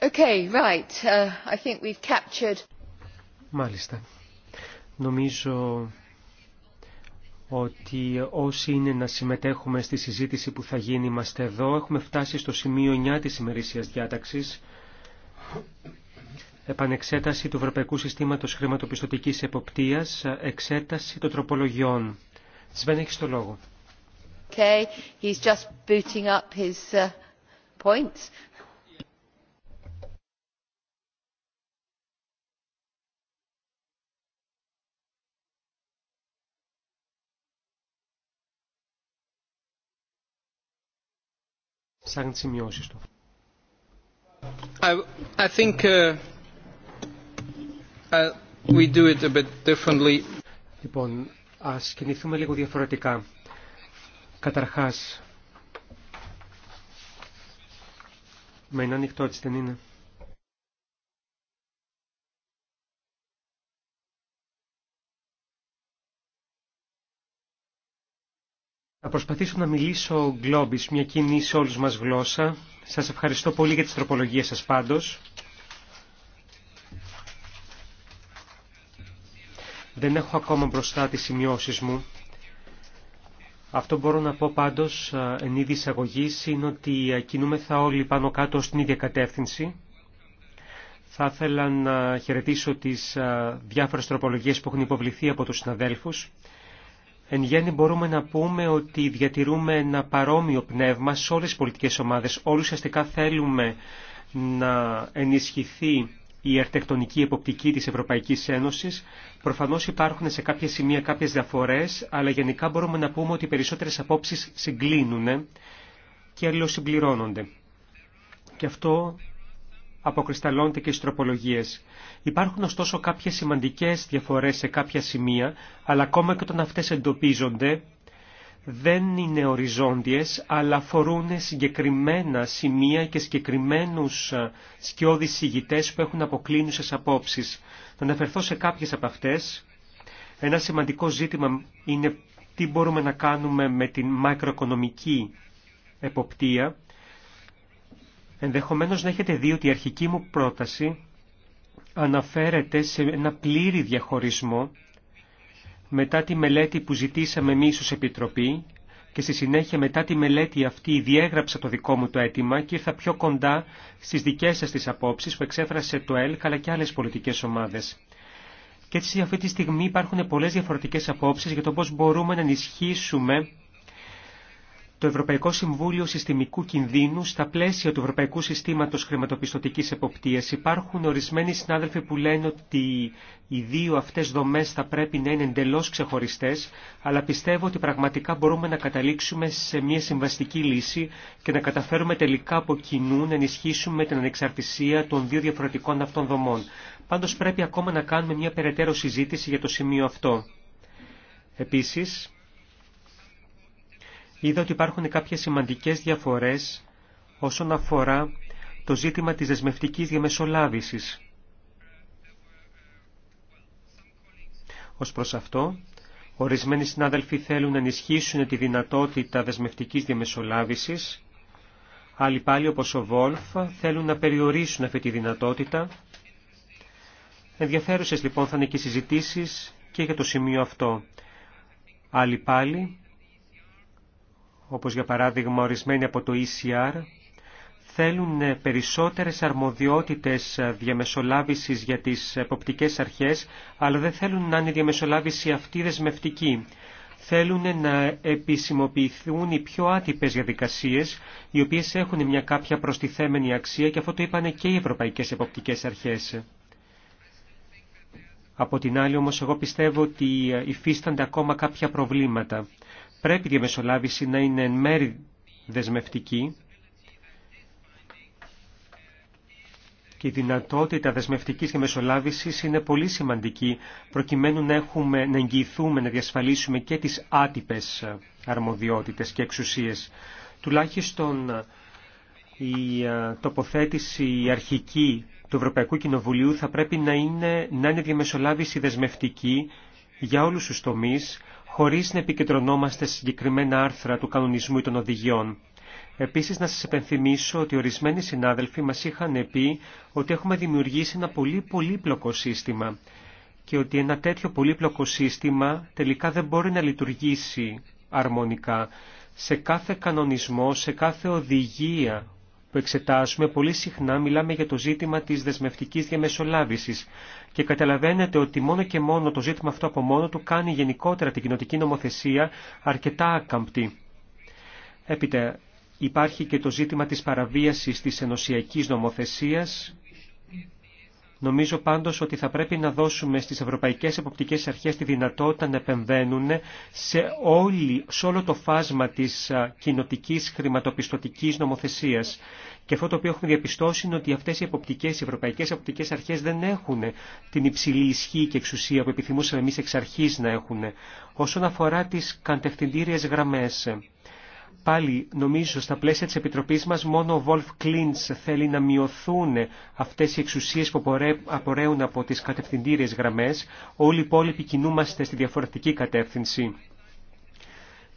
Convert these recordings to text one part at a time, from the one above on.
Uh, Μάλιστα. Νομίζω ότι όσοι είναι να συμμετέχουμε στη συζήτηση που θα γίνει είμαστε εδώ. Έχουμε φτάσει στο σημείο 9 της ημερήσιας διάταξης. Επανεξέταση του Ευρωπαϊκού Συστήματος Χρηματοπιστωτικής Εποπτείας, εξέταση των τροπολογιών. Σβέν, έχεις το λόγο. Okay, he's just booting up his uh, points. σαν σημειώσει του. I, I think uh, uh, we do it a bit differently. Λοιπόν, ας κινηθούμε λίγο διαφορετικά. Καταρχάς, με είναι ανοιχτό έτσι δεν είναι. Θα προσπαθήσω να μιλήσω γκλόμπις, μια κοινή σε όλους μας γλώσσα. Σας ευχαριστώ πολύ για τις τροπολογίες σας πάντως. Δεν έχω ακόμα μπροστά τις σημειώσεις μου. Αυτό μπορώ να πω πάντως εν είδη εισαγωγή είναι ότι κινούμεθα όλοι πάνω κάτω στην ίδια κατεύθυνση. Θα ήθελα να χαιρετήσω τις διάφορες τροπολογίες που έχουν υποβληθεί από τους συναδέλφους. Εν γέννη μπορούμε να πούμε ότι διατηρούμε ένα παρόμοιο πνεύμα σε όλες τις πολιτικές ομάδες. Όλοι ουσιαστικά θέλουμε να ενισχυθεί η αρτεκτονική εποπτική της Ευρωπαϊκής Ένωσης. Προφανώς υπάρχουν σε κάποια σημεία κάποιες διαφορές, αλλά γενικά μπορούμε να πούμε ότι οι περισσότερες απόψεις συγκλίνουν και αλληλοσυμπληρώνονται. Και αυτό αποκρισταλώνεται και στις τροπολογίες. Υπάρχουν ωστόσο κάποιες σημαντικές διαφορές σε κάποια σημεία, αλλά ακόμα και όταν αυτές εντοπίζονται, δεν είναι οριζόντιες, αλλά αφορούν συγκεκριμένα σημεία και συγκεκριμένους ε, σκιώδεις συγητές που έχουν αποκλίνουσες απόψεις. Θα αναφερθώ σε κάποιες από αυτές. Ένα σημαντικό ζήτημα είναι τι μπορούμε να κάνουμε με την μακροοικονομική εποπτεία, Ενδεχομένως να έχετε δει ότι η αρχική μου πρόταση αναφέρεται σε ένα πλήρη διαχωρισμό μετά τη μελέτη που ζητήσαμε εμεί ως Επιτροπή και στη συνέχεια μετά τη μελέτη αυτή διέγραψα το δικό μου το αίτημα και ήρθα πιο κοντά στις δικές σας τις απόψεις που εξέφρασε το ΕΛΚ αλλά και άλλες πολιτικές ομάδες. Και έτσι αυτή τη στιγμή υπάρχουν πολλές διαφορετικές απόψεις για το πώς μπορούμε να ενισχύσουμε το Ευρωπαϊκό Συμβούλιο Συστημικού Κινδύνου στα πλαίσια του Ευρωπαϊκού Συστήματος Χρηματοπιστωτικής Εποπτείας. Υπάρχουν ορισμένοι συνάδελφοι που λένε ότι οι δύο αυτές δομές θα πρέπει να είναι εντελώς ξεχωριστές, αλλά πιστεύω ότι πραγματικά μπορούμε να καταλήξουμε σε μια συμβαστική λύση και να καταφέρουμε τελικά από κοινού να ενισχύσουμε την ανεξαρτησία των δύο διαφορετικών αυτών δομών. Πάντως πρέπει ακόμα να κάνουμε μια περαιτέρω συζήτηση για το σημείο αυτό. Επίσης, είδα ότι υπάρχουν κάποιες σημαντικές διαφορές όσον αφορά το ζήτημα της δεσμευτικής διαμεσολάβησης. Ως προς αυτό, ορισμένοι συνάδελφοι θέλουν να ενισχύσουν τη δυνατότητα δεσμευτικής διαμεσολάβησης, άλλοι πάλι όπως ο Βόλφ θέλουν να περιορίσουν αυτή τη δυνατότητα. Ενδιαφέρουσες λοιπόν θα είναι και οι συζητήσεις και για το σημείο αυτό. Άλλοι πάλι όπως για παράδειγμα ορισμένοι από το ECR, θέλουν περισσότερες αρμοδιότητες διαμεσολάβησης για τις εποπτικές αρχές, αλλά δεν θέλουν να είναι διαμεσολάβηση αυτή δεσμευτική. Θέλουν να επισημοποιηθούν οι πιο άτυπες διαδικασίες, οι οποίες έχουν μια κάποια προστιθέμενη αξία και αυτό το είπαν και οι ευρωπαϊκές εποπτικές αρχές. Από την άλλη όμως εγώ πιστεύω ότι υφίστανται ακόμα κάποια προβλήματα. Πρέπει η διαμεσολάβηση να είναι εν μέρη δεσμευτική και η δυνατότητα δεσμευτικής και μεσολάβησης είναι πολύ σημαντική προκειμένου να, έχουμε, να εγγυηθούμε, να διασφαλίσουμε και τις άτυπες αρμοδιότητες και εξουσίες. Τουλάχιστον η ε, τοποθέτηση αρχική του Ευρωπαϊκού Κοινοβουλίου θα πρέπει να είναι, να είναι διαμεσολάβηση δεσμευτική για όλους τους τομείς, χωρίς να επικεντρωνόμαστε σε συγκεκριμένα άρθρα του κανονισμού ή των οδηγιών. Επίσης να σας επενθυμίσω ότι ορισμένοι συνάδελφοι μας είχαν πει ότι έχουμε δημιουργήσει ένα πολύ πολύπλοκο σύστημα και ότι ένα τέτοιο πολύπλοκο σύστημα τελικά δεν μπορεί να λειτουργήσει αρμονικά. Σε κάθε κανονισμό, σε κάθε οδηγία που εξετάζουμε, πολύ συχνά μιλάμε για το ζήτημα της δεσμευτικής διαμεσολάβησης και καταλαβαίνετε ότι μόνο και μόνο το ζήτημα αυτό από μόνο του κάνει γενικότερα την κοινοτική νομοθεσία αρκετά ακαμπτή. Έπειτα υπάρχει και το ζήτημα της παραβίασης της ενωσιακής νομοθεσίας Νομίζω πάντως ότι θα πρέπει να δώσουμε στις ευρωπαϊκές εποπτικές αρχές τη δυνατότητα να επεμβαίνουν σε, όλη, όλο το φάσμα της κοινοτικής χρηματοπιστωτικής νομοθεσίας. Και αυτό το οποίο έχουμε διαπιστώσει είναι ότι αυτές οι εποπτικές, οι ευρωπαϊκές εποπτικές αρχές δεν έχουν την υψηλή ισχύ και εξουσία που επιθυμούσαμε εμείς εξ αρχής να έχουν. Όσον αφορά τις κατευθυντήριες γραμμές, Πάλι νομίζω στα πλαίσια της Επιτροπής μας μόνο ο Βολφ Κλίντς θέλει να μειωθούν αυτές οι εξουσίες που απορρέουν από τις κατευθυντήριες γραμμές. Όλοι οι υπόλοιποι κινούμαστε στη διαφορετική κατεύθυνση.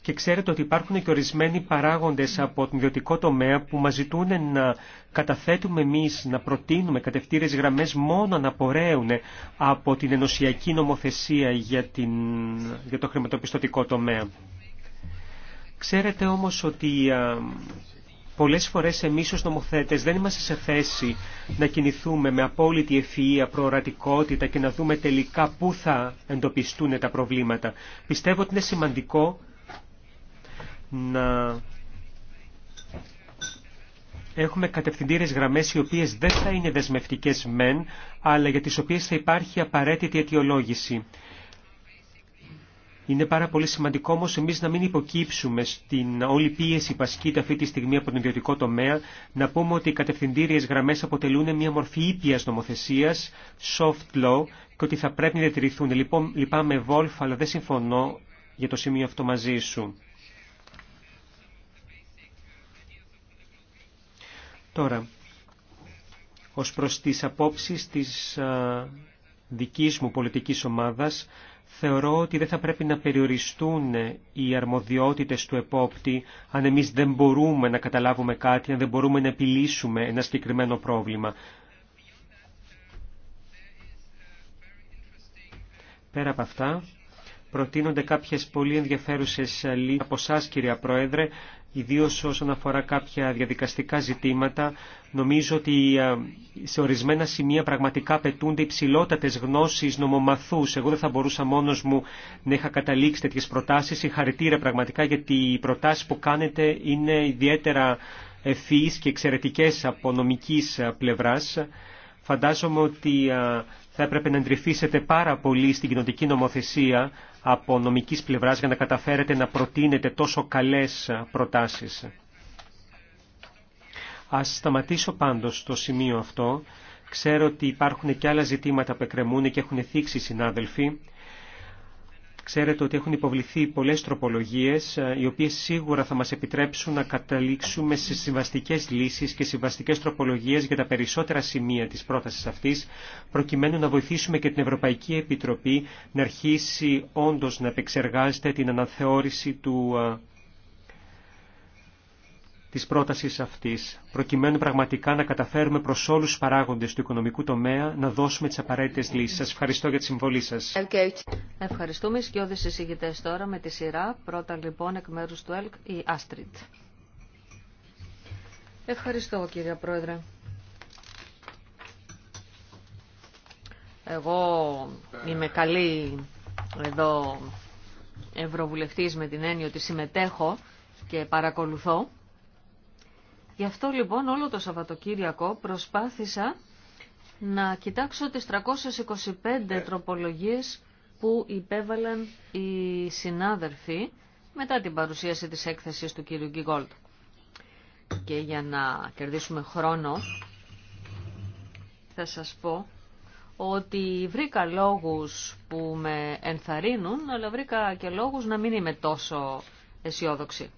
Και ξέρετε ότι υπάρχουν και ορισμένοι παράγοντες από τον ιδιωτικό τομέα που μας ζητούν να καταθέτουμε εμείς, να προτείνουμε κατευθύνες γραμμές μόνο να απορρέουν από την ενωσιακή νομοθεσία για, την, για το χρηματοπιστωτικό τομέα. Ξέρετε όμως ότι ε, πολλές φορές εμείς ως νομοθέτες δεν είμαστε σε θέση να κινηθούμε με απόλυτη ευφυΐα, προορατικότητα και να δούμε τελικά πού θα εντοπιστούν τα προβλήματα. Πιστεύω ότι είναι σημαντικό να έχουμε κατευθυντήρες γραμμές οι οποίες δεν θα είναι δεσμευτικές μεν, αλλά για τις οποίες θα υπάρχει απαραίτητη αιτιολόγηση. Είναι πάρα πολύ σημαντικό όμω εμεί να μην υποκύψουμε στην όλη πίεση που ασκείται αυτή τη στιγμή από τον ιδιωτικό τομέα, να πούμε ότι οι κατευθυντήριε γραμμέ αποτελούν μια μορφή ήπια νομοθεσία, soft law, και ότι θα πρέπει να διατηρηθούν. Λοιπόν, λυπάμαι, Βόλφ, αλλά δεν συμφωνώ για το σημείο αυτό μαζί σου. Τώρα, ως προς τις απόψεις της δικής μου πολιτικής ομάδας, θεωρώ ότι δεν θα πρέπει να περιοριστούν οι αρμοδιότητες του επόπτη αν εμείς δεν μπορούμε να καταλάβουμε κάτι, αν δεν μπορούμε να επιλύσουμε ένα συγκεκριμένο πρόβλημα. Πέρα από αυτά, προτείνονται κάποιες πολύ ενδιαφέρουσες λύσεις από εσά κυρία Πρόεδρε, Ιδίω όσον αφορά κάποια διαδικαστικά ζητήματα, νομίζω ότι ε, σε ορισμένα σημεία πραγματικά πετούνται υψηλότατες γνώσεις νομομαθούς. Εγώ δεν θα μπορούσα μόνος μου να είχα καταλήξει τέτοιε προτάσεις. Συγχαρητήρια πραγματικά γιατί οι προτάσει που κάνετε είναι ιδιαίτερα ευφυεί και εξαιρετικέ από νομική ε, πλευρά. Φαντάζομαι ότι ε, θα έπρεπε να εντρυφήσετε πάρα πολύ στην κοινωτική νομοθεσία από νομικής πλευράς για να καταφέρετε να προτείνετε τόσο καλές προτάσεις. Ας σταματήσω πάντως στο σημείο αυτό. Ξέρω ότι υπάρχουν και άλλα ζητήματα που εκκρεμούν και έχουν θίξει οι συνάδελφοι. Ξέρετε ότι έχουν υποβληθεί πολλές τροπολογίες, ε, οι οποίες σίγουρα θα μας επιτρέψουν να καταλήξουμε σε συμβαστικές λύσεις και συμβαστικές τροπολογίες για τα περισσότερα σημεία της πρότασης αυτής, προκειμένου να βοηθήσουμε και την Ευρωπαϊκή Επιτροπή να αρχίσει όντως να επεξεργάζεται την αναθεώρηση του ε, της πρότασης αυτής, προκειμένου πραγματικά να καταφέρουμε προς όλους τους παράγοντες του οικονομικού τομέα να δώσουμε τις απαραίτητες λύσεις. Σας ευχαριστώ για τη συμβολή σας. Ευχαριστούμε οι σκιώδες εισηγητές τώρα με τη σειρά. Πρώτα λοιπόν εκ μέρους του ΕΛΚ η Άστριτ. Ευχαριστώ κύριε Πρόεδρε. Εγώ είμαι καλή εδώ ευρωβουλευτής με την έννοια ότι συμμετέχω και παρακολουθώ Γι' αυτό λοιπόν όλο το Σαββατοκύριακο προσπάθησα να κοιτάξω τις 325 ε. τροπολογίες που υπέβαλαν οι συνάδελφοι μετά την παρουσίαση της έκθεσης του κύριου Γκίγκολτ. Και για να κερδίσουμε χρόνο θα σας πω ότι βρήκα λόγους που με ενθαρρύνουν, αλλά βρήκα και λόγους να μην είμαι τόσο αισιόδοξη.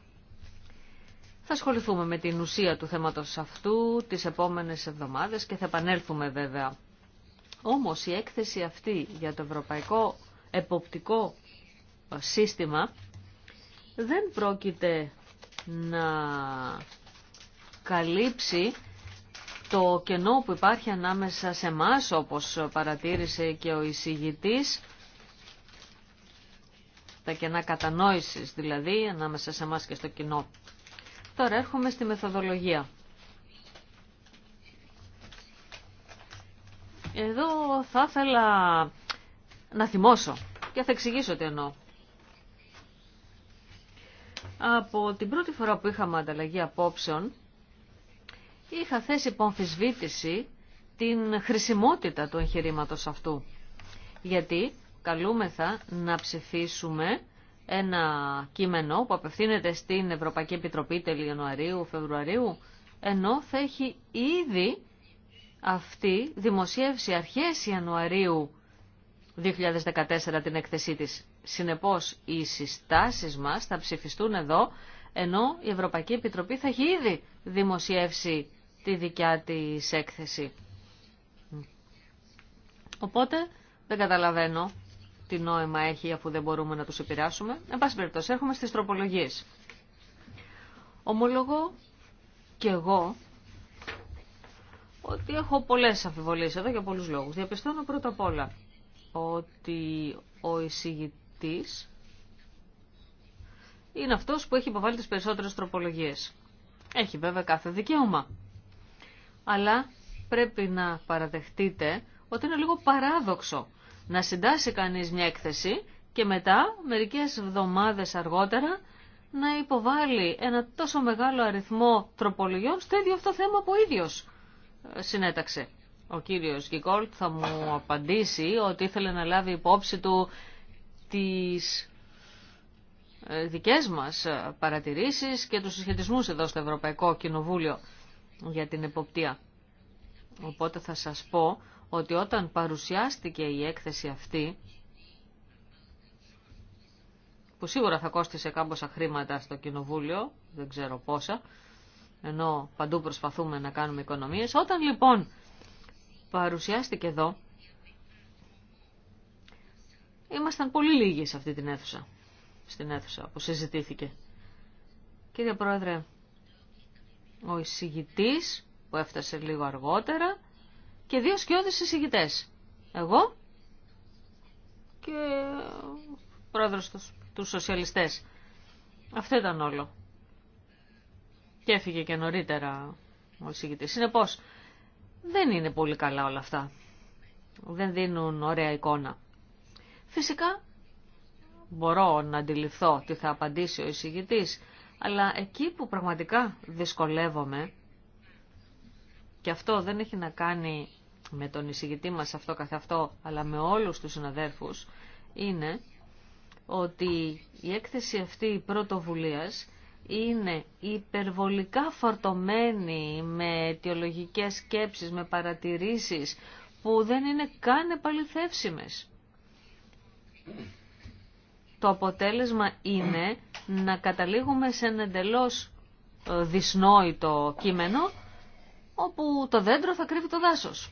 Θα ασχοληθούμε με την ουσία του θέματος αυτού τις επόμενες εβδομάδες και θα επανέλθουμε βέβαια. Όμως η έκθεση αυτή για το ευρωπαϊκό εποπτικό σύστημα δεν πρόκειται να καλύψει το κενό που υπάρχει ανάμεσα σε εμά, όπως παρατήρησε και ο εισηγητής, τα κενά κατανόησης δηλαδή ανάμεσα σε εμά και στο κοινό. Τώρα έρχομαι στη μεθοδολογία. Εδώ θα ήθελα να θυμώσω και θα εξηγήσω τι εννοώ. Από την πρώτη φορά που είχαμε ανταλλαγή απόψεων, είχα θέσει υπομφισβήτηση την χρησιμότητα του εγχειρήματο αυτού. Γιατί καλούμεθα να ψηφίσουμε ένα κείμενο που απευθύνεται στην Ευρωπαϊκή Επιτροπή τέλη Ιανουαρίου, Φεβρουαρίου, ενώ θα έχει ήδη αυτή δημοσιεύσει αρχές Ιανουαρίου 2014 την έκθεσή της. Συνεπώς, οι συστάσεις μας θα ψηφιστούν εδώ, ενώ η Ευρωπαϊκή Επιτροπή θα έχει ήδη δημοσιεύσει τη δικιά της έκθεση. Οπότε, δεν καταλαβαίνω τι νόημα έχει αφού δεν μπορούμε να τους επηρεάσουμε. Εν πάση περιπτώσει, έρχομαι στις τροπολογίες. Ομολογώ και εγώ ότι έχω πολλές αμφιβολίες εδώ για πολλούς λόγους. Διαπιστώνω πρώτα απ' όλα ότι ο εισηγητής είναι αυτός που έχει υποβάλει τις περισσότερες τροπολογίες. Έχει βέβαια κάθε δικαίωμα. Αλλά πρέπει να παραδεχτείτε ότι είναι λίγο παράδοξο να συντάσει κανείς μια έκθεση και μετά, μερικές εβδομάδες αργότερα, να υποβάλει ένα τόσο μεγάλο αριθμό τροπολογιών στο ίδιο αυτό θέμα που ο ίδιος ε, συνέταξε. Ο κύριος Γκικόλτ θα μου απαντήσει ότι ήθελε να λάβει υπόψη του τις ε, δικές μας ε, παρατηρήσεις και τους συσχετισμούς εδώ στο Ευρωπαϊκό Κοινοβούλιο για την εποπτεία. Οπότε θα σας πω ότι όταν παρουσιάστηκε η έκθεση αυτή, που σίγουρα θα κόστισε κάμποσα χρήματα στο Κοινοβούλιο, δεν ξέρω πόσα, ενώ παντού προσπαθούμε να κάνουμε οικονομίες. Όταν λοιπόν παρουσιάστηκε εδώ, ήμασταν πολύ λίγοι σε αυτή την αίθουσα, στην αίθουσα που συζητήθηκε. Κύριε Πρόεδρε, ο εισηγητής που έφτασε λίγο αργότερα και δύο σκιώδεις εισηγητές. Εγώ και πρόεδρος τους, τους σοσιαλιστές. Αυτό ήταν όλο. Και έφυγε και νωρίτερα ο εισηγητής. Συνεπώς, δεν είναι πολύ καλά όλα αυτά. Δεν δίνουν ωραία εικόνα. Φυσικά, μπορώ να αντιληφθώ τι θα απαντήσει ο εισηγητής, αλλά εκεί που πραγματικά δυσκολεύομαι, και αυτό δεν έχει να κάνει με τον εισηγητή μας αυτό καθ' αυτό, αλλά με όλους τους συναδέρφους, είναι ότι η έκθεση αυτή πρωτοβουλίας είναι υπερβολικά φορτωμένη με αιτιολογικές σκέψεις, με παρατηρήσεις που δεν είναι καν επαληθεύσιμες. Το αποτέλεσμα είναι να καταλήγουμε σε ένα εντελώς ε, δυσνόητο κείμενο όπου το δέντρο θα κρύβει το δάσος.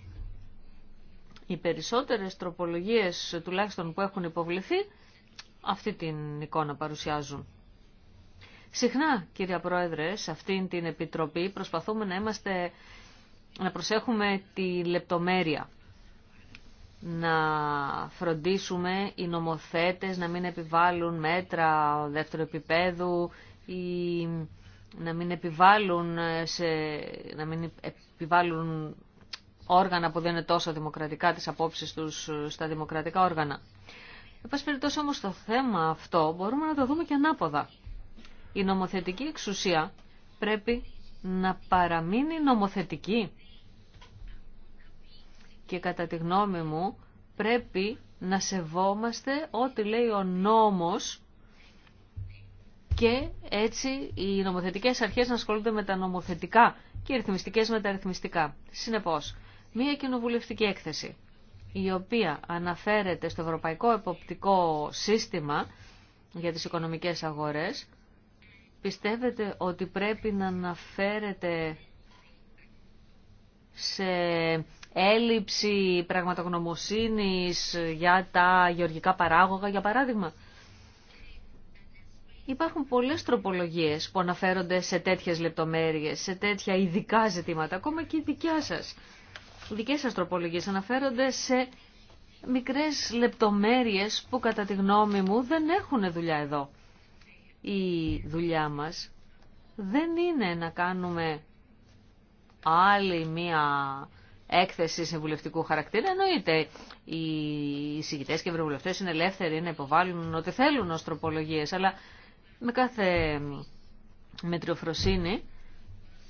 Οι περισσότερες τροπολογίες τουλάχιστον που έχουν υποβληθεί αυτή την εικόνα παρουσιάζουν. Συχνά, κύριε Πρόεδρε, σε αυτήν την Επιτροπή προσπαθούμε να, είμαστε, να προσέχουμε τη λεπτομέρεια. Να φροντίσουμε οι νομοθέτες να μην επιβάλλουν μέτρα δεύτερου επίπεδου ή να μην επιβάλλουν, σε, να μην επιβάλλουν όργανα που δεν είναι τόσο δημοκρατικά, τις απόψεις τους ε, στα δημοκρατικά όργανα. Εν όμως το θέμα αυτό μπορούμε να το δούμε και ανάποδα. Η νομοθετική εξουσία πρέπει να παραμείνει νομοθετική. Και κατά τη γνώμη μου πρέπει να σεβόμαστε ό,τι λέει ο νόμος και έτσι οι νομοθετικές αρχές να ασχολούνται με τα νομοθετικά και οι ρυθμιστικές με τα ρυθμιστικά. Συνεπώς, μία κοινοβουλευτική έκθεση η οποία αναφέρεται στο Ευρωπαϊκό Εποπτικό Σύστημα για τις οικονομικές αγορές, πιστεύετε ότι πρέπει να αναφέρεται σε έλλειψη πραγματογνωμοσύνης για τα γεωργικά παράγωγα, για παράδειγμα. Υπάρχουν πολλές τροπολογίες που αναφέρονται σε τέτοιες λεπτομέρειες, σε τέτοια ειδικά ζητήματα, ακόμα και η δικιά σας δικές σας τροπολογίες αναφέρονται σε μικρές λεπτομέρειες που κατά τη γνώμη μου δεν έχουν δουλειά εδώ. Η δουλειά μας δεν είναι να κάνουμε άλλη μία έκθεση συμβουλευτικού χαρακτήρα. Εννοείται οι συγκητέ και ευρωβουλευτέ είναι ελεύθεροι να υποβάλουν ό,τι θέλουν ω τροπολογίε, αλλά με κάθε μετριοφροσύνη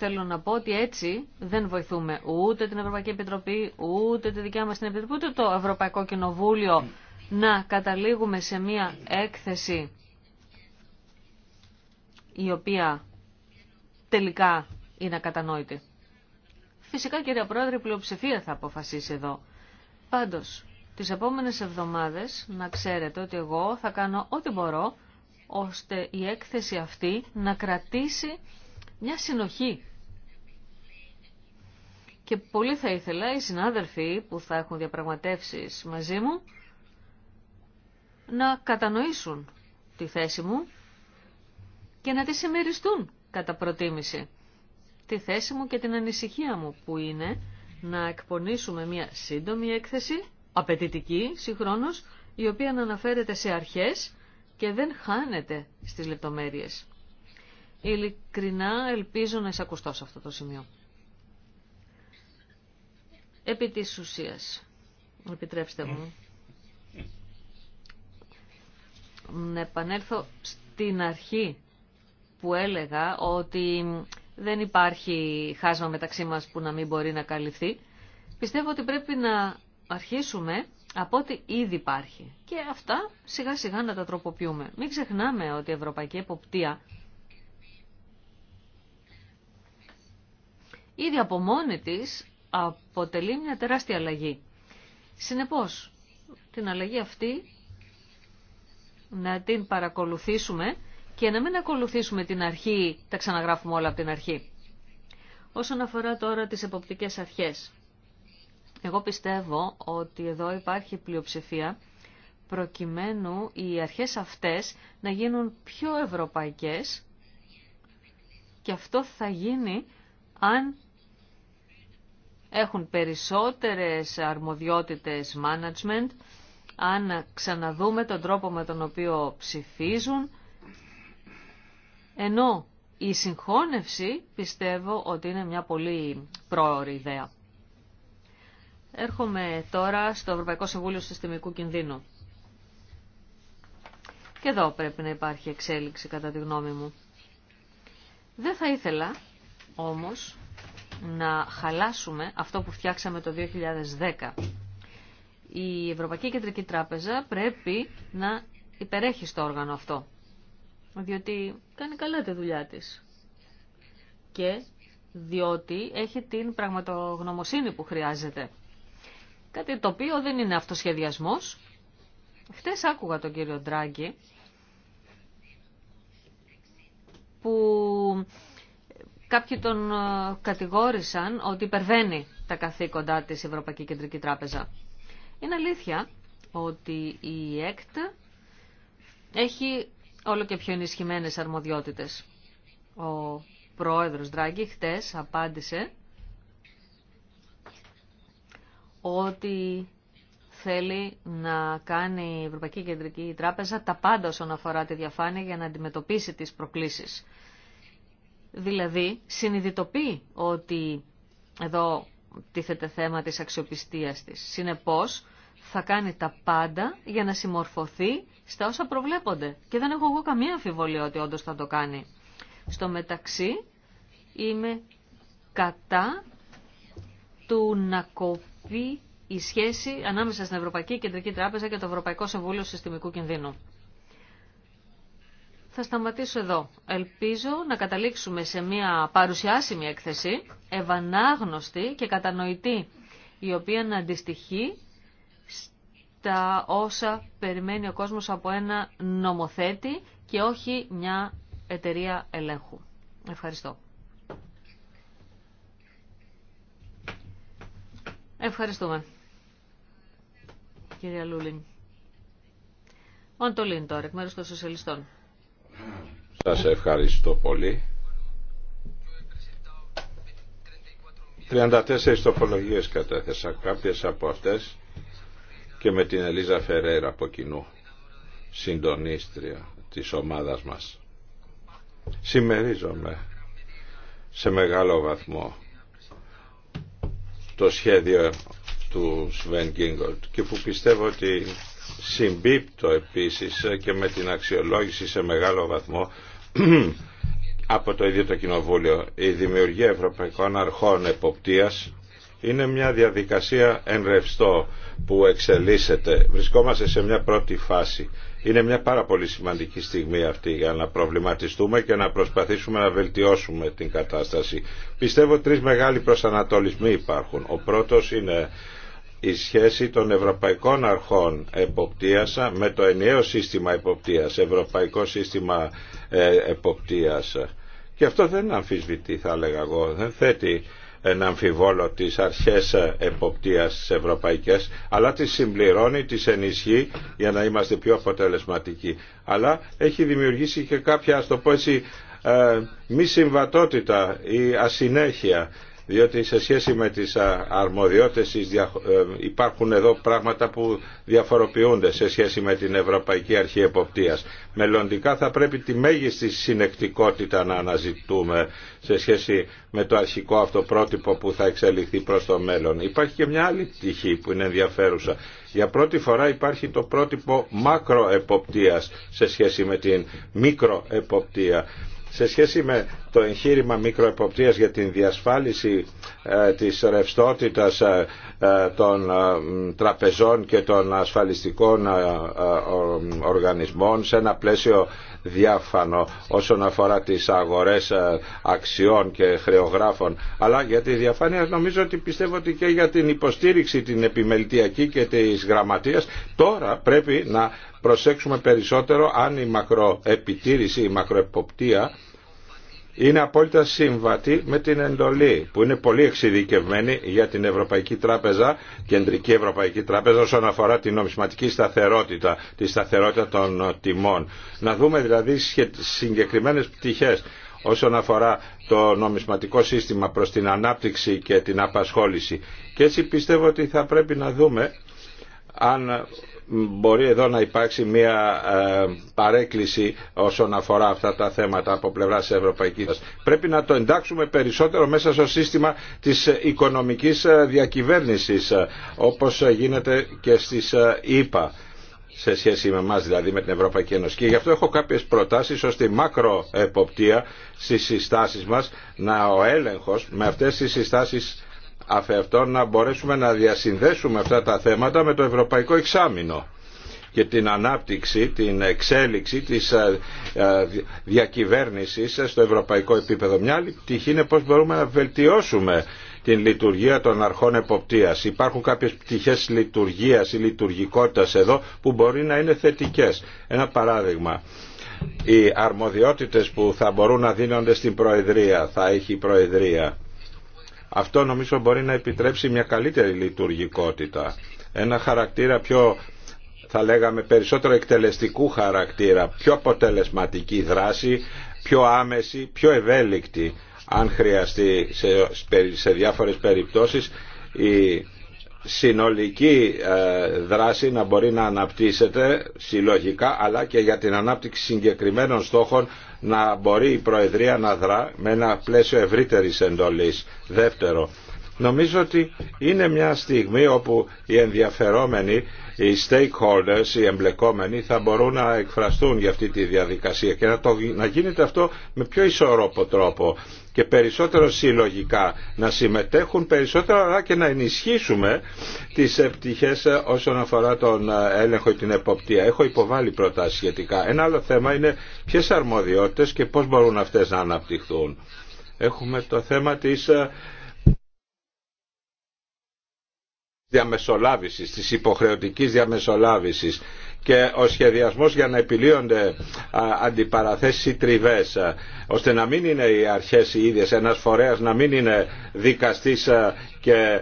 Θέλω να πω ότι έτσι δεν βοηθούμε ούτε την Ευρωπαϊκή Επιτροπή, ούτε τη δικιά μας την Επιτροπή, ούτε το Ευρωπαϊκό Κοινοβούλιο να καταλήγουμε σε μία έκθεση η οποία τελικά είναι ακατανόητη. Φυσικά κύριε Πρόεδρε η πλειοψηφία θα αποφασίσει εδώ. Πάντως, τις επόμενες εβδομάδες να ξέρετε ότι εγώ θα κάνω ό,τι μπορώ ώστε η έκθεση αυτή να κρατήσει μια συνοχή και πολύ θα ήθελα οι συνάδελφοι που θα έχουν διαπραγματεύσεις μαζί μου να κατανοήσουν τη θέση μου και να τη συμμεριστούν κατά προτίμηση. Τη θέση μου και την ανησυχία μου που είναι να εκπονήσουμε μια σύντομη έκθεση, απαιτητική συγχρόνως, η οποία αναφέρεται σε αρχές και δεν χάνεται στις λεπτομέρειες. Ειλικρινά ελπίζω να εισακουστώ σε αυτό το σημείο. Επί της ουσίας, επιτρέψτε μου, να επανέλθω στην αρχή που έλεγα ότι δεν υπάρχει χάσμα μεταξύ μας που να μην μπορεί να καλυφθεί. Πιστεύω ότι πρέπει να αρχίσουμε από ό,τι ήδη υπάρχει. Και αυτά σιγά σιγά να τα τροποποιούμε. Μην ξεχνάμε ότι η Ευρωπαϊκή Εποπτεία ήδη από μόνη της αποτελεί μια τεράστια αλλαγή. Συνεπώς, την αλλαγή αυτή να την παρακολουθήσουμε και να μην ακολουθήσουμε την αρχή, τα ξαναγράφουμε όλα από την αρχή. Όσον αφορά τώρα τις εποπτικές αρχές, εγώ πιστεύω ότι εδώ υπάρχει πλειοψηφία προκειμένου οι αρχές αυτές να γίνουν πιο ευρωπαϊκές και αυτό θα γίνει αν έχουν περισσότερες αρμοδιότητες management, αν ξαναδούμε τον τρόπο με τον οποίο ψηφίζουν, ενώ η συγχώνευση πιστεύω ότι είναι μια πολύ πρόωρη ιδέα. Έρχομαι τώρα στο Ευρωπαϊκό Συμβούλιο Συστημικού Κινδύνου. Και εδώ πρέπει να υπάρχει εξέλιξη κατά τη γνώμη μου. Δεν θα ήθελα όμως να χαλάσουμε αυτό που φτιάξαμε το 2010. Η Ευρωπαϊκή Κεντρική Τράπεζα πρέπει να υπερέχει στο όργανο αυτό, διότι κάνει καλά τη δουλειά της και διότι έχει την πραγματογνωμοσύνη που χρειάζεται. Κάτι το οποίο δεν είναι αυτοσχεδιασμός. Χτες άκουγα τον κύριο Ντράγκη που Κάποιοι τον ε, κατηγόρησαν ότι υπερβαίνει τα καθήκοντά της Ευρωπαϊκή Κεντρική Τράπεζα. Είναι αλήθεια ότι η ΕΚΤ έχει όλο και πιο ενισχυμένες αρμοδιότητες. Ο πρόεδρος Δράγκη χτες απάντησε ότι θέλει να κάνει η Ευρωπαϊκή Κεντρική Τράπεζα τα πάντα όσον αφορά τη διαφάνεια για να αντιμετωπίσει τις προκλήσεις. Δηλαδή συνειδητοποιεί ότι εδώ τίθεται θέμα της αξιοπιστίας της. Συνεπώς θα κάνει τα πάντα για να συμμορφωθεί στα όσα προβλέπονται. Και δεν έχω εγώ καμία αμφιβολία ότι όντως θα το κάνει. Στο μεταξύ είμαι κατά του να κοπεί η σχέση ανάμεσα στην Ευρωπαϊκή Κεντρική Τράπεζα και το Ευρωπαϊκό Συμβούλιο Συστημικού Κινδύνου. Θα σταματήσω εδώ. Ελπίζω να καταλήξουμε σε μια παρουσιάσιμη έκθεση, ευανάγνωστη και κατανοητή, η οποία να αντιστοιχεί στα όσα περιμένει ο κόσμος από ένα νομοθέτη και όχι μια εταιρεία ελέγχου. Ευχαριστώ. Ευχαριστούμε. Κυρία Λούλιν. Ο Αντολίν τώρα, εκ μέρους των Σοσιαλιστών. Σας ευχαριστώ πολύ. 34 τοπολογίες κατέθεσα κάποιες από αυτές και με την Ελίζα Φερέρα από κοινού, συντονίστρια της ομάδας μας. Σημερίζομαι σε μεγάλο βαθμό το σχέδιο του Σβέν Γκίνγκολτ και που πιστεύω ότι συμπίπτω επίσης και με την αξιολόγηση σε μεγάλο βαθμό από το ίδιο το Κοινοβούλιο. Η δημιουργία Ευρωπαϊκών Αρχών Εποπτείας είναι μια διαδικασία ενρευστό που εξελίσσεται. Βρισκόμαστε σε μια πρώτη φάση. Είναι μια πάρα πολύ σημαντική στιγμή αυτή για να προβληματιστούμε και να προσπαθήσουμε να βελτιώσουμε την κατάσταση. Πιστεύω τρεις μεγάλοι προσανατολισμοί υπάρχουν. Ο πρώτος είναι η σχέση των ευρωπαϊκών αρχών εποπτείας με το ενιαίο σύστημα εποπτείας, ευρωπαϊκό σύστημα ε, εποπτείας. Και αυτό δεν αμφισβητεί θα έλεγα εγώ, δεν θέτει ένα αμφιβόλο τις αρχές εποπτείας τις ευρωπαϊκές, αλλά τις συμπληρώνει, τις ενισχύει για να είμαστε πιο αποτελεσματικοί. Αλλά έχει δημιουργήσει και κάποια, ας το πω έτσι, ε, μη συμβατότητα ή ασυνέχεια διότι σε σχέση με τις αρμοδιότητες ε, υπάρχουν εδώ πράγματα που διαφοροποιούνται σε σχέση με την Ευρωπαϊκή Αρχή Εποπτείας. Μελλοντικά θα πρέπει τη μέγιστη συνεκτικότητα να αναζητούμε σε σχέση με το αρχικό αυτό πρότυπο που θα εξελιχθεί προς το μέλλον. Υπάρχει και μια άλλη πτυχή που είναι ενδιαφέρουσα. Για πρώτη φορά υπάρχει το πρότυπο μακροεποπτείας σε σχέση με την μικροεποπτεία σε σχέση με το εγχείρημα μικροεποπτείας για την διασφάλιση ε, της ρευστότητας ε, ε, των τραπεζών και των ασφαλιστικών οργανισμών σε ένα πλαίσιο διάφανο όσον αφορά τις αγορές ε, αξιών και χρεογράφων αλλά για τη διαφάνεια νομίζω ότι πιστεύω ότι και για την υποστήριξη την επιμελητιακή και της γραμματείας τώρα πρέπει να προσέξουμε περισσότερο αν η μακροεπιτήρηση, η μακροεποπτεία είναι απόλυτα συμβατή με την εντολή που είναι πολύ εξειδικευμένη για την Ευρωπαϊκή Τράπεζα, Κεντρική Ευρωπαϊκή Τράπεζα όσον αφορά την νομισματική σταθερότητα, τη σταθερότητα των τιμών. Να δούμε δηλαδή συγκεκριμένες πτυχές όσον αφορά το νομισματικό σύστημα προς την ανάπτυξη και την απασχόληση. Και έτσι πιστεύω ότι θα πρέπει να δούμε αν μπορεί εδώ να υπάρξει μια ε, παρέκκληση όσον αφορά αυτά τα θέματα από πλευρά της Ευρωπαϊκής. Πρέπει να το εντάξουμε περισσότερο μέσα στο σύστημα της οικονομικής ε, διακυβέρνησης ε, όπως γίνεται και στι ΗΠΑ σε σχέση με εμά, δηλαδή με την Ευρωπαϊκή Ένωση. Και γι' αυτό έχω κάποιε προτάσει ώστε η μακροεποπτεία στι συστάσει μα, να ο έλεγχο με αυτέ τι συστάσει αφεαυτών να μπορέσουμε να διασυνδέσουμε αυτά τα θέματα με το Ευρωπαϊκό Εξάμεινο και την ανάπτυξη, την εξέλιξη της ε, ε, διακυβέρνησης στο ευρωπαϊκό επίπεδο. Μια άλλη πτυχή είναι πώς μπορούμε να βελτιώσουμε την λειτουργία των αρχών εποπτείας. Υπάρχουν κάποιες πτυχές λειτουργίας ή λειτουργικότητας εδώ που μπορεί να είναι θετικές. Ένα παράδειγμα. Οι αρμοδιότητες που θα μπορούν να δίνονται στην Προεδρία, θα έχει η Προεδρία αυτό νομίζω μπορεί να επιτρέψει μια καλύτερη λειτουργικότητα. Ένα χαρακτήρα πιο θα λέγαμε περισσότερο εκτελεστικού χαρακτήρα, πιο αποτελεσματική δράση, πιο άμεση, πιο ευέλικτη αν χρειαστεί σε διάφορες περιπτώσεις η συνολική ε, δράση να μπορεί να αναπτύσσεται συλλογικά αλλά και για την ανάπτυξη συγκεκριμένων στόχων να μπορεί η Προεδρία να δρά με ένα πλαίσιο ευρύτερης εντολής. Δεύτερο, νομίζω ότι είναι μια στιγμή όπου οι ενδιαφερόμενοι, οι stakeholders, οι εμπλεκόμενοι θα μπορούν να εκφραστούν για αυτή τη διαδικασία και να, να γίνεται αυτό με πιο ισορρόπο τρόπο και περισσότερο συλλογικά, να συμμετέχουν περισσότερο αλλά και να ενισχύσουμε τις επιτυχίες όσον αφορά τον έλεγχο και την εποπτεία. Έχω υποβάλει προτάσεις σχετικά. Ένα άλλο θέμα είναι ποιες αρμοδιότητες και πώς μπορούν αυτές να αναπτυχθούν. Έχουμε το θέμα της ε, διαμεσολάβησης, της υποχρεωτικής διαμεσολάβησης και ο σχεδιασμός για να επιλύονται αντιπαραθέσεις ή τριβές ώστε να μην είναι οι αρχές οι ίδιες ένας φορέας να μην είναι δικαστής και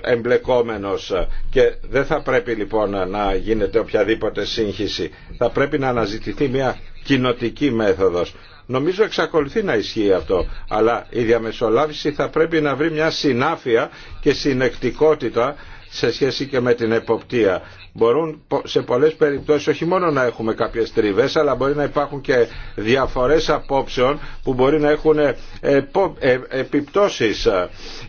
εμπλεκόμενος και δεν θα πρέπει λοιπόν να γίνεται οποιαδήποτε σύγχυση θα πρέπει να αναζητηθεί μια κοινοτική μέθοδος Νομίζω εξακολουθεί να ισχύει αυτό, αλλά η διαμεσολάβηση θα πρέπει να βρει μια συνάφεια και συνεκτικότητα σε σχέση και με την εποπτεία. Μπορούν σε πολλές περιπτώσεις όχι μόνο να έχουμε κάποιες τριβές αλλά μπορεί να υπάρχουν και διαφορές απόψεων που μπορεί να έχουν ε, ε, επιπτώσεις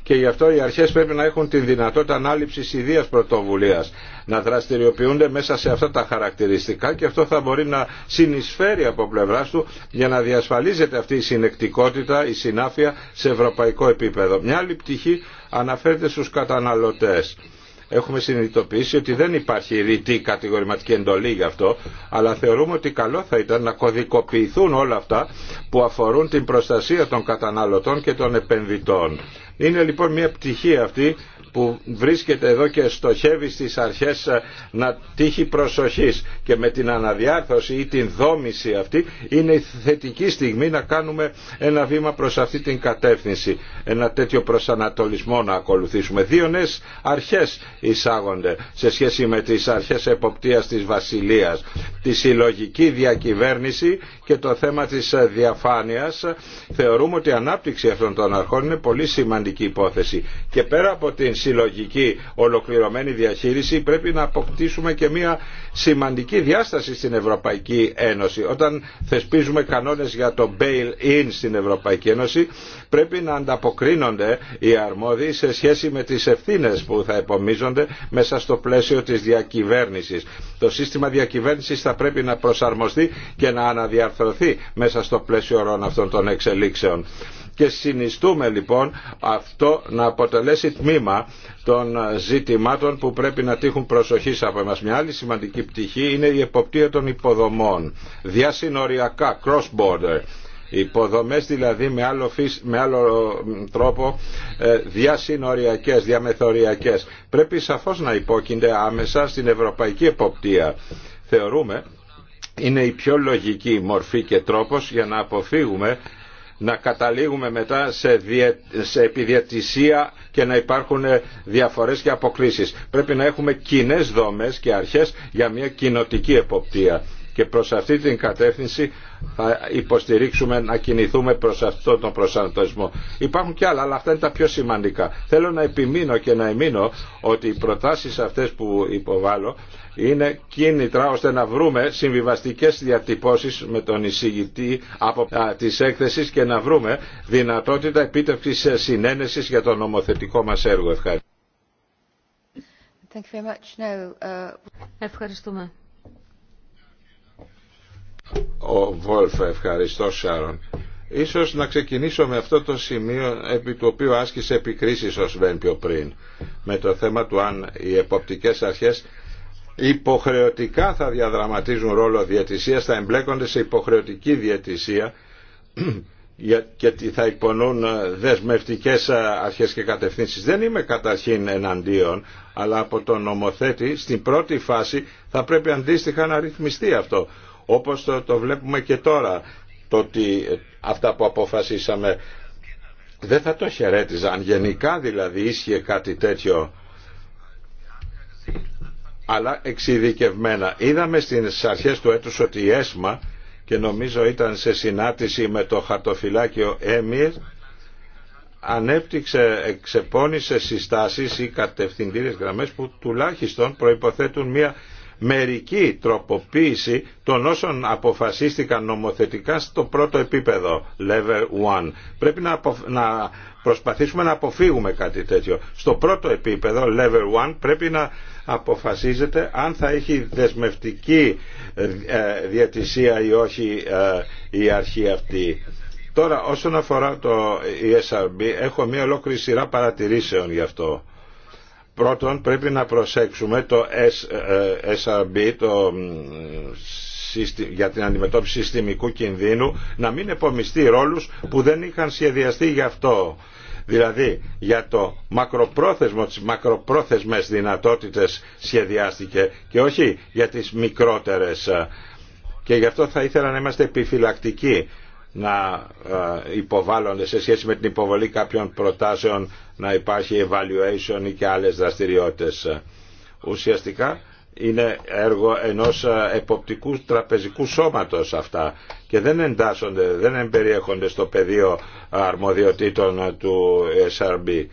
και γι' αυτό οι αρχές πρέπει να έχουν τη δυνατότητα ανάληψης ιδίας πρωτοβουλίας να δραστηριοποιούνται μέσα σε αυτά τα χαρακτηριστικά και αυτό θα μπορεί να συνεισφέρει από πλευρά του για να διασφαλίζεται αυτή η συνεκτικότητα, η συνάφεια σε ευρωπαϊκό επίπεδο. Μια άλλη πτυχή αναφέρεται στους καταναλωτές έχουμε συνειδητοποιήσει ότι δεν υπάρχει ρητή κατηγορηματική εντολή γι' αυτό, αλλά θεωρούμε ότι καλό θα ήταν να κωδικοποιηθούν όλα αυτά που αφορούν την προστασία των καταναλωτών και των επενδυτών. Είναι λοιπόν μια πτυχή αυτή που βρίσκεται εδώ και στοχεύει στις αρχές ε, να τύχει προσοχής και με την αναδιάρθρωση ή την δόμηση αυτή είναι η θετική στιγμή να κάνουμε ένα βήμα προς αυτή την κατεύθυνση ένα τέτοιο προσανατολισμό να ακολουθήσουμε δύο νέες αρχές εισάγονται σε σχέση με τις αρχές εποπτείας της Βασιλείας τη συλλογική διακυβέρνηση και το θέμα της ε, διαφάνειας θεωρούμε ότι η ανάπτυξη αυτών των αρχών είναι πολύ σημαντική υπόθεση και πέρα από την συλλογική ολοκληρωμένη διαχείριση πρέπει να αποκτήσουμε και μια σημαντική διάσταση στην Ευρωπαϊκή Ένωση. Όταν θεσπίζουμε κανόνες για το bail-in στην Ευρωπαϊκή Ένωση πρέπει να ανταποκρίνονται οι αρμόδιοι σε σχέση με τις ευθύνες που θα επομίζονται μέσα στο πλαίσιο της διακυβέρνησης. Το σύστημα διακυβέρνησης θα πρέπει να προσαρμοστεί και να αναδιαρθρωθεί μέσα στο πλαίσιο όλων αυτών των εξελίξεων. Και συνιστούμε λοιπόν αυτό να αποτελέσει τμήμα των ζητημάτων που πρέπει να τύχουν προσοχή από εμάς. Μια άλλη σημαντική πτυχή είναι η εποπτεία των υποδομών. Διασυνοριακά, cross-border υποδομές δηλαδή με άλλο, με άλλο τρόπο ε, διασυνοριακές, διαμεθοριακές. Πρέπει σαφώς να υπόκεινται άμεσα στην ευρωπαϊκή εποπτεία. Θεωρούμε είναι η πιο λογική μορφή και τρόπος για να αποφύγουμε να καταλήγουμε μετά σε, διε, σε επιδιατησία και να υπάρχουν ε, διαφορές και αποκλήσεις. Πρέπει να έχουμε κοινέ δόμες και αρχές για μια κοινοτική εποπτεία και προς αυτή την κατεύθυνση θα υποστηρίξουμε να κινηθούμε προς αυτό τον προσανατολισμό. Υπάρχουν και άλλα, αλλά αυτά είναι τα πιο σημαντικά. Θέλω να επιμείνω και να εμείνω ότι οι προτάσεις αυτές που υποβάλλω είναι κίνητρα ώστε να βρούμε συμβιβαστικές διατυπώσεις με τον εισηγητή από τις έκθεσεις και να βρούμε δυνατότητα επίτευξης συνένεσης για το νομοθετικό μας έργο. Uh, Ευχαριστούμε. Ο Βόλφ, ευχαριστώ Σάρων. Ίσως να ξεκινήσω με αυτό το σημείο επί του οποίου άσκησε επικρίσεις ο Σβέν πιο πριν. Με το θέμα του αν οι εποπτικές αρχές υποχρεωτικά θα διαδραματίζουν ρόλο διαιτησίας, θα εμπλέκονται σε υποχρεωτική διαιτησία και θα υπονούν ε, δεσμευτικές ε, αρχές και κατευθύνσεις. Δεν είμαι καταρχήν εναντίον, αλλά από τον νομοθέτη στην πρώτη φάση θα πρέπει αντίστοιχα να ρυθμιστεί αυτό όπως το, βλέπουμε και τώρα το ότι ε, αυτά που αποφασίσαμε δεν θα το χαιρέτιζαν. γενικά δηλαδή ίσχυε κάτι τέτοιο αλλά εξειδικευμένα. Είδαμε στις αρχές του έτους ότι η ΕΣΜΑ και νομίζω ήταν σε συνάντηση με το χαρτοφυλάκιο Έμιρ ανέπτυξε, εξεπώνησε συστάσεις ή κατευθυντήριες γραμμές που τουλάχιστον προϋποθέτουν μια μερική τροποποίηση των όσων αποφασίστηκαν νομοθετικά στο πρώτο επίπεδο, level 1. Πρέπει να, να προσπαθήσουμε να αποφύγουμε κάτι τέτοιο. Στο πρώτο επίπεδο, level 1, πρέπει να αποφασίζεται αν θα έχει δεσμευτική ε, ε, διατησία ή όχι ε, η αρχή αυτή. Τώρα όσον αφορά το ESRB έχω μια ολόκληρη σειρά παρατηρήσεων γι' αυτό. Πρώτον πρέπει να προσέξουμε το SRB, ε, το για την αντιμετώπιση συστημικού κινδύνου να μην επομιστεί ρόλους που δεν είχαν σχεδιαστεί γι' αυτό. Δηλαδή για το μακροπρόθεσμο, τις μακροπρόθεσμες δυνατότητες σχεδιάστηκε και όχι για τις μικρότερες. Και γι' αυτό θα ήθελα να είμαστε επιφυλακτικοί να ε, υποβάλλονται σε σχέση με την υποβολή κάποιων προτάσεων να υπάρχει evaluation ή και άλλες δραστηριότητες. Ουσιαστικά είναι έργο ενός ε, εποπτικού τραπεζικού σώματος αυτά και δεν εντάσσονται, δεν εμπεριέχονται στο πεδίο ε, αρμοδιοτήτων ε, του SRB.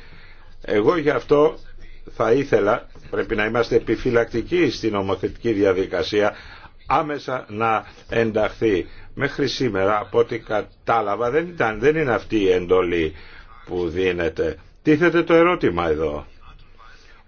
Εγώ γι' αυτό θα ήθελα, πρέπει να είμαστε επιφυλακτικοί στην νομοθετική διαδικασία, άμεσα να ενταχθεί. Μέχρι σήμερα, από ό,τι κατάλαβα, δεν, δεν είναι αυτή η εντολή που δίνεται Τίθεται το ερώτημα εδώ.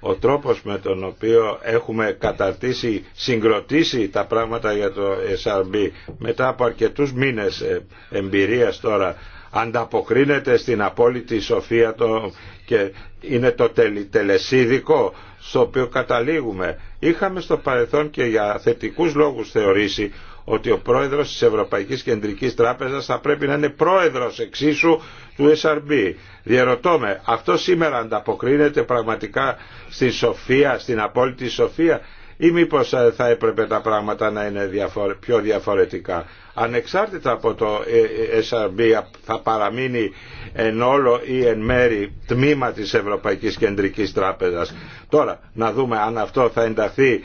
Ο τρόπος με τον οποίο έχουμε καταρτήσει, συγκροτήσει τα πράγματα για το SRB μετά από αρκετούς μήνες ε, εμπειρίας τώρα ανταποκρίνεται στην απόλυτη σοφία το, και είναι το τελεσίδικο στο οποίο καταλήγουμε. Είχαμε στο παρελθόν και για θετικούς λόγους θεωρήσει ότι ο πρόεδρος της Ευρωπαϊκής Κεντρικής Τράπεζας θα πρέπει να είναι πρόεδρος εξίσου του SRB. Διαρωτώ με, αυτό σήμερα ανταποκρίνεται πραγματικά στην σοφία, στην απόλυτη σοφία ή μήπως ε, θα έπρεπε τα πράγματα να είναι πιο διαφορετικά. Ανεξάρτητα από το ε, ε, SRB θα παραμείνει εν όλο ή εν μέρη τμήμα της Ευρωπαϊκής Κεντρικής Τράπεζας. Τώρα να δούμε αν αυτό θα ενταθεί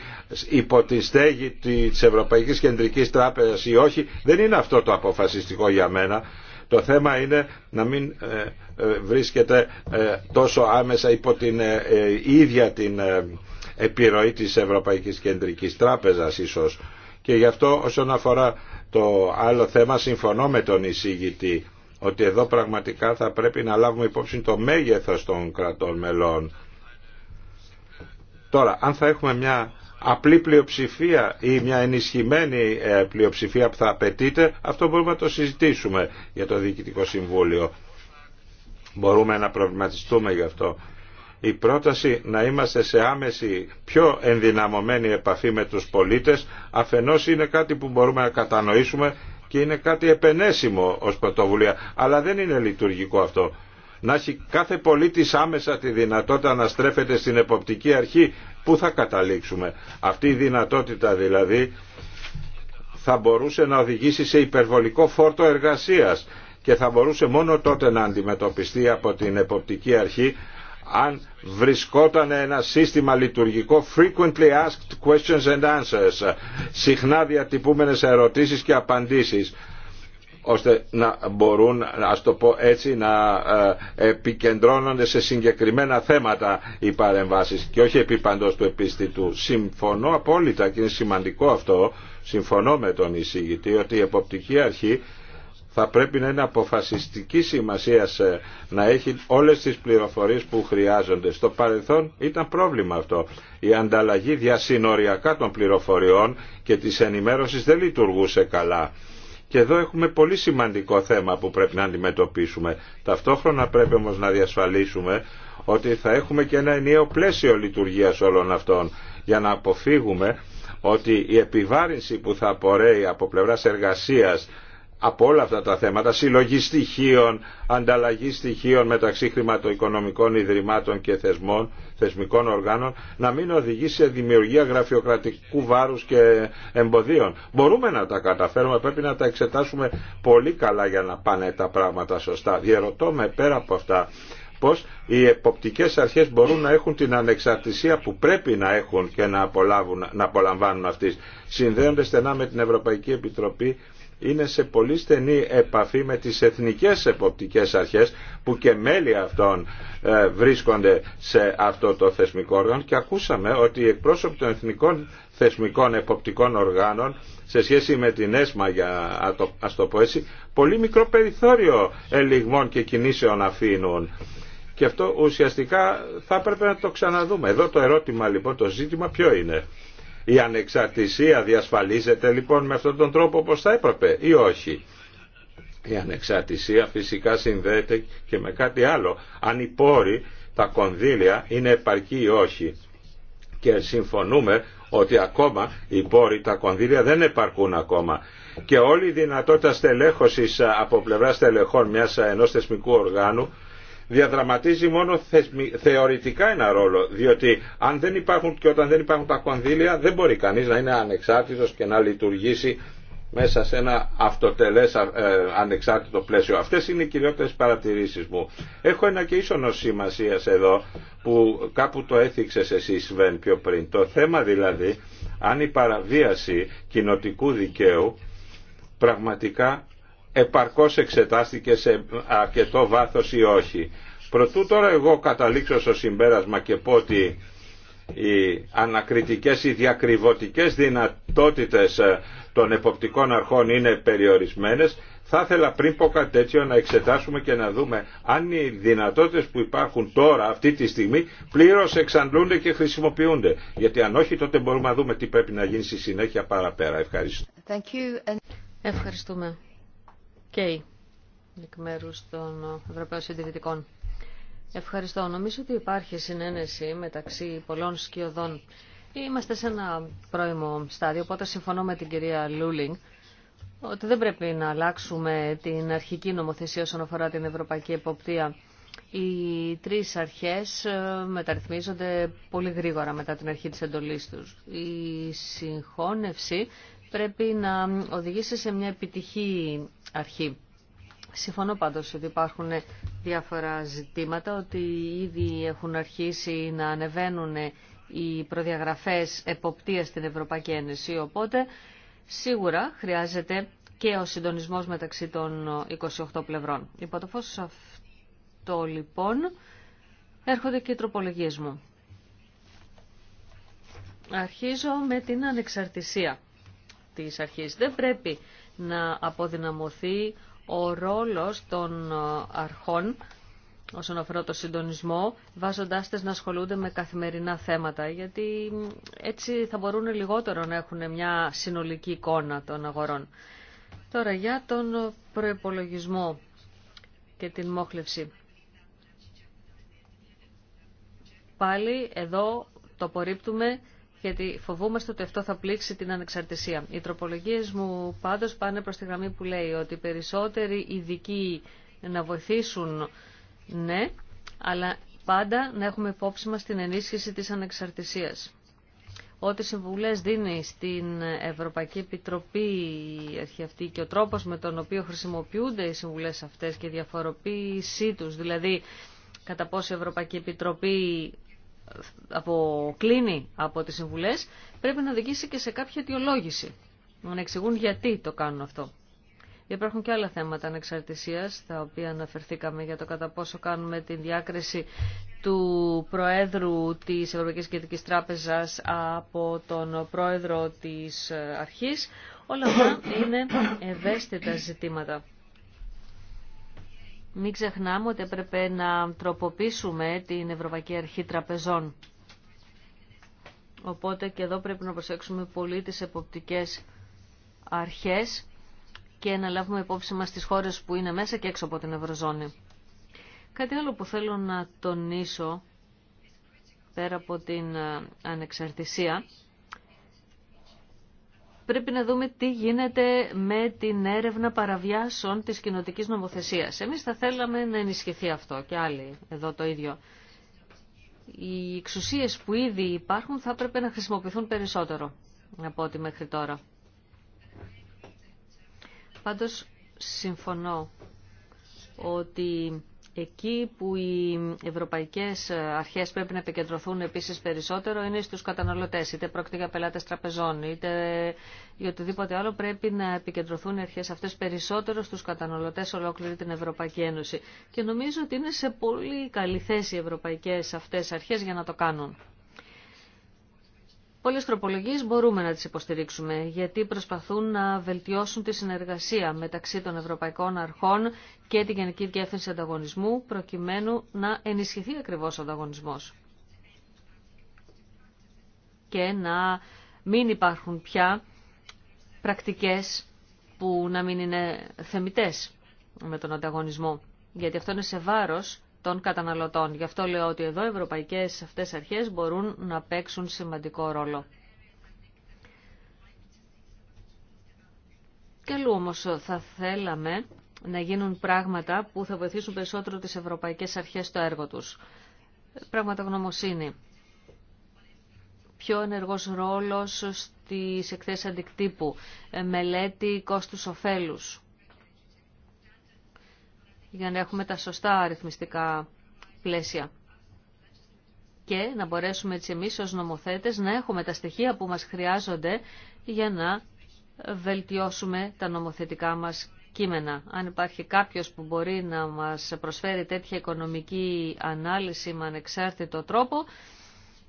υπό τη στέγη της Ευρωπαϊκής Κεντρικής Τράπεζας ή όχι. Δεν είναι αυτό το αποφασιστικό για μένα. Το θέμα είναι να μην βρίσκεται τόσο άμεσα υπό την ίδια την επιρροή της Ευρωπαϊκής Κεντρικής Τράπεζας ίσως. Και γι' αυτό όσον αφορά το άλλο θέμα συμφωνώ με τον εισήγητη ότι εδώ πραγματικά θα πρέπει να λάβουμε υπόψη το μέγεθος των κρατών μελών. Τώρα, αν θα έχουμε μια απλή πλειοψηφία ή μια ενισχυμένη ε, πλειοψηφία που θα απαιτείται, αυτό μπορούμε να το συζητήσουμε για το Διοικητικό Συμβούλιο. Μπορούμε να προβληματιστούμε γι' αυτό η πρόταση να είμαστε σε άμεση πιο ενδυναμωμένη επαφή με τους πολίτες αφενός είναι κάτι που μπορούμε να κατανοήσουμε και είναι κάτι επενέσιμο ως πρωτοβουλία αλλά δεν είναι λειτουργικό αυτό να έχει κάθε πολίτης άμεσα τη δυνατότητα να στρέφεται στην εποπτική αρχή που θα καταλήξουμε αυτή η δυνατότητα δηλαδή θα μπορούσε να οδηγήσει σε υπερβολικό φόρτο εργασίας και θα μπορούσε μόνο τότε να αντιμετωπιστεί από την εποπτική αρχή αν βρισκόταν ένα σύστημα λειτουργικό frequently asked questions and answers συχνά διατυπούμενες ερωτήσεις και απαντήσεις ώστε να μπορούν, ας το πω έτσι, να ε, επικεντρώνονται σε συγκεκριμένα θέματα οι παρεμβάσεις και όχι επί παντός του επίστητου. Συμφωνώ απόλυτα και είναι σημαντικό αυτό, συμφωνώ με τον εισηγητή ότι η εποπτική αρχή θα πρέπει να είναι αποφασιστική σημασία ε, να έχει όλες τις πληροφορίες που χρειάζονται. Στο παρελθόν ήταν πρόβλημα αυτό. Η ανταλλαγή διασυνοριακά των πληροφοριών και της ενημέρωσης δεν λειτουργούσε καλά. Και εδώ έχουμε πολύ σημαντικό θέμα που πρέπει να αντιμετωπίσουμε. Ταυτόχρονα πρέπει όμως να διασφαλίσουμε ότι θα έχουμε και ένα ενιαίο πλαίσιο λειτουργίας όλων αυτών για να αποφύγουμε ότι η επιβάρυνση που θα απορρέει από πλευράς εργασίας από όλα αυτά τα θέματα, συλλογή στοιχείων, ανταλλαγή στοιχείων μεταξύ χρηματοοικονομικών ιδρυμάτων και θεσμών, θεσμικών οργάνων, να μην οδηγεί σε δημιουργία γραφειοκρατικού βάρους και εμποδίων. Μπορούμε να τα καταφέρουμε, πρέπει να τα εξετάσουμε πολύ καλά για να πάνε τα πράγματα σωστά. Διερωτώ με πέρα από αυτά πως οι εποπτικές αρχές μπορούν να έχουν την ανεξαρτησία που πρέπει να έχουν και να, απολαμβάνουν αυτής. Συνδέονται στενά με την Ευρωπαϊκή Επιτροπή είναι σε πολύ στενή επαφή με τις εθνικές εποπτικές αρχές που και μέλη αυτών ε, βρίσκονται σε αυτό το θεσμικό όργανο και ακούσαμε ότι οι εκπρόσωποι των εθνικών θεσμικών εποπτικών οργάνων σε σχέση με την ΕΣΜΑ για α το πω έτσι πολύ μικρό περιθώριο ελιγμών και κινήσεων αφήνουν και αυτό ουσιαστικά θα έπρεπε να το ξαναδούμε. Εδώ το ερώτημα λοιπόν το ζήτημα ποιο είναι. Η ανεξαρτησία διασφαλίζεται λοιπόν με αυτόν τον τρόπο όπως θα έπρεπε ή όχι. Η ανεξαρτησία φυσικά συνδέεται και με κάτι άλλο. Αν οι πόροι, τα κονδύλια είναι επαρκή ή όχι. Και συμφωνούμε ότι ακόμα οι πόροι, τα κονδύλια δεν επαρκούν ακόμα. Και όλη η δυνατότητα στελέχωσης από πλευρά στελεχών μιας ε, ενός θεσμικού οργάνου διαδραματίζει μόνο θεωρητικά ένα ρόλο, διότι αν δεν υπάρχουν και όταν δεν υπάρχουν τα κονδύλια δεν μπορεί κανείς να είναι ανεξάρτητος και να λειτουργήσει μέσα σε ένα αυτοτελές ε, ανεξάρτητο πλαίσιο. Αυτές είναι οι κυριότερες παρατηρήσεις μου. Έχω ένα και ίσονο σημασία εδώ που κάπου το έθιξες εσύ Σβέν πιο πριν. Το θέμα δηλαδή αν η παραβίαση κοινοτικού δικαίου πραγματικά επαρκώς εξετάστηκε σε αρκετό βάθος ή όχι. Προτού τώρα εγώ καταλήξω στο συμπέρασμα και πω ότι οι ανακριτικές ή διακριβωτικές δυνατότητες ε, των εποπτικών αρχών είναι περιορισμένες, θα ήθελα πριν πω κάτι τέτοιο να εξετάσουμε και να δούμε αν οι δυνατότητες που υπάρχουν τώρα αυτή τη στιγμή πλήρως εξαντλούνται και χρησιμοποιούνται. Γιατί αν όχι τότε μπορούμε να δούμε τι πρέπει να γίνει στη συνέχεια παραπέρα. Ευχαριστώ. Ευχαριστούμε εκ μέρου των Ευρωπαίων Συντηρητικών. Ευχαριστώ. Νομίζω ότι υπάρχει συνένεση μεταξύ πολλών σκιωδών. Είμαστε σε ένα πρώιμο στάδιο, οπότε συμφωνώ με την κυρία Λούλινγκ ότι δεν πρέπει να αλλάξουμε την αρχική νομοθεσία όσον αφορά την ευρωπαϊκή εποπτεία. Οι τρεις αρχές ε, μεταρρυθμίζονται πολύ γρήγορα μετά την αρχή της εντολής τους. Η συγχώνευση πρέπει να οδηγήσει σε μια επιτυχή αρχή. Συμφωνώ πάντως ότι υπάρχουν διάφορα ζητήματα, ότι ήδη έχουν αρχίσει να ανεβαίνουν οι προδιαγραφές εποπτείας στην Ευρωπαϊκή Ένωση, οπότε σίγουρα χρειάζεται και ο συντονισμός μεταξύ των 28 πλευρών. Υπό το φως αυτό λοιπόν έρχονται και οι τροπολογίες μου. Αρχίζω με την ανεξαρτησία της αρχής. Δεν πρέπει να αποδυναμωθεί ο ρόλος των ε, αρχών όσον αφορά το συντονισμό, βάζοντάς τες να ασχολούνται με καθημερινά θέματα, γιατί έτσι θα μπορούν λιγότερο να έχουν μια συνολική εικόνα των αγορών. Τώρα για τον προϋπολογισμό και την μόχλευση. Πάλι εδώ το απορρίπτουμε γιατί φοβούμαστε ότι αυτό θα πλήξει την ανεξαρτησία. Οι τροπολογίες μου πάντως πάνε προς τη γραμμή που λέει ότι περισσότεροι ειδικοί να βοηθήσουν, ναι, αλλά πάντα να έχουμε υπόψη μας την ενίσχυση της ανεξαρτησίας. Ό,τι συμβουλές δίνει στην Ευρωπαϊκή Επιτροπή και ο τρόπος με τον οποίο χρησιμοποιούνται οι συμβουλές αυτές και η διαφοροποίησή τους, δηλαδή κατά πόσο η Ευρωπαϊκή Επιτροπή κλείνει από τις συμβουλές πρέπει να οδηγήσει και σε κάποια αιτιολόγηση. Να εξηγούν γιατί το κάνουν αυτό. Υπάρχουν και άλλα θέματα ανεξαρτησίας, τα οποία αναφερθήκαμε για το κατά πόσο κάνουμε την διάκριση του Προέδρου της Ευρωπαϊκής Κεντρικής Τράπεζας από τον Πρόεδρο της Αρχής. Όλα αυτά είναι ευαίσθητα ζητήματα. Μην ξεχνάμε ότι έπρεπε να τροποποιήσουμε την Ευρωπαϊκή Αρχή Τραπεζών. Οπότε και εδώ πρέπει να προσέξουμε πολύ τις εποπτικές αρχές και να λάβουμε υπόψη μας τις χώρες που είναι μέσα και έξω από την Ευρωζώνη. Κάτι άλλο που θέλω να τονίσω, πέρα από την ε, ανεξαρτησία, πρέπει να δούμε τι γίνεται με την έρευνα παραβιάσεων της κοινοτικής νομοθεσίας. Εμείς θα θέλαμε να ενισχυθεί αυτό και άλλοι εδώ το ίδιο. Οι εξουσίες που ήδη υπάρχουν θα πρέπει να χρησιμοποιηθούν περισσότερο από ό,τι μέχρι τώρα. Πάντως συμφωνώ ότι Εκεί που οι ευρωπαϊκές αρχές πρέπει να επικεντρωθούν επίσης περισσότερο είναι στους καταναλωτές, είτε πρόκειται για πελάτες τραπεζών, είτε για οτιδήποτε άλλο πρέπει να επικεντρωθούν οι αρχές αυτές περισσότερο στους καταναλωτές ολόκληρη την Ευρωπαϊκή Ένωση. Και νομίζω ότι είναι σε πολύ καλή θέση οι ευρωπαϊκές αυτές αρχές για να το κάνουν. Πολλέ τροπολογίε μπορούμε να τις υποστηρίξουμε, γιατί προσπαθούν να βελτιώσουν τη συνεργασία μεταξύ των Ευρωπαϊκών Αρχών και την Γενική Διεύθυνση Ανταγωνισμού, προκειμένου να ενισχυθεί ακριβώ ο ανταγωνισμός. Και να μην υπάρχουν πια πρακτικές που να μην είναι θεμητές με τον ανταγωνισμό. Γιατί αυτό είναι σε βάρος των καταναλωτών. Γι' αυτό λέω ότι εδώ οι ευρωπαϊκές αυτές αρχές μπορούν να παίξουν σημαντικό ρόλο. Και αλλού όμως θα θέλαμε να γίνουν πράγματα που θα βοηθήσουν περισσότερο τις ευρωπαϊκές αρχές στο έργο τους. γνωμοσύνη Πιο ενεργός ρόλος στις εκθέσεις αντικτύπου. Μελέτη κόστους-οφέλους για να έχουμε τα σωστά αριθμιστικά πλαίσια. Και να μπορέσουμε έτσι εμείς ως νομοθέτες να έχουμε τα στοιχεία που μας χρειάζονται για να βελτιώσουμε τα νομοθετικά μας κείμενα. Αν υπάρχει κάποιος που μπορεί να μας προσφέρει τέτοια οικονομική ανάλυση με ανεξάρτητο τρόπο,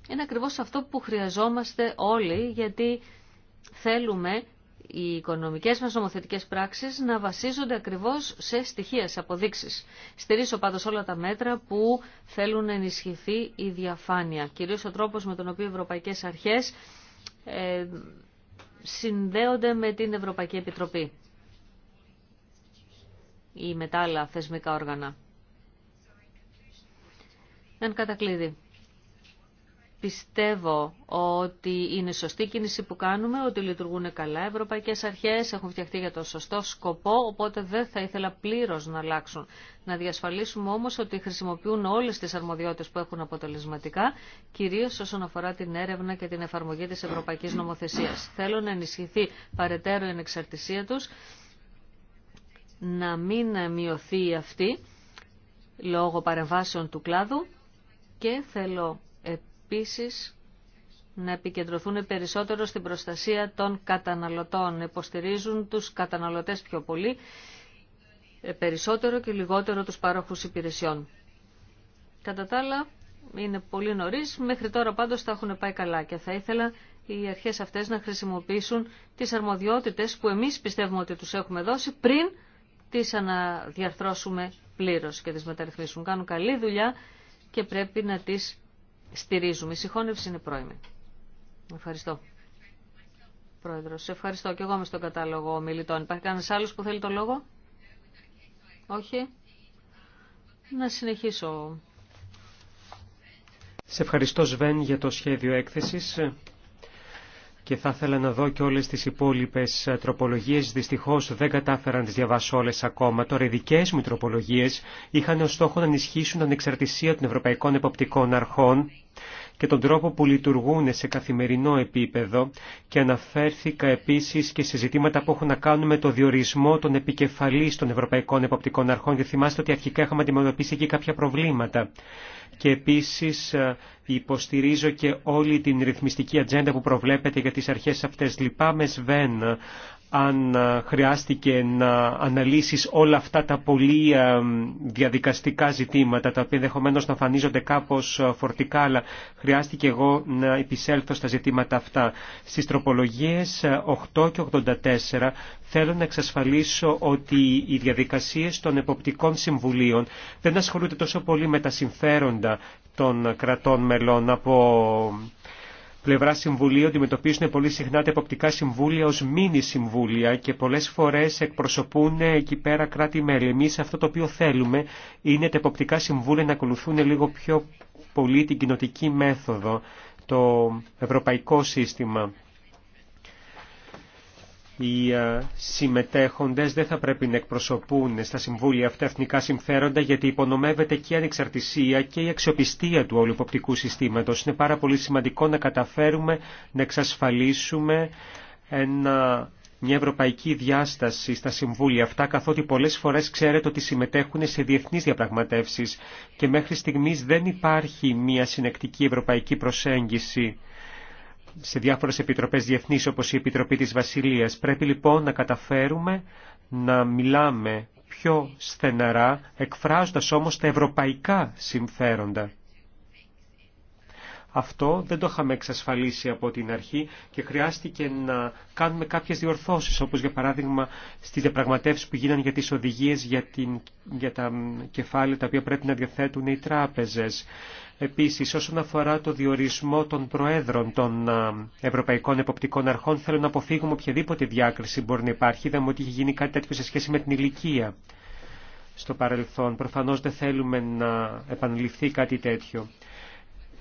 είναι ακριβώς αυτό που χρειαζόμαστε όλοι, γιατί θέλουμε οι οικονομικές μας νομοθετικές πράξεις να βασίζονται ακριβώς σε στοιχεία, σε αποδείξεις. Στηρίζω πάντως όλα τα μέτρα που θέλουν να ενισχυθεί η διαφάνεια. Κυρίως ο τρόπος με τον οποίο οι ευρωπαϊκές αρχές ε, συνδέονται με την Ευρωπαϊκή Επιτροπή ή με τα άλλα θεσμικά όργανα. Εν κατακλείδη πιστεύω ότι είναι σωστή κίνηση που κάνουμε, ότι λειτουργούν καλά. Οι ευρωπαϊκές αρχές έχουν φτιαχτεί για τον σωστό σκοπό, οπότε δεν θα ήθελα πλήρως να αλλάξουν. Να διασφαλίσουμε όμως ότι χρησιμοποιούν όλες τις αρμοδιότητες που έχουν αποτελεσματικά, κυρίως όσον αφορά την έρευνα και την εφαρμογή της ευρωπαϊκής νομοθεσίας. Θέλω να ενισχυθεί παρετέρω η ανεξαρτησία τους, να μην μειωθεί αυτή λόγω παρεμβάσεων του κλάδου και θέλω επίσης να επικεντρωθούν περισσότερο στην προστασία των καταναλωτών, υποστηρίζουν τους καταναλωτές πιο πολύ, ε, περισσότερο και λιγότερο τους παρόχους υπηρεσιών. Κατά τα άλλα, είναι πολύ νωρίς, μέχρι τώρα πάντως τα έχουν πάει καλά και θα ήθελα οι αρχές αυτές να χρησιμοποιήσουν τις αρμοδιότητες που εμείς πιστεύουμε ότι τους έχουμε δώσει πριν τις αναδιαρθρώσουμε πλήρως και τις μεταρρυθμίσουν. Κάνουν καλή δουλειά και πρέπει να τις στηρίζουμε. Η συγχώνευση είναι πρώιμη. Ευχαριστώ. Σε ευχαριστώ. Και εγώ είμαι στον κατάλογο μιλητών. Υπάρχει κανένα άλλος που θέλει το λόγο? Όχι. Να συνεχίσω. Σε ευχαριστώ Σβέν για το σχέδιο έκθεσης και θα ήθελα να δω και όλες τις υπόλοιπες ε, τροπολογίες. Δυστυχώς δεν κατάφεραν να τις διαβάσω όλες ακόμα. Τώρα οι δικές μου τροπολογίες είχαν ως στόχο να ενισχύσουν ανεξαρτησία των ευρωπαϊκών εποπτικών αρχών και τον τρόπο που λειτουργούν σε καθημερινό επίπεδο και αναφέρθηκα επίσης και σε ζητήματα που έχουν να κάνουν με το διορισμό των επικεφαλής των Ευρωπαϊκών Εποπτικών Αρχών και θυμάστε ότι αρχικά είχαμε αντιμετωπίσει εκεί κάποια προβλήματα. Και επίσης ε, υποστηρίζω και όλη την ρυθμιστική ατζέντα που προβλέπετε για τις αρχές αυτές. Λυπάμαι Σβέν αν ε, χρειάστηκε να αναλύσεις όλα αυτά τα πολύ ε, διαδικαστικά ζητήματα, τα οποία ενδεχομένω να φανίζονται κάπως ε, φορτικά, αλλά χρειάστηκε εγώ να επισέλθω στα ζητήματα αυτά. Στις τροπολογίες 8 και 84 θέλω να εξασφαλίσω ότι οι διαδικασίες των εποπτικών συμβουλίων δεν ασχολούνται τόσο πολύ με τα συμφέροντα των κρατών μελών από πλευρά συμβουλίου αντιμετωπίζουν πολύ συχνά τα εποπτικά συμβούλια ως μίνι συμβούλια και πολλές φορές εκπροσωπούν εκεί πέρα κράτη-μέλη. Εμείς αυτό το οποίο θέλουμε είναι τα εποπτικά συμβούλια να ακολουθούν λίγο πιο πολύ την κοινοτική μέθοδο, το ευρωπαϊκό σύστημα οι ε, συμμετέχοντες δεν θα πρέπει να εκπροσωπούν στα συμβούλια αυτά εθνικά συμφέροντα γιατί υπονομεύεται και η ανεξαρτησία και η αξιοπιστία του όλου υποπτικού συστήματος. Είναι πάρα πολύ σημαντικό να καταφέρουμε να εξασφαλίσουμε ένα, μια ευρωπαϊκή διάσταση στα συμβούλια αυτά καθότι πολλές φορές ξέρετε ότι συμμετέχουν σε διεθνείς διαπραγματεύσεις και μέχρι στιγμής δεν υπάρχει μια συνεκτική ευρωπαϊκή προσέγγιση σε διάφορες επιτροπές διεθνείς όπως η Επιτροπή της Βασιλείας. Πρέπει λοιπόν να καταφέρουμε να μιλάμε πιο στεναρά, εκφράζοντας όμως τα ευρωπαϊκά συμφέροντα. Αυτό δεν το είχαμε εξασφαλίσει από την αρχή και χρειάστηκε να κάνουμε κάποιες διορθώσεις, όπως για παράδειγμα στις διαπραγματεύσεις που γίνανε για τις οδηγίες για, την, για τα κεφάλαια τα οποία πρέπει να διαθέτουν οι τράπεζες. Επίσης, όσον αφορά το διορισμό των προέδρων των Ευρωπαϊκών Εποπτικών Αρχών, θέλω να αποφύγουμε οποιαδήποτε διάκριση μπορεί να υπάρχει. Είδαμε ότι είχε γίνει κάτι τέτοιο σε σχέση με την ηλικία στο παρελθόν. Προφανώς δεν θέλουμε να επαναληφθεί κάτι τέτοιο.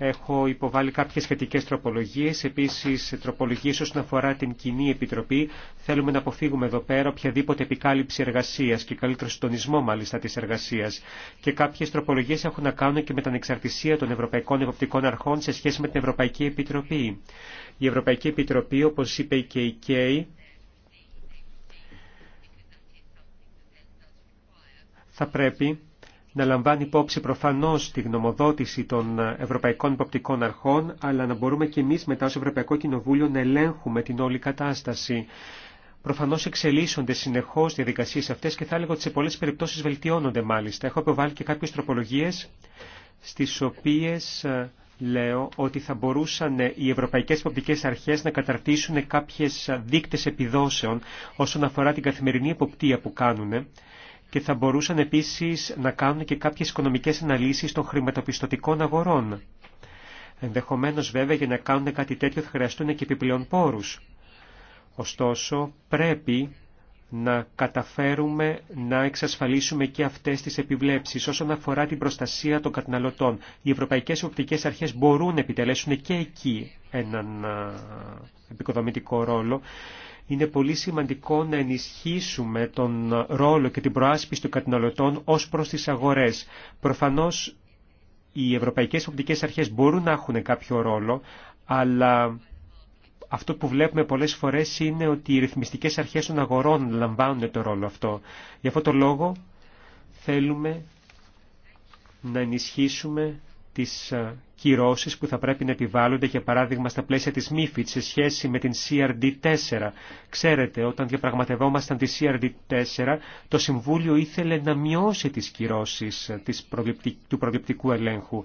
Έχω υποβάλει κάποιες σχετικέ τροπολογίε. επίσης τροπολογίε όσον αφορά την κοινή επιτροπή. Θέλουμε να αποφύγουμε εδώ πέρα οποιαδήποτε επικάλυψη εργασίας και καλύτερο συντονισμό μάλιστα τη εργασία. Και κάποιες τροπολογίες έχουν να κάνουν και με την εξαρτησία των Ευρωπαϊκών Εποπτικών Αρχών σε σχέση με την Ευρωπαϊκή Επιτροπή. Η Ευρωπαϊκή Επιτροπή, όπω είπε και η ΚΕΙ, θα πρέπει να λαμβάνει υπόψη προφανώς τη γνωμοδότηση των Ευρωπαϊκών Υποπτικών Αρχών, αλλά να μπορούμε και εμείς μετά ως Ευρωπαϊκό Κοινοβούλιο να ελέγχουμε την όλη κατάσταση. Προφανώ εξελίσσονται συνεχώ οι διαδικασίε αυτέ και θα έλεγα ότι σε πολλέ περιπτώσει βελτιώνονται μάλιστα. Έχω αποβάλει και κάποιε τροπολογίε στι οποίε ε, λέω ότι θα μπορούσαν οι ευρωπαϊκές υποπτικές αρχές να καταρτήσουν κάποιες δείκτες επιδόσεων όσον αφορά την καθημερινή εποπτεία που κάνουν και θα μπορούσαν επίσης να κάνουν και κάποιες οικονομικές αναλύσεις των χρηματοπιστωτικών αγορών. Ενδεχομένως βέβαια για να κάνουν κάτι τέτοιο θα χρειαστούν και επιπλέον πόρους. Ωστόσο πρέπει να καταφέρουμε να εξασφαλίσουμε και αυτές τις επιβλέψεις όσον αφορά την προστασία των καταναλωτών. Οι ευρωπαϊκές οπτικές αρχές μπορούν να επιτελέσουν και εκεί έναν επικοδομητικό ρόλο είναι πολύ σημαντικό να ενισχύσουμε τον ρόλο και την προάσπιση των καταναλωτών ως προς τις αγορές. Προφανώς οι ευρωπαϊκές οπτικές αρχές μπορούν να έχουν κάποιο ρόλο, αλλά αυτό που βλέπουμε πολλές φορές είναι ότι οι ρυθμιστικές αρχές των αγορών λαμβάνουν το ρόλο αυτό. Γι' αυτό τον λόγο θέλουμε να ενισχύσουμε τις ε, κυρώσεις που θα πρέπει να επιβάλλονται για παράδειγμα στα πλαίσια της MIFID σε σχέση με την CRD4. Ξέρετε, όταν διαπραγματευόμασταν τη CRD4, το Συμβούλιο ήθελε να μειώσει τις κυρώσεις του προληπτικού ελέγχου.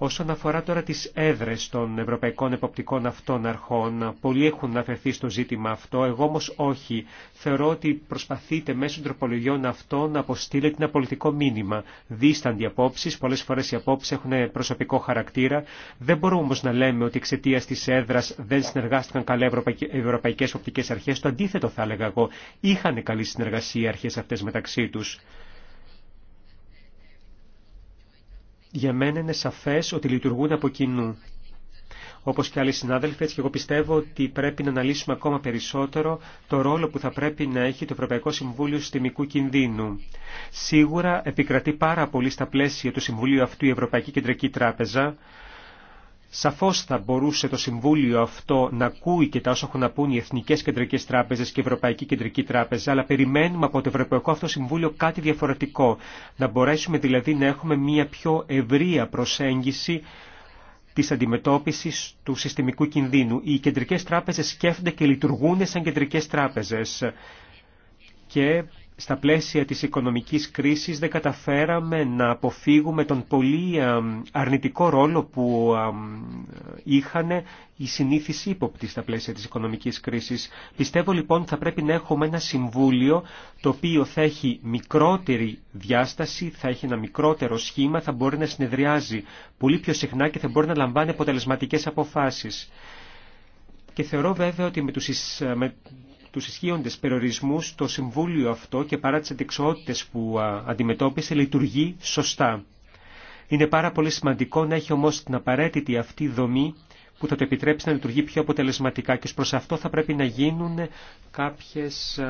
Όσον αφορά τώρα τις έδρες των Ευρωπαϊκών Εποπτικών Αυτών Αρχών, πολλοί έχουν αναφερθεί στο ζήτημα αυτό, εγώ όμως όχι. Θεωρώ ότι προσπαθείτε μέσω τροπολογιών αυτών να αποστείλετε ένα πολιτικό μήνυμα. Δίστανται οι απόψεις, πολλές φορές οι απόψεις έχουν προσωπικό χαρακτήρα. Δεν μπορούμε όμως να λέμε ότι εξαιτία της έδρας δεν συνεργάστηκαν καλά οι Ευρωπαϊκές Οπτικές Αρχές. Το αντίθετο θα έλεγα εγώ. Είχαν καλή συνεργασία οι αρχές αυτές μεταξύ τους. για μένα είναι σαφές ότι λειτουργούν από κοινού. Όπως και άλλοι συνάδελφοι, έτσι και εγώ πιστεύω ότι πρέπει να αναλύσουμε ακόμα περισσότερο το ρόλο που θα πρέπει να έχει το Ευρωπαϊκό Συμβούλιο Συστημικού Κινδύνου. Σίγουρα επικρατεί πάρα πολύ στα πλαίσια του Συμβουλίου αυτού η Ευρωπαϊκή Κεντρική Τράπεζα, Σαφώς θα μπορούσε το Συμβούλιο αυτό να ακούει και τα όσα έχουν να πούν οι Εθνικές Κεντρικές Τράπεζες και η Ευρωπαϊκή Κεντρική Τράπεζα, αλλά περιμένουμε από το Ευρωπαϊκό αυτό Συμβούλιο κάτι διαφορετικό. Να μπορέσουμε δηλαδή να έχουμε μια πιο ευρεία προσέγγιση της αντιμετώπισης του συστημικού κινδύνου. Οι κεντρικές τράπεζες σκέφτονται και λειτουργούν σαν κεντρικές τράπεζες στα πλαίσια της οικονομικής κρίσης δεν καταφέραμε να αποφύγουμε τον πολύ ε, αρνητικό ρόλο που ε, είχαν οι συνήθεις ύποπτοι στα πλαίσια της οικονομικής κρίσης. Πιστεύω λοιπόν θα πρέπει να έχουμε ένα συμβούλιο το οποίο θα έχει μικρότερη διάσταση, θα έχει ένα μικρότερο σχήμα, θα μπορεί να συνεδριάζει πολύ πιο συχνά και θα μπορεί να λαμβάνει αποτελεσματικές αποφάσεις. Και θεωρώ βέβαια ότι με τους, τους ισχύοντες περιορισμούς, το Συμβούλιο αυτό και παρά τις αντικσότητες που αντιμετώπισε λειτουργεί σωστά. Είναι πάρα πολύ σημαντικό να έχει όμως την απαραίτητη αυτή δομή που θα το επιτρέψει να λειτουργεί πιο αποτελεσματικά και προς αυτό θα πρέπει να γίνουν κάποιες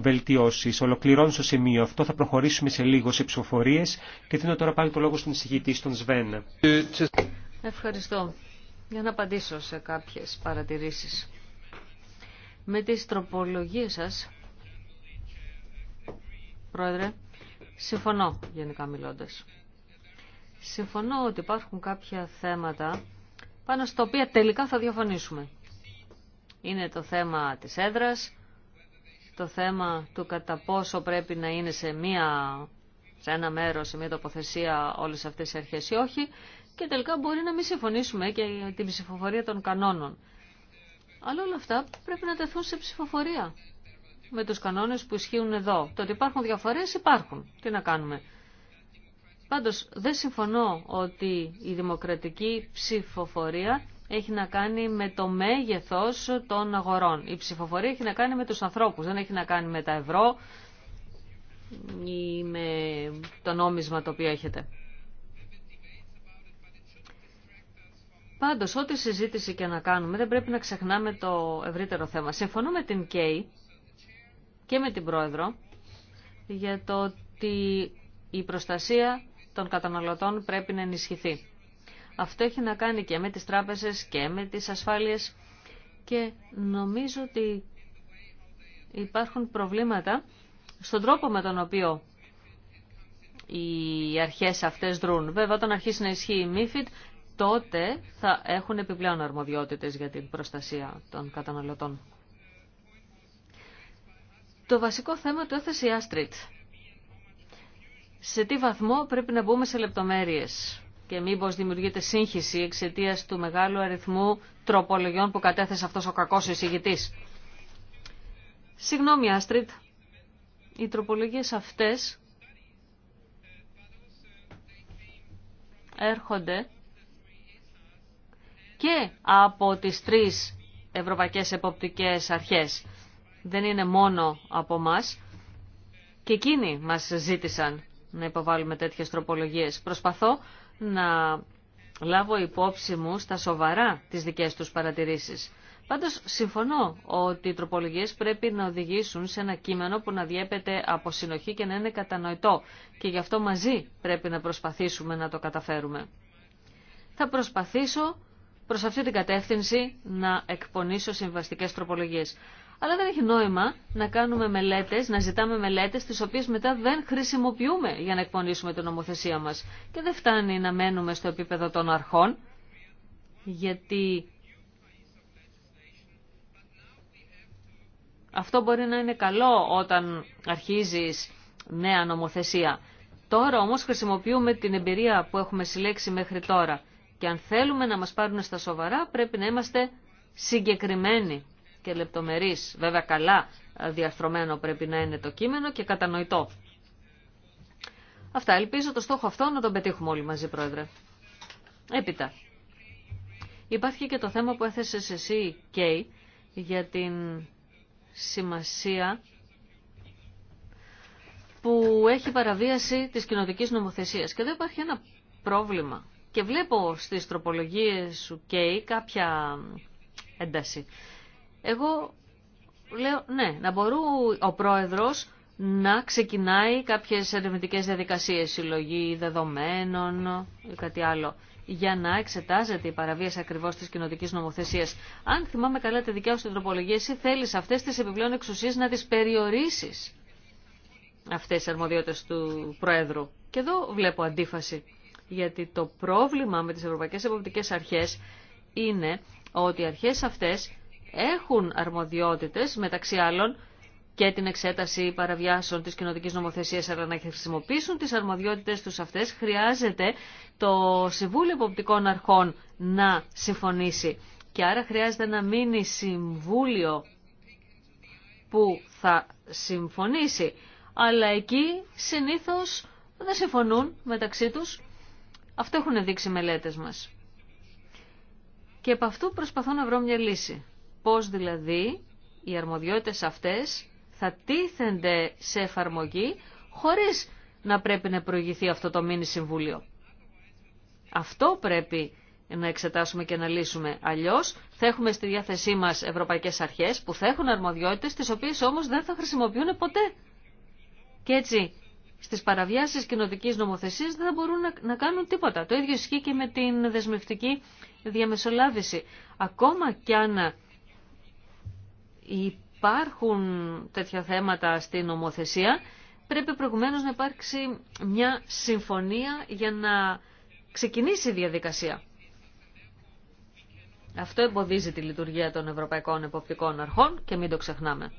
βελτιώσεις. Ολοκληρώνω στο σημείο αυτό, θα προχωρήσουμε σε λίγο σε ψηφοφορίες και δίνω τώρα πάλι το λόγο στον εισηγητή, στον Σβέν. Ευχαριστώ. Για να απαντήσω σε κάποιες παρατηρήσεις. Με τις τροπολογίες σας, Πρόεδρε, συμφωνώ γενικά μιλώντας. Συμφωνώ ότι υπάρχουν κάποια θέματα πάνω στα οποία τελικά θα διαφωνήσουμε. Είναι το θέμα της έδρας, το θέμα του κατά πόσο πρέπει να είναι σε, μία, σε ένα μέρος, σε μία τοποθεσία όλες αυτές οι αρχές ή όχι και τελικά μπορεί να μην συμφωνήσουμε και την ψηφοφορία των κανόνων. Αλλά όλα αυτά πρέπει να τεθούν σε ψηφοφορία με τους κανόνες που ισχύουν εδώ. Το ότι υπάρχουν διαφορές υπάρχουν. Τι να κάνουμε. Πάντως δεν συμφωνώ ότι η δημοκρατική ψηφοφορία έχει να κάνει με το μέγεθος των αγορών. Η ψηφοφορία έχει να κάνει με τους ανθρώπους, δεν έχει να κάνει με τα ευρώ ή με το νόμισμα το οποίο έχετε. Πάντως, ό,τι συζήτηση και να κάνουμε, δεν πρέπει να ξεχνάμε το ευρύτερο θέμα. Συμφωνώ με την ΚΕΙ και με την Πρόεδρο για το ότι η προστασία των καταναλωτών πρέπει να ενισχυθεί. Αυτό έχει να κάνει και με τις τράπεζες και με τις ασφάλειες και νομίζω ότι υπάρχουν προβλήματα στον τρόπο με τον οποίο οι αρχές αυτές δρούν. Βέβαια, όταν αρχίσει να ισχύει η MIFID, τότε θα έχουν επιπλέον αρμοδιότητες για την προστασία των καταναλωτών. Το βασικό θέμα το έθεσε η Άστριτ. Σε τι βαθμό πρέπει να μπούμε σε λεπτομέρειες και μήπως δημιουργείται σύγχυση εξαιτία του μεγάλου αριθμού τροπολογιών που κατέθεσε αυτός ο κακός εισηγητής. Συγγνώμη Άστριτ, οι τροπολογίες αυτές έρχονται και από τις τρεις ευρωπαϊκές εποπτικές αρχές. Δεν είναι μόνο από μας. Και εκείνοι μας ζήτησαν να υποβάλουμε τέτοιες τροπολογίες. Προσπαθώ να λάβω υπόψη μου στα σοβαρά τις δικές τους παρατηρήσεις. Πάντως συμφωνώ ότι οι τροπολογίες πρέπει να οδηγήσουν σε ένα κείμενο που να διέπεται από συνοχή και να είναι κατανοητό και γι' αυτό μαζί πρέπει να προσπαθήσουμε να το καταφέρουμε. Θα προσπαθήσω προς αυτή την κατεύθυνση να εκπονήσω συμβαστικές τροπολογίες. Αλλά δεν έχει νόημα να κάνουμε μελέτες, να ζητάμε μελέτες τις οποίες μετά δεν χρησιμοποιούμε για να εκπονήσουμε την νομοθεσία μας. Και δεν φτάνει να μένουμε στο επίπεδο των αρχών, γιατί αυτό μπορεί να είναι καλό όταν αρχίζεις νέα νομοθεσία. Τώρα όμως χρησιμοποιούμε την εμπειρία που έχουμε συλλέξει μέχρι τώρα. Και αν θέλουμε να μας πάρουν στα σοβαρά πρέπει να είμαστε συγκεκριμένοι και λεπτομερείς. Βέβαια καλά διαρθρωμένο πρέπει να είναι το κείμενο και κατανοητό. Αυτά. Ελπίζω το στόχο αυτό να τον πετύχουμε όλοι μαζί, Πρόεδρε. Έπειτα. Υπάρχει και το θέμα που έθεσες εσύ, Κέι, για την σημασία που έχει παραβίαση της κοινοτικής νομοθεσίας. Και εδώ υπάρχει ένα πρόβλημα. Και βλέπω στις τροπολογίες σου και κάποια ένταση. Εγώ λέω ναι, να μπορούν ο πρόεδρος να ξεκινάει κάποιες ερευνητικέ διαδικασίες, συλλογή δεδομένων ή κάτι άλλο, για να εξετάζεται η παραβίαση ακριβώς της κοινοτικής νομοθεσίας. Αν θυμάμαι καλά τη δικιά σου τροπολογία, εσύ θέλεις αυτές τις επιπλέον εξουσίες να τις περιορίσεις αυτές τις αρμοδιότητες του Προέδρου. Και εδώ βλέπω αντίφαση γιατί το πρόβλημα με τις Ευρωπαϊκές Εποπτικές Αρχές είναι ότι οι αρχές αυτές έχουν αρμοδιότητες μεταξύ άλλων και την εξέταση παραβιάσεων της κοινοτικής νομοθεσίας, αλλά να χρησιμοποιήσουν τις αρμοδιότητες τους αυτές, χρειάζεται το Συμβούλιο Εποπτικών Αρχών να συμφωνήσει. Και άρα χρειάζεται να μείνει Συμβούλιο που θα συμφωνήσει. Αλλά εκεί συνήθως δεν συμφωνούν μεταξύ τους αυτό έχουν δείξει οι μελέτες μας. Και από αυτού προσπαθώ να βρω μια λύση. Πώς δηλαδή οι αρμοδιότητες αυτές θα τίθενται σε εφαρμογή χωρίς να πρέπει να προηγηθεί αυτό το μήνυ συμβούλιο. Αυτό πρέπει να εξετάσουμε και να λύσουμε. Αλλιώς θα έχουμε στη διάθεσή μας ευρωπαϊκές αρχές που θα έχουν αρμοδιότητες τις οποίε όμω δεν θα χρησιμοποιούν ποτέ. έτσι στις παραβιάσεις κοινοτικής νομοθεσίας δεν θα μπορούν να, κάνουν τίποτα. Το ίδιο ισχύει και με την δεσμευτική διαμεσολάβηση. Ακόμα κι αν υπάρχουν τέτοια θέματα στην νομοθεσία, πρέπει προηγουμένως να υπάρξει μια συμφωνία για να ξεκινήσει η διαδικασία. Αυτό εμποδίζει τη λειτουργία των Ευρωπαϊκών Εποπτικών Αρχών και μην το ξεχνάμε.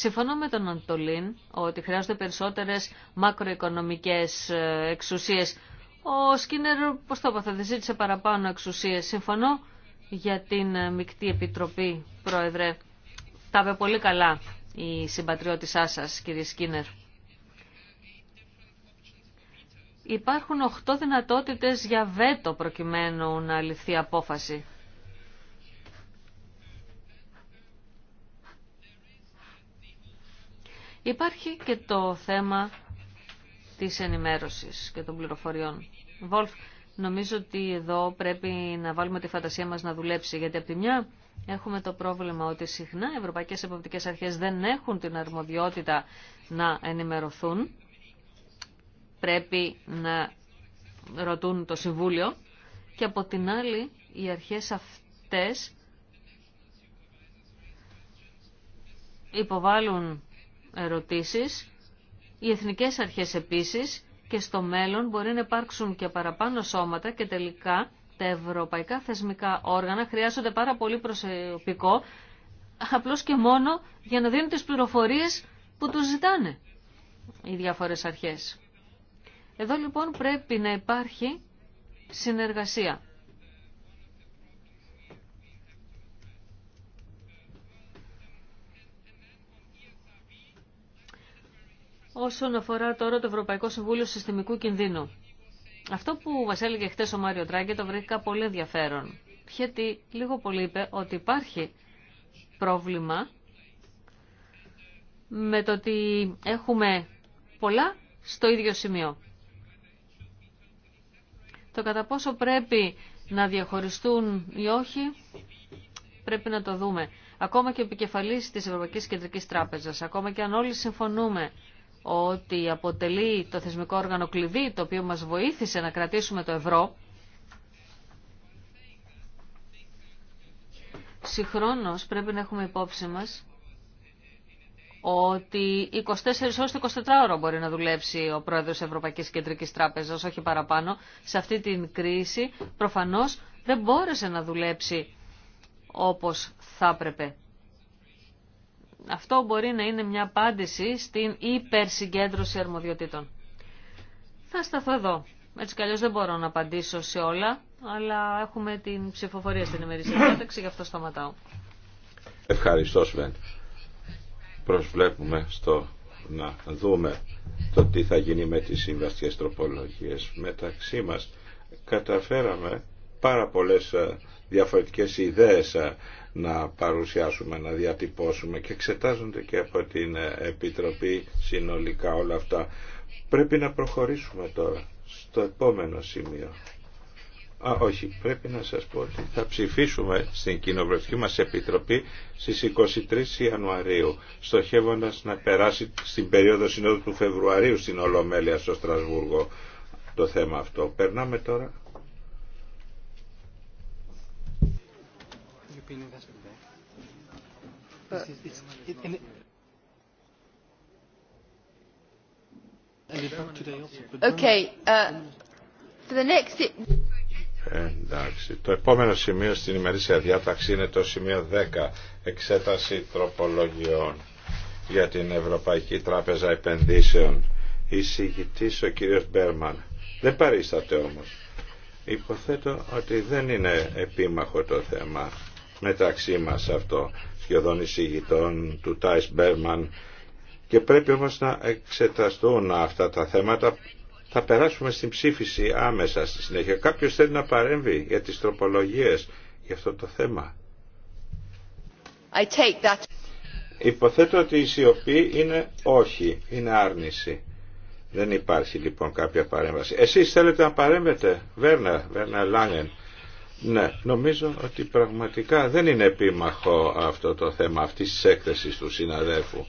Συμφωνώ με τον Αντολίν ότι χρειάζονται περισσότερες μακροοικονομικές ε, εξουσίες. Ο Σκίνερ, πώς το είπα, θα ζήτησε παραπάνω εξουσίες. Συμφωνώ για την ε, Μικτή Επιτροπή, Πρόεδρε. Τα είπε πολύ καλά η συμπατριώτησά σας, κύριε Σκίνερ. Υπάρχουν 8 δυνατότητες για βέτο προκειμένου να ληφθεί απόφαση. Υπάρχει και το θέμα της ενημέρωσης και των πληροφοριών. Βολφ, νομίζω ότι εδώ πρέπει να βάλουμε τη φαντασία μας να δουλέψει, γιατί από τη μια έχουμε το πρόβλημα ότι συχνά οι ευρωπαϊκές εποπτικές αρχές δεν έχουν την αρμοδιότητα να ενημερωθούν. Πρέπει να ρωτούν το Συμβούλιο και από την άλλη οι αρχές αυτές υποβάλλουν ερωτήσεις. Οι εθνικές αρχές επίσης και στο μέλλον μπορεί να υπάρξουν και παραπάνω σώματα και τελικά τα ευρωπαϊκά θεσμικά όργανα χρειάζονται πάρα πολύ προσωπικό απλώς και μόνο για να δίνουν τις πληροφορίες που τους ζητάνε οι διάφορες αρχές. Εδώ λοιπόν πρέπει να υπάρχει συνεργασία. Όσον αφορά τώρα το Ευρωπαϊκό Συμβούλιο Συστημικού Κινδύνου. Αυτό που μα έλεγε χθε ο Μάριο Τράγκε το βρήκα πολύ ενδιαφέρον. Γιατί λίγο πολύ είπε ότι υπάρχει πρόβλημα με το ότι έχουμε πολλά στο ίδιο σημείο. Το κατά πόσο πρέπει να διαχωριστούν ή όχι, πρέπει να το δούμε. Ακόμα και ο επικεφαλής της Ευρωπαϊκής Κεντρικής Τράπεζας, ακόμα και αν όλοι συμφωνούμε ότι αποτελεί το θεσμικό όργανο κλειδί το οποίο μας βοήθησε να κρατήσουμε το ευρώ, συγχρόνως πρέπει να έχουμε υπόψη μας ότι 24 ώρες το 24 ώρο μπορεί να δουλέψει ο πρόεδρος Ευρωπαϊκής Κεντρικής Τράπεζας, όχι παραπάνω. Σε αυτή την κρίση προφανώς δεν μπόρεσε να δουλέψει όπως θα έπρεπε αυτό μπορεί να είναι μια απάντηση στην υπερσυγκέντρωση αρμοδιοτήτων. Θα σταθώ εδώ. Έτσι κι δεν μπορώ να απαντήσω σε όλα, αλλά έχουμε την ψηφοφορία στην ημερήσια διάταξη, γι' αυτό σταματάω. Ευχαριστώ, Σβέν. Προσβλέπουμε στο να δούμε το τι θα γίνει με τις συμβαστικές τροπολογίες μεταξύ μας. Καταφέραμε πάρα πολλές ε, διαφορετικές ιδέες ε, να παρουσιάσουμε, να διατυπώσουμε και εξετάζονται και από την Επιτροπή συνολικά όλα αυτά. Πρέπει να προχωρήσουμε τώρα στο επόμενο σημείο. Α, όχι, πρέπει να σας πω ότι θα ψηφίσουμε στην Κοινοβουλευτική μας Επιτροπή στις 23 Ιανουαρίου, στοχεύοντας να περάσει στην περίοδο συνόδου του Φεβρουαρίου στην Ολομέλεια στο Στρασβούργο το θέμα αυτό. Περνάμε τώρα European Investment Bank. Εντάξει. Το επόμενο σημείο στην ημερήσια διάταξη είναι το σημείο 10. Εξέταση τροπολογιών για την Ευρωπαϊκή Τράπεζα Επενδύσεων. Εισηγητής ο κύριος Μπέρμαν. Δεν παρίσταται όμως. Υποθέτω ότι δεν είναι επίμαχο το θέμα μεταξύ μας αυτό σχεδόν εισηγητών του Τάις Μπέρμαν και πρέπει όμως να εξεταστούν αυτά τα θέματα θα περάσουμε στην ψήφιση άμεσα στη συνέχεια. Κάποιος θέλει να παρέμβει για τις τροπολογίες για αυτό το θέμα. Υποθέτω ότι η σιωπή είναι όχι, είναι άρνηση. Δεν υπάρχει λοιπόν κάποια παρέμβαση. Εσείς θέλετε να παρέμβετε, Βέρνα, Βέρνα Λάγεν. Ναι, νομίζω ότι πραγματικά δεν είναι επίμαχο αυτό το θέμα αυτής της έκθεσης του συναδέλφου.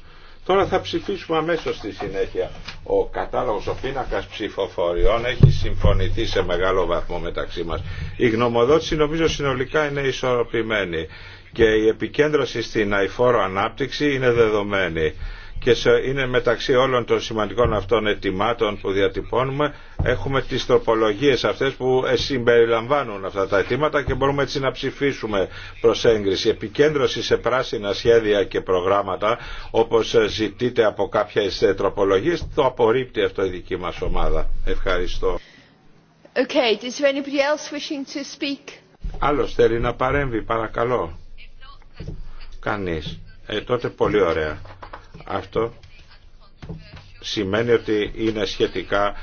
Τώρα θα ψηφίσουμε αμέσως στη συνέχεια. Ο κατάλογος, ο πίνακα ψηφοφοριών έχει συμφωνηθεί σε μεγάλο βαθμό μεταξύ μας. Η γνωμοδότηση νομίζω συνολικά είναι ισορροπημένη και η επικέντρωση στην αηφόρο ανάπτυξη είναι δεδομένη και είναι μεταξύ όλων των σημαντικών αυτών ετοιμάτων που διατυπώνουμε έχουμε τις τροπολογίες αυτές που ε, συμπεριλαμβάνουν αυτά τα αιτήματα και μπορούμε έτσι να ψηφίσουμε προς έγκριση. Επικέντρωση σε πράσινα σχέδια και προγράμματα όπως ε, ζητείτε από κάποιες ε, τροπολογίες το απορρίπτει αυτό η δική μας ομάδα. Ευχαριστώ. Okay, θέλει να παρέμβει παρακαλώ. Κανείς. Ε, τότε πολύ ωραία. Αυτό σημαίνει ότι είναι σχετικά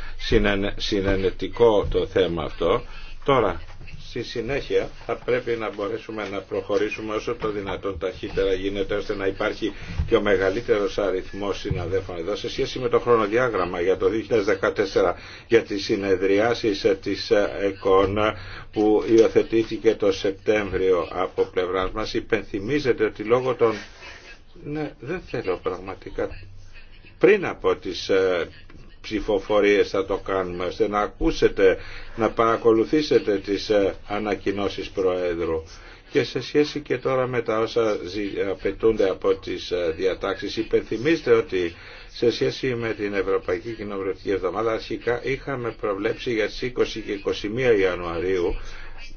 συνενετικό το θέμα αυτό. Τώρα, στη συνέχεια θα πρέπει να μπορέσουμε να προχωρήσουμε όσο το δυνατόν ταχύτερα γίνεται ώστε να υπάρχει και ο μεγαλύτερος αριθμός συναδέφων εδώ σε σχέση με το χρονοδιάγραμμα για το 2014 για τις συνεδριάσεις της ΕΚΟΝ που υιοθετήθηκε το Σεπτέμβριο από πλευράς μας υπενθυμίζεται ότι λόγω των ναι, δεν θέλω πραγματικά. Πριν από τις ε, ψηφοφορίες θα το κάνουμε, ώστε να ακούσετε, να παρακολουθήσετε τις ε, ανακοινώσεις Προέδρου. Και σε σχέση και τώρα με τα όσα απαιτούνται από τις ε, διατάξεις, υπενθυμίστε ότι σε σχέση με την Ευρωπαϊκή Κοινοβουλευτική Εβδομάδα αρχικά είχαμε προβλέψει για τις 20 και 21 Ιανουαρίου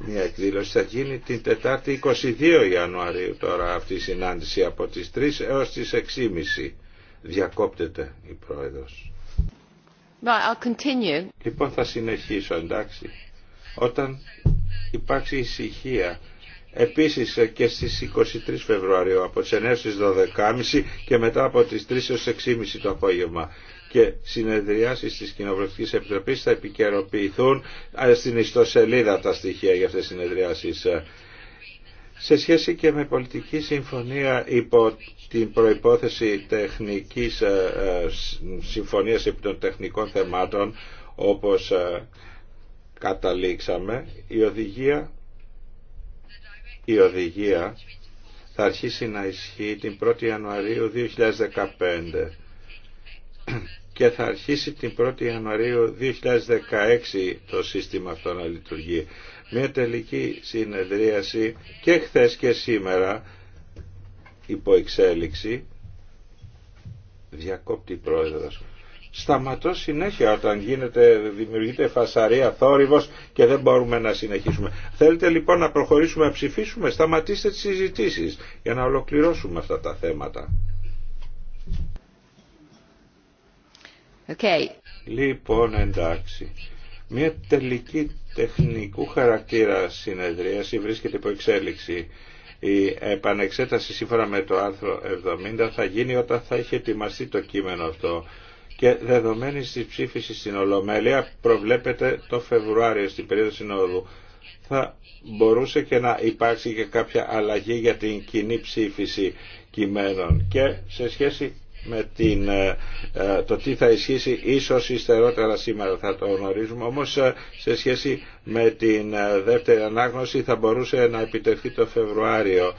μια εκδήλωση. Θα γίνει την Τετάρτη 22 Ιανουαρίου τώρα αυτή η συνάντηση από τις 3 έως τις 6.30. Διακόπτεται η Πρόεδρος. Right, Λοιπόν θα συνεχίσω εντάξει. Όταν υπάρξει ησυχία Επίσης και στις 23 Φεβρουαρίου από τις 9 στις 12.30 και μετά από τις 3 έως 6.30 το απόγευμα και συνεδριάσεις τη κοινοβουλευτική επιτροπή θα επικαιροποιηθούν ε, στην ιστοσελίδα τα στοιχεία για αυτέ τις συνεδριάσεις. Σε σχέση και με πολιτική συμφωνία υπό την προϋπόθεση τεχνικής ε, ε, συμφωνίας επί των τεχνικών θεμάτων όπως καταλήξαμε, η οδηγία, η οδηγία θα αρχίσει να ισχύει την 1η Ιανουαρίου 2015 και θα αρχίσει την 1η Ιανουαρίου 2016 το σύστημα αυτό να λειτουργεί. Μια τελική συνεδρίαση και χθες και σήμερα υπό εξέλιξη διακόπτη πρόεδρος. Σταματώ συνέχεια όταν γίνεται, δημιουργείται φασαρία, θόρυβος και δεν μπορούμε να συνεχίσουμε. Θέλετε λοιπόν να προχωρήσουμε, να ψηφίσουμε, σταματήστε τις συζητήσεις για να ολοκληρώσουμε αυτά τα θέματα. Λοιπόν, εντάξει. Μια τελική τεχνικού χαρακτήρα συνεδρίαση βρίσκεται υπό εξέλιξη. Η επανεξέταση σύμφωνα με το άρθρο 70 θα γίνει όταν θα έχει ετοιμαστεί το κείμενο αυτό και δεδομένη της ψήφιση στην Ολομέλεια προβλέπεται το Φεβρουάριο στην περίοδο συνόδου. Θα μπορούσε και να υπάρξει και κάποια αλλαγή για την κοινή ψήφιση κειμένων και σε σχέση με την, ε, ε, το τι θα ισχύσει ίσως υστερότερα σήμερα θα το γνωρίζουμε όμως ε, σε σχέση με την δεύτερη ανάγνωση θα μπορούσε να επιτευχθεί το Φεβρουάριο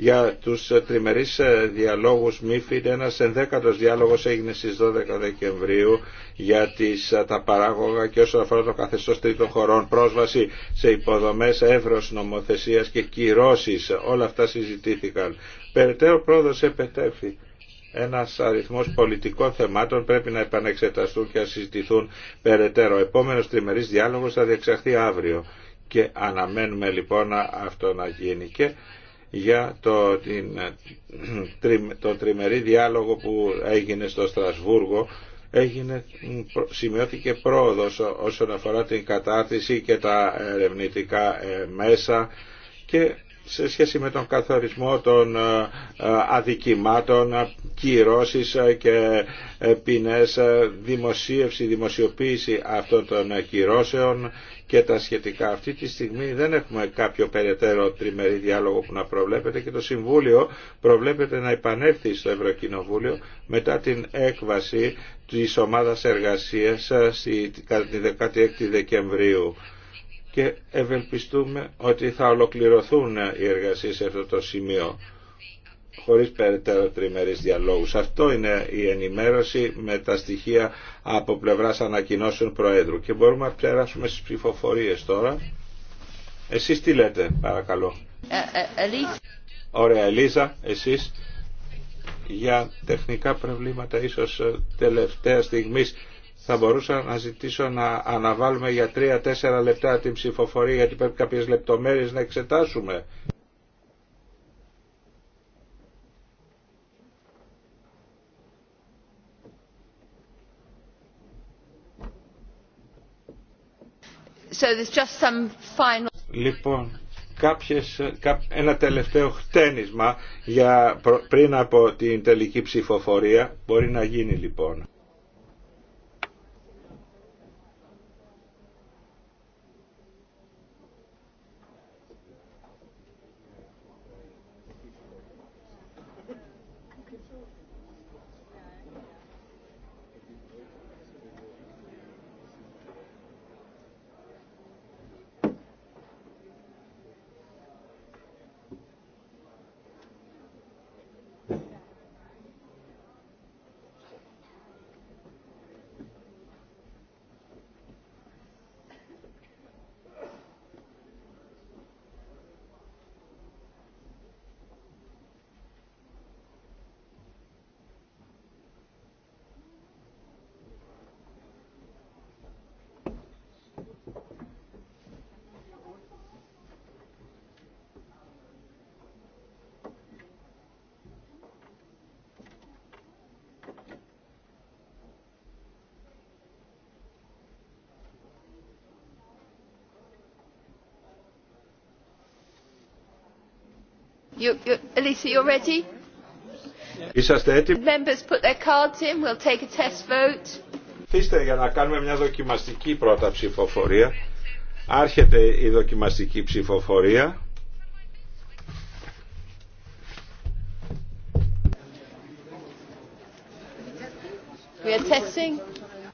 για τους τριμερείς διαλόγους MIFID ένας ενδέκατος διάλογος έγινε στις 12 Δεκεμβρίου για τις, τα παράγωγα και όσον αφορά το καθεστώς τρίτων χωρών πρόσβαση σε υποδομές εύρος νομοθεσίας και κυρώσεις όλα αυτά συζητήθηκαν περαιτέρω πρόοδος επετέφθη ένας αριθμός πολιτικών θεμάτων πρέπει να επανεξεταστούν και να συζητηθούν περαιτέρω. Ο επόμενος τριμερής διάλογος θα διεξαχθεί αύριο και αναμένουμε λοιπόν αυτό να γίνει και για το, την, το τριμερή διάλογο που έγινε στο Στρασβούργο έγινε, σημειώθηκε πρόοδος όσον αφορά την κατάρτιση και τα ερευνητικά ε, μέσα και σε σχέση με τον καθορισμό των ε, ε, αδικημάτων, κυρώσεις ε, και ποινές, δημοσίευση, δημοσιοποίηση αυτών των κυρώσεων και τα σχετικά. Αυτή τη στιγμή δεν έχουμε κάποιο περαιτέρω τριμερή διάλογο που να προβλέπεται και το Συμβούλιο προβλέπεται να επανέλθει στο Ευρωκοινοβούλιο μετά την έκβαση της ομάδας εργασίας κατά την 16 Δεκεμβρίου και ευελπιστούμε ότι θα ολοκληρωθούν οι εργασίες σε αυτό το σημείο χωρίς περαιτέρω τριμερείς διαλόγους. Αυτό είναι η ενημέρωση με τα στοιχεία από πλευράς ανακοινώσεων Προέδρου. Και μπορούμε να περάσουμε στις ψηφοφορίες τώρα. Εσείς τι λέτε, παρακαλώ. Ε, ε Ωραία, Ελίζα, εσείς για τεχνικά προβλήματα ίσως τελευταία στιγμής θα μπορούσα να ζητήσω να αναβάλουμε για τρια 4 λεπτά την ψηφοφορία γιατί πρέπει κάποιες λεπτομέρειες να εξετάσουμε. Λοιπόν, κάποιες, ένα τελευταίο χτένισμα για, πριν από την τελική ψηφοφορία μπορεί να γίνει λοιπόν. Είσαστε έτοιμοι. Members put their για να κάνουμε μια δοκιμαστική πρώτα ψηφοφορία. Άρχεται η δοκιμαστική ψηφοφορία.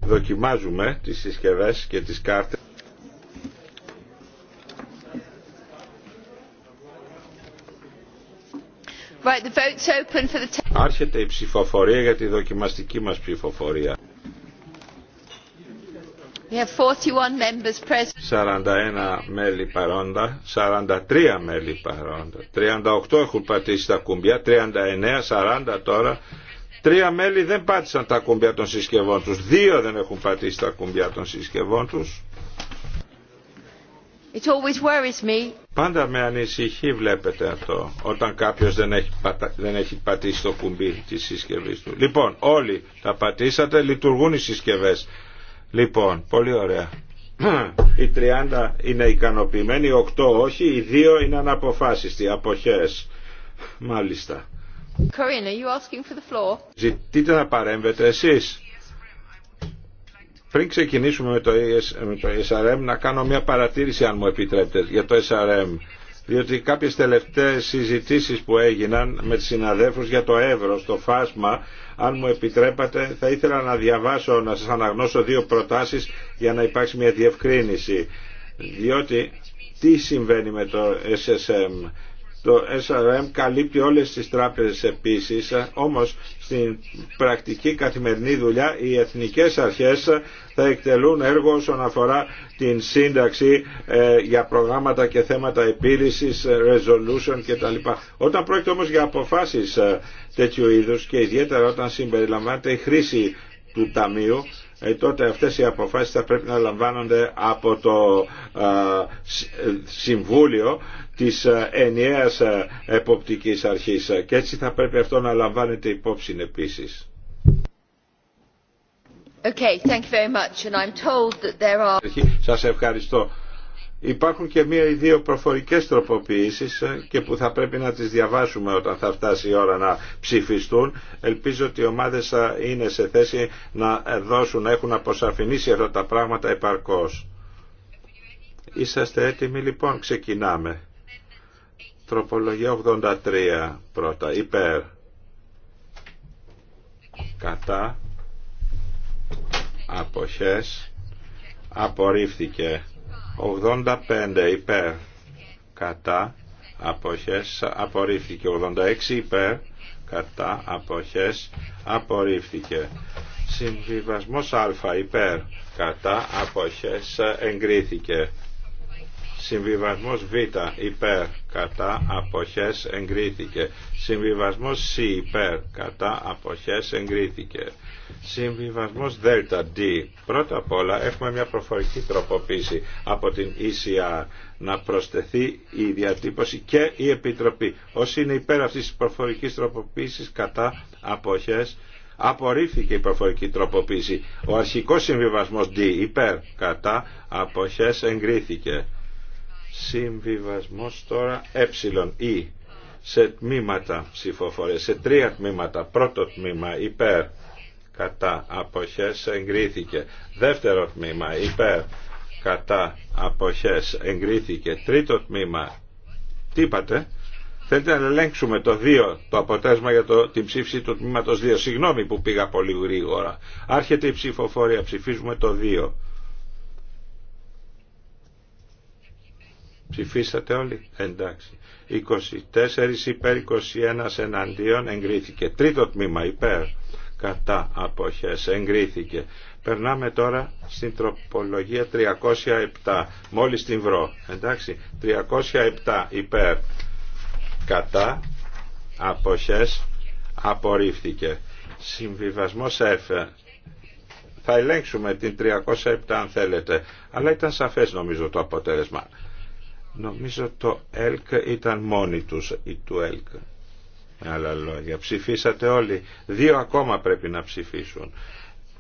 Δοκιμάζουμε τις συσκευές και τις κάρτες. Άρχεται η ψηφοφορία για τη δοκιμαστική μας ψηφοφορία. 41, 41 μέλη παρόντα, 43 μέλη παρόντα, 38 έχουν πατήσει τα κουμπιά, 39, 40 τώρα. Τρία μέλη δεν πάτησαν τα κουμπιά των συσκευών τους, δύο δεν έχουν πατήσει τα κουμπιά των συσκευών τους. Πάντα με ανησυχεί βλέπετε αυτό όταν κάποιος δεν έχει, δεν έχει πατήσει το κουμπί της συσκευής του. Λοιπόν, όλοι τα πατήσατε, λειτουργούν οι συσκευές. Λοιπόν, πολύ ωραία. Οι 30 είναι ικανοποιημένοι, οι 8 όχι, οι 2 είναι αναποφάσιστοι, αποχές. Μάλιστα. are you asking for the floor? Ζητείτε να παρέμβετε εσείς. Πριν ξεκινήσουμε με το, AS, με το SRM να κάνω μια παρατήρηση αν μου επιτρέπετε για το SRM διότι κάποιες τελευταίες συζητήσεις που έγιναν με τις συναδέλφου για το εύρο, το φάσμα, αν μου επιτρέπατε θα ήθελα να διαβάσω, να σας αναγνώσω δύο προτάσεις για να υπάρξει μια διευκρίνηση. Διότι τι συμβαίνει με το SSM το SRM καλύπτει όλες τις τράπεζες επίσης, όμως στην πρακτική καθημερινή δουλειά οι εθνικές αρχές θα εκτελούν έργο όσον αφορά την σύνταξη ε, για προγράμματα και θέματα επίλυσης, ε, resolution κτλ. Όταν πρόκειται όμως για αποφάσεις ε, τέτοιου είδους και ιδιαίτερα όταν συμπεριλαμβάνεται η χρήση του Ταμείου, τότε αυτές οι αποφάσεις θα πρέπει να λαμβάνονται από το Συμβούλιο της ε, ενιαίας ε, εποπτικής αρχής και έτσι θα πρέπει αυτό να λαμβάνεται υπόψη επίσης. Okay, thank you Σας ευχαριστώ. Υπάρχουν και μία ή δύο προφορικές τροποποιήσεις ε, και που θα πρέπει να τις διαβάσουμε όταν θα φτάσει η ώρα να ψηφιστούν. Ελπίζω ότι οι ομάδες θα είναι σε θέση να δώσουν, να έχουν αποσαφηνίσει αυτά τα πράγματα επαρκώς. Είσαστε έτοιμοι λοιπόν, ξεκινάμε. Τροπολογία 83 πρώτα. Υπέρ. Κατά. Αποχές. Απορρίφθηκε. 85 υπέρ. Κατά. Αποχές. Απορρίφθηκε. 86 υπέρ. Κατά. Αποχές. Απορρίφθηκε. Συμβιβασμός α υπέρ. Κατά. Αποχές. Εγκρίθηκε. Συμβιβασμός Β υπέρ κατά αποχές εγκρίθηκε. Συμβιβασμός Σ υπέρ κατά αποχές εγκρίθηκε. Συμβιβασμός Δ, Πρώτα απ' όλα έχουμε μια προφορική τροποποίηση από την ECR να προσθεθεί η διατύπωση και η Επιτροπή. Όσοι είναι υπέρ αυτής της προφορικής τροποποίησης κατά αποχές απορρίφθηκε η προφορική τροποποίηση. Ο αρχικός συμβιβασμός D υπέρ κατά αποχές εγκρίθηκε. Συμβιβασμός τώρα ε, ή σε τμήματα ψηφοφορία, σε τρία τμήματα. Πρώτο τμήμα υπέρ κατά αποχές εγκρίθηκε. Δεύτερο τμήμα υπέρ κατά αποχές εγκρίθηκε. Τρίτο τμήμα, τι είπατε, θέλετε να ελέγξουμε το 2, το αποτέλεσμα για το, την ψήφιση του τμήματος 2. Συγγνώμη που πήγα πολύ γρήγορα. Άρχεται η ψηφοφορία, ψηφίζουμε το 2. Ψηφίσατε όλοι. Εντάξει. 24 υπέρ 21 εναντίον εγκρίθηκε. Τρίτο τμήμα υπέρ κατά αποχές εγκρίθηκε. Περνάμε τώρα στην τροπολογία 307. Μόλις την βρω. Εντάξει. 307 υπέρ κατά αποχές απορρίφθηκε. Συμβιβασμός έφε Θα ελέγξουμε την 307 αν θέλετε. Αλλά ήταν σαφές νομίζω το αποτέλεσμα. Νομίζω το ΕΛΚ ήταν μόνοι τους ή του ΕΛΚ. Με άλλα λόγια. Ψηφίσατε όλοι. Δύο ακόμα πρέπει να ψηφίσουν.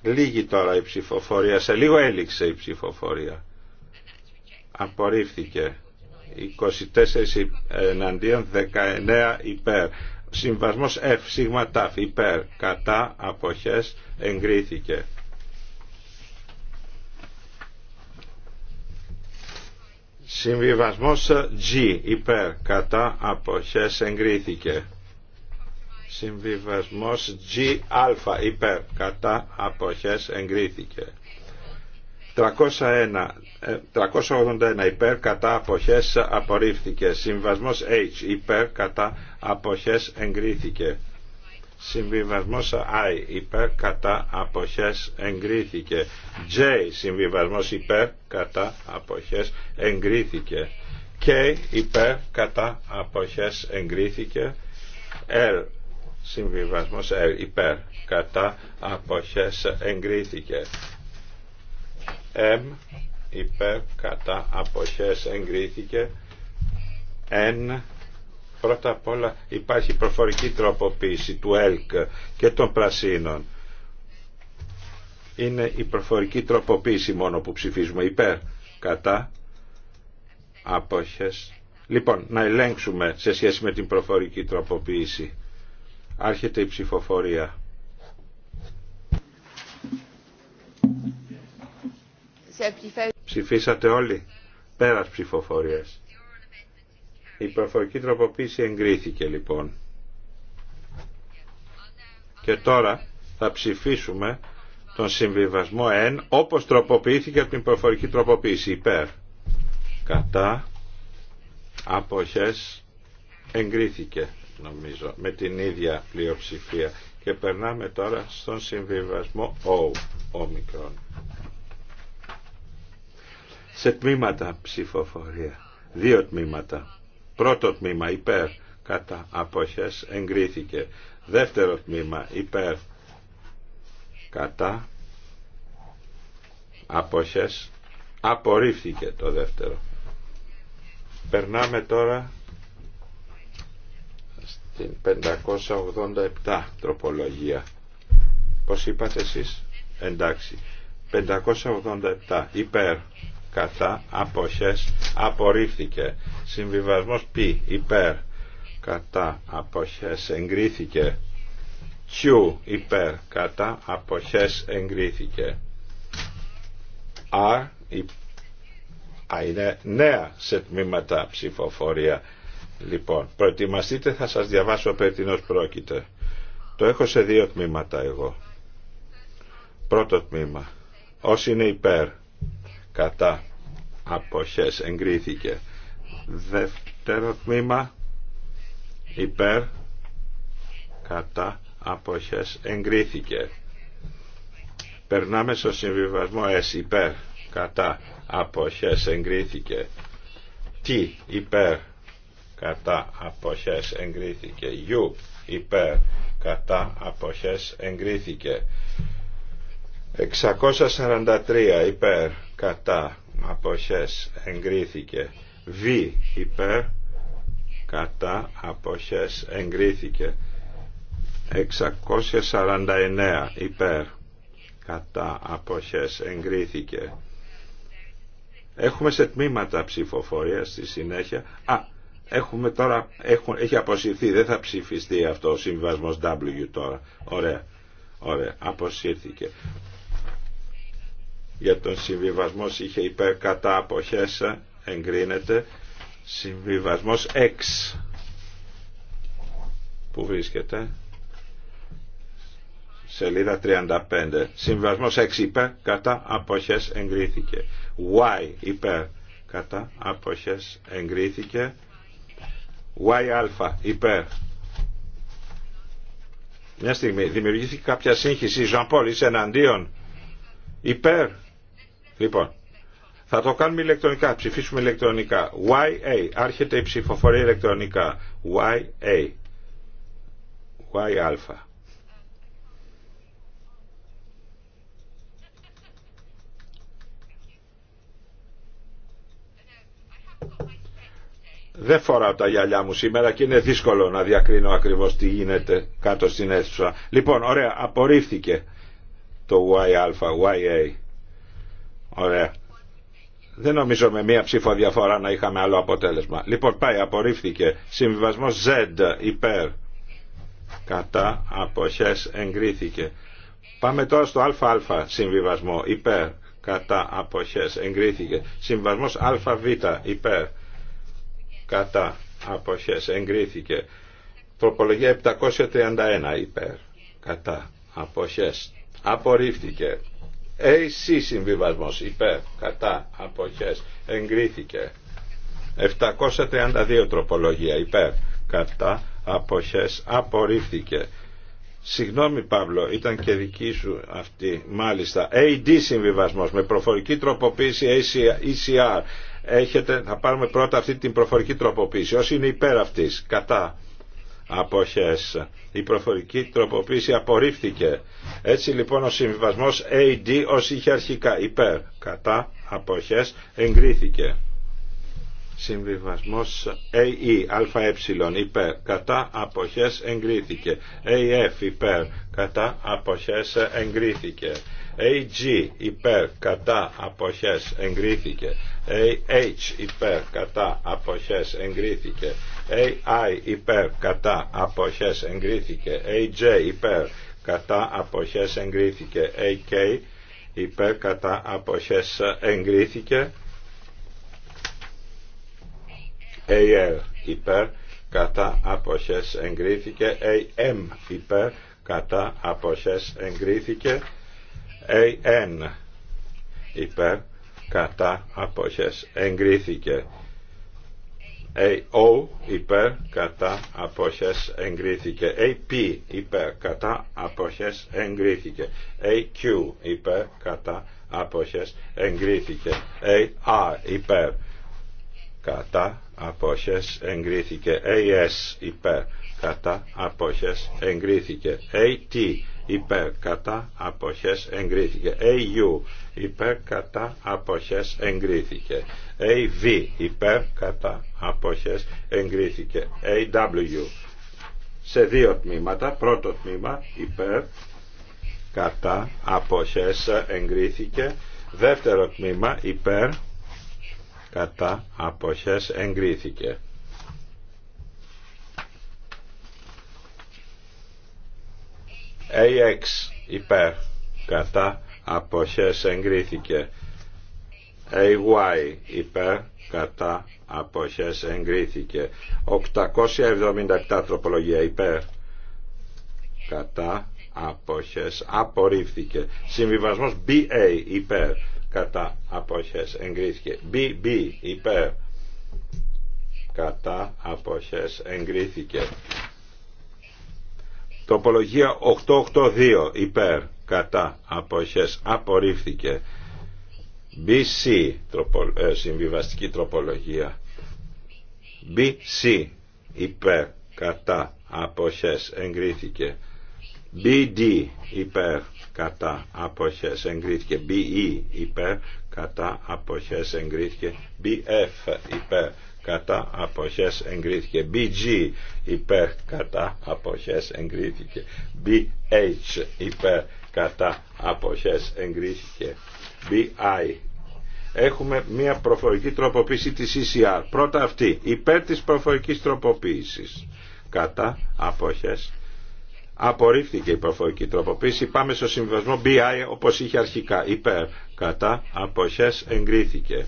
Λίγη τώρα η ψηφοφορία. Σε λίγο έληξε η ψηφοφορία. Απορρίφθηκε. 24 εναντίον 19 υπέρ. Συμβασμός F, σίγμα τάφ, υπέρ, κατά, αποχές, εγκρίθηκε. Συμβιβασμός G υπέρ κατά αποχές εγκρίθηκε. Συμβιβασμός G α υπέρ κατά αποχές εγκρίθηκε. 301, 381 ε, υπέρ κατά αποχές απορρίφθηκε. Συμβασμός H υπέρ κατά αποχές εγκρίθηκε. Συμβιβασμός I υπέρ κατά αποχές εγκρίθηκε. J Συμβιβασμό υπέρ κατά αποχές εγκρίθηκε. K υπέρ κατά αποχές εγκρίθηκε. L Συμβιβασμό L υπέρ κατά αποχές εγκρίθηκε. M υπέρ κατά αποχές εγκρίθηκε. N Πρώτα απ' όλα υπάρχει προφορική τροποποίηση του ΕΛΚ και των Πρασίνων. Είναι η προφορική τροποποίηση μόνο που ψηφίζουμε υπέρ, κατά, απόχες. Λοιπόν, να ελέγξουμε σε σχέση με την προφορική τροποποίηση. Άρχεται η ψηφοφορία. Ψηφίσατε όλοι. Πέρας ψηφοφορίες. Η προφορική τροποποίηση εγκρίθηκε λοιπόν. Και τώρα θα ψηφίσουμε τον συμβιβασμό εν όπως τροποποιήθηκε από την προφορική τροποποίηση υπέρ. Κατά αποχές εγκρίθηκε νομίζω με την ίδια πλειοψηφία και περνάμε τώρα στον συμβιβασμό ο όμικρον. Σε τμήματα ψηφοφορία. Δύο τμήματα. Πρώτο τμήμα υπέρ κατά αποχές εγκρίθηκε. Δεύτερο τμήμα υπέρ κατά αποχές απορρίφθηκε το δεύτερο. Περνάμε τώρα στην 587 τροπολογία. Πώς είπατε εσείς? Εντάξει. 587 υπέρ κατά αποχές απορρίφθηκε συμβιβασμός π υπέρ κατά αποχές εγκρίθηκε Q υπέρ κατά αποχές εγκρίθηκε R Α, είναι νέα σε τμήματα ψηφοφορία. Λοιπόν, προετοιμαστείτε, θα σας διαβάσω περί πρόκειται. Το έχω σε δύο τμήματα εγώ. Πρώτο τμήμα. Όσοι είναι υπέρ, κατά αποχές εγκρίθηκε δεύτερο τμήμα υπέρ κατά αποχές εγκρίθηκε περνάμε στο συμβιβασμό S υπέρ κατά αποχές εγκρίθηκε T υπέρ κατά αποχές εγκρίθηκε U υπέρ κατά αποχές εγκρίθηκε 643 υπέρ κατά αποχές εγκρίθηκε Β υπέρ κατά αποχές εγκρίθηκε 649 υπέρ κατά αποχές εγκρίθηκε έχουμε σε τμήματα ψηφοφορία στη συνέχεια α έχουμε τώρα έχουν, έχει αποσυρθεί δεν θα ψηφιστεί αυτό ο συμβασμός W τώρα ωραία ωραία αποσύρθηκε για τον συμβιβασμό είχε υπέρ κατά αποχές ε, εγκρίνεται συμβιβασμός 6 που βρίσκεται σελίδα 35 συμβιβασμός 6 υπέρ κατά αποχές εγκρίθηκε Y υπέρ κατά αποχές εγκρίθηκε Y α υπέρ μια στιγμή δημιουργήθηκε κάποια σύγχυση Πολ είσαι εναντίον υπέρ Λοιπόν, θα το κάνουμε ηλεκτρονικά, ψηφίσουμε ηλεκτρονικά. YA, άρχεται η ψηφοφορία ηλεκτρονικά. YA. YA. Δεν φοράω τα γυαλιά μου σήμερα και είναι δύσκολο να διακρίνω ακριβώς τι γίνεται κάτω στην αίθουσα. Λοιπόν, ωραία, απορρίφθηκε το YA, YA. Ωραία. Δεν νομίζω με μία ψήφο διαφορά να είχαμε άλλο αποτέλεσμα. Λοιπόν, πάει, απορρίφθηκε. Συμβιβασμό Z υπέρ. Κατά αποχές εγκρίθηκε. Πάμε τώρα στο ΑΑ συμβιβασμό υπέρ. Κατά αποχές εγκρίθηκε. Συμβιβασμό ΑΒ υπέρ. Κατά αποχές εγκρίθηκε. Τροπολογία 731 υπέρ. Κατά αποχές. Απορρίφθηκε. AC συμβιβασμός υπέρ κατά αποχές εγκρίθηκε 732 τροπολογία υπέρ κατά αποχές απορρίφθηκε Συγγνώμη Παύλο, ήταν και δική σου αυτή, μάλιστα. AD συμβιβασμός με προφορική τροποποίηση ECR. Έχετε, θα πάρουμε πρώτα αυτή την προφορική τροποποίηση. Όσοι είναι υπέρ αυτής, κατά αποχές. Η προφορική τροποποίηση απορρίφθηκε. Έτσι λοιπόν ο συμβιβασμός AD ως είχε αρχικά υπέρ, κατά, αποχές, εγκρίθηκε. Συμβιβασμός AE, αε, υπέρ, κατά, αποχές, εγκρίθηκε. AF, υπέρ, κατά, αποχές, εγκρίθηκε. AG, υπέρ, κατά, αποχές, εγκρίθηκε. AH υπέρ κατά αποχές εγκρίθηκε AI υπέρ κατά αποχές εγκρίθηκε AJ υπέρ κατά αποχές εγκρίθηκε AK υπέρ κατά αποχές εγκρίθηκε AL υπέρ κατά αποχές εγκρίθηκε AM υπέρ κατά αποχές εγκρίθηκε AN υπέρ κατά αποχές εγκρίθηκε AO υπέρ κατά αποχές εγκρίθηκε AP υπέρ κατά αποχές εγκρίθηκε AQ υπέρ κατά αποχές εγκρίθηκε AR υπέρ κατά αποχές εγκρίθηκε AS υπέρ κατά αποχές εγκρίθηκε AT υπέρ κατά αποχές εγκρίθηκε. AU υπέρ κατά αποχές εγκρίθηκε. AV υπέρ κατά αποχές εγκρίθηκε. AW σε δύο τμήματα. Πρώτο τμήμα υπέρ κατά αποχές εγκρίθηκε. Δεύτερο τμήμα υπέρ κατά αποχές εγκρίθηκε. AX υπέρ κατά αποχές εγκρίθηκε AY υπέρ κατά αποχές εγκρίθηκε 877 τροπολογία υπέρ κατά αποχές απορρίφθηκε συμβιβασμός BA υπέρ κατά αποχές εγκρίθηκε BB υπέρ κατά αποχές εγκρίθηκε Τοπολογία 882 υπέρ κατά αποχές απορρίφθηκε. BC ε, συμβιβαστική τροπολογία. BC υπέρ κατά αποχές εγκρίθηκε. BD υπέρ κατά αποχές εγκρίθηκε. BE υπέρ κατά αποχές εγκρίθηκε. BF υπέρ κατά αποχές εγκρίθηκε BG υπέρ κατά αποχές εγκρίθηκε BH υπέρ κατά αποχές εγκρίθηκε BI έχουμε μια προφορική τροποποίηση της ECR πρώτα αυτή υπέρ της προφορικής τροποποίησης κατά αποχές απορρίφθηκε η προφορική τροποποίηση πάμε στο συμβασμό BI όπως είχε αρχικά υπέρ κατά αποχές εγκρίθηκε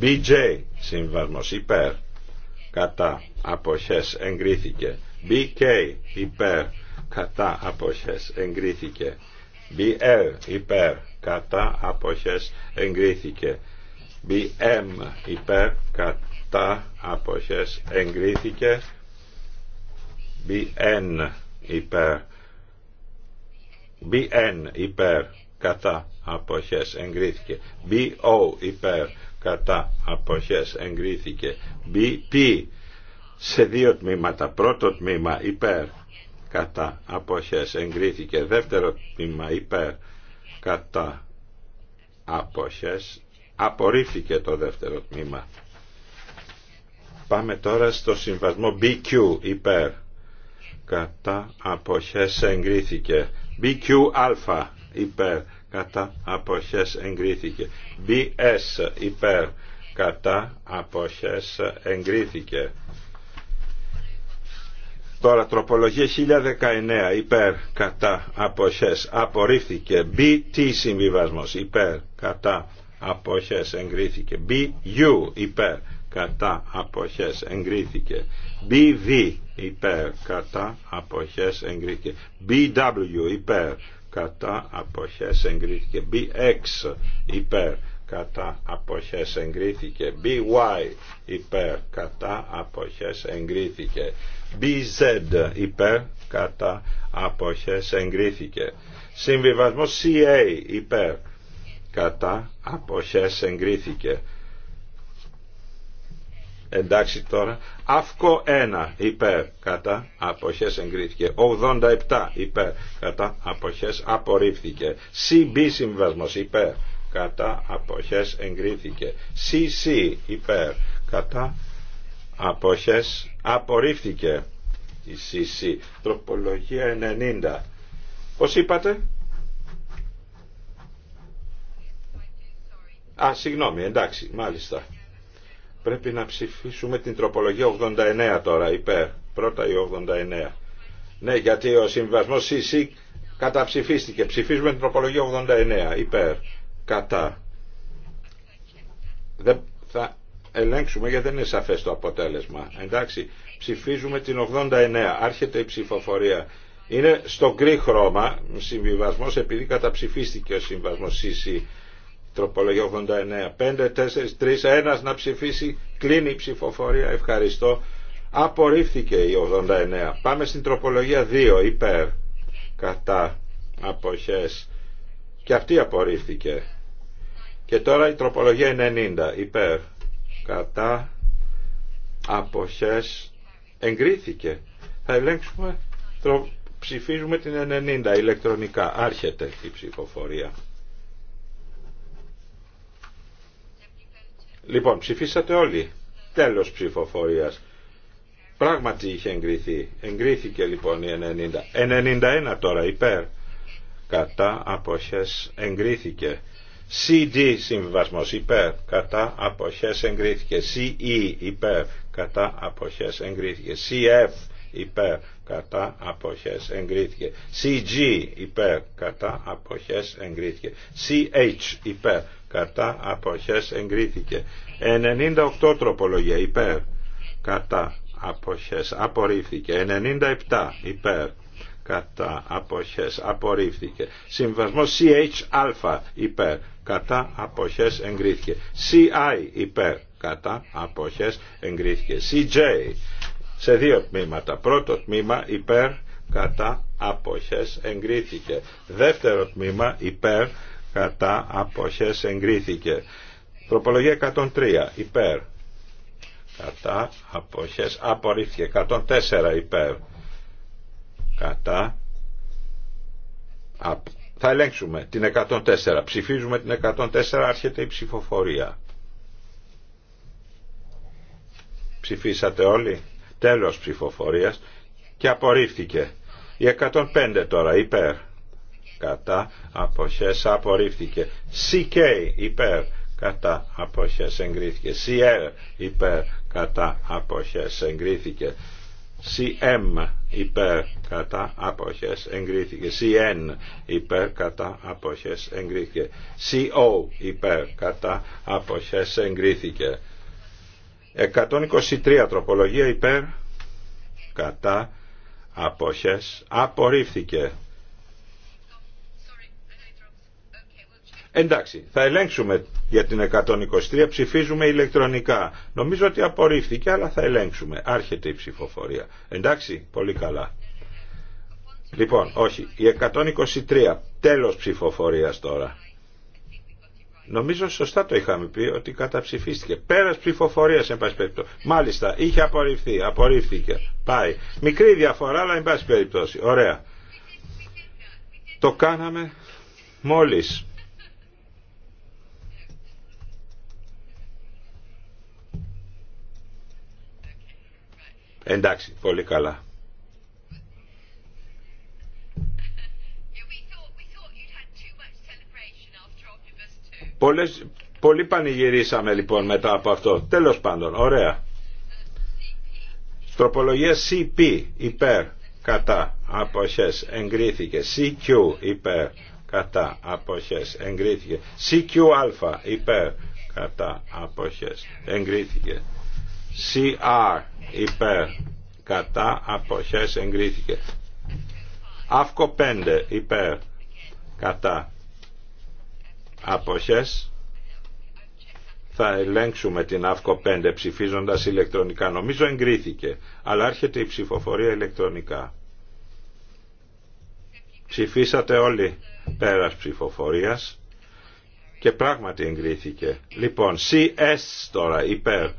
BJ συμβασμός υπέρ κατά αποχές εγκρίθηκε BK υπέρ κατά αποχές εγκρίθηκε BL υπέρ κατά αποχές εγκρίθηκε BM υπέρ κατά αποχές εγκρίθηκε BN υπέρ BN υπέρ κατά αποχές εγκρίθηκε BO υπέρ κατά αποχές εγκρίθηκε BP σε δύο τμήματα πρώτο τμήμα υπέρ κατά αποχές εγκρίθηκε δεύτερο τμήμα υπέρ κατά αποχές απορρίφθηκε το δεύτερο τμήμα πάμε τώρα στο συμβασμό BQ υπέρ κατά αποχές εγκρίθηκε BQ α υπέρ κατά αποχές εγκρίθηκε. BS υπέρ κατά αποχές εγκρίθηκε. Τώρα τροπολογία 1019 υπέρ κατά αποχές απορρίφθηκε. BT συμβιβασμός υπέρ κατά αποχές εγκρίθηκε. BU υπέρ κατά αποχές εγκρίθηκε. BV υπέρ κατά αποχές εγκρίθηκε. BW υπέρ κατά αποχές εγκρίθηκε BX υπέρ κατά αποχές εγκρίθηκε BY υπέρ κατά αποχές εγκρίθηκε BZ υπέρ κατά αποχές εγκρίθηκε συμβιβασμός CA υπέρ κατά αποχές εγκρίθηκε εντάξει τώρα. Αύκο 1 υπέρ κατά αποχές εγκρίθηκε. 87 υπέρ κατά αποχές απορρίφθηκε. CB συμβασμός υπέρ κατά αποχές εγκρίθηκε. CC υπέρ κατά αποχές απορρίφθηκε. Η CC τροπολογία 90. Πώς είπατε? Α, συγγνώμη, εντάξει, μάλιστα. Πρέπει να ψηφίσουμε την τροπολογία 89 τώρα, υπέρ. Πρώτα η 89. Ναι, γιατί ο συμβιβασμό CC καταψηφίστηκε. Ψηφίζουμε την τροπολογία 89, υπέρ. Κατά. Δεν θα ελέγξουμε γιατί δεν είναι σαφές το αποτέλεσμα. Εντάξει, ψηφίζουμε την 89. Άρχεται η ψηφοφορία. Είναι στο γκρι χρώμα συμβιβασμός επειδή καταψηφίστηκε ο συμβασμός CC. Τροπολογία 89. 5, 4, 3, 1 να ψηφίσει. Κλείνει η ψηφοφορία. Ευχαριστώ. Απορρίφθηκε η 89. Πάμε στην τροπολογία 2. Υπέρ. Κατά. Αποχές. Και αυτή απορρίφθηκε. Και τώρα η τροπολογία 90. Υπέρ. Κατά. Αποχές. Εγκρίθηκε. Θα ελέγξουμε. Ψηφίζουμε την 90 ηλεκτρονικά. Άρχεται η ψηφοφορία. Λοιπόν, ψηφίσατε όλοι. Τέλος ψηφοφορίας. Πράγματι είχε εγκριθεί. Εγκρίθηκε λοιπόν η 90. 91 τώρα υπέρ. Κατά αποχές εγκρίθηκε. CD συμβιβασμός υπέρ. Κατά αποχές εγκρίθηκε. CE υπέρ. Κατά αποχές εγκρίθηκε. CF υπέρ. Κατά αποχές εγκρίθηκε. CG υπέρ. Κατά αποχές εγκρίθηκε. CH υπέρ κατά αποχές εγκρίθηκε 98 τροπολογία υπέρ κατά αποχές απορρίφθηκε 97 υπέρ κατά αποχές απορρίφθηκε Συμβασμό CHα υπέρ κατά αποχές εγκρίθηκε CI υπέρ κατά αποχές εγκρίθηκε CJ σε δύο τμήματα πρώτο τμήμα υπέρ κατά αποχές εγκρίθηκε δεύτερο τμήμα υπέρ κατά αποχές εγκρίθηκε. Τροπολογία 103 υπέρ κατά αποχές απορρίφθηκε. 104 υπέρ κατά α, θα ελέγξουμε την 104. Ψηφίζουμε την 104 άρχεται η ψηφοφορία. Ψηφίσατε όλοι. Τέλος ψηφοφορίας και απορρίφθηκε. Η 105 τώρα υπέρ κατά αποχές απορρίφθηκε CK υπέρ κατά αποχές εγκρίθηκε CR υπέρ κατά αποχές εγκρίθηκε CM υπέρ κατά άποχες εγκρίθηκε CN υπέρ κατά άποχες εγκρίθηκε CO υπέρ κατά άποχες εγκρίθηκε 123 τροπολογία υπέρ κατά άποχες απορρίφθηκε Εντάξει, θα ελέγξουμε για την 123, ψηφίζουμε ηλεκτρονικά. Νομίζω ότι απορρίφθηκε, αλλά θα ελέγξουμε. Άρχεται η ψηφοφορία. Εντάξει, πολύ καλά. Λοιπόν, όχι, η 123, τέλος ψηφοφορίας τώρα. Νομίζω σωστά το είχαμε πει ότι καταψηφίστηκε. Πέρα ψηφοφορία, εν πάση περιπτώσει. Μάλιστα, είχε απορριφθεί, απορρίφθηκε. Πάει. Μικρή διαφορά, αλλά εν πάση περιπτώσει. Ωραία. Το κάναμε μόλις Εντάξει, πολύ καλά. Πολλές, πολύ πανηγυρίσαμε λοιπόν μετά από αυτό. Τέλος πάντων, ωραία. Τροπολογία CP υπέρ κατά αποχές εγκρίθηκε. CQ υπέρ κατά αποχές εγκρίθηκε. CQα υπέρ κατά αποχές εγκρίθηκε. CR υπέρ κατά αποχές εγκρίθηκε αύκο 5 υπέρ κατά αποχές θα ελέγξουμε την αύκο 5 ψηφίζοντας ηλεκτρονικά νομίζω εγκρίθηκε αλλά έρχεται η ψηφοφορία ηλεκτρονικά ψηφίσατε όλοι πέρας ψηφοφορίας και πράγματι εγκρίθηκε λοιπόν CS τώρα υπέρ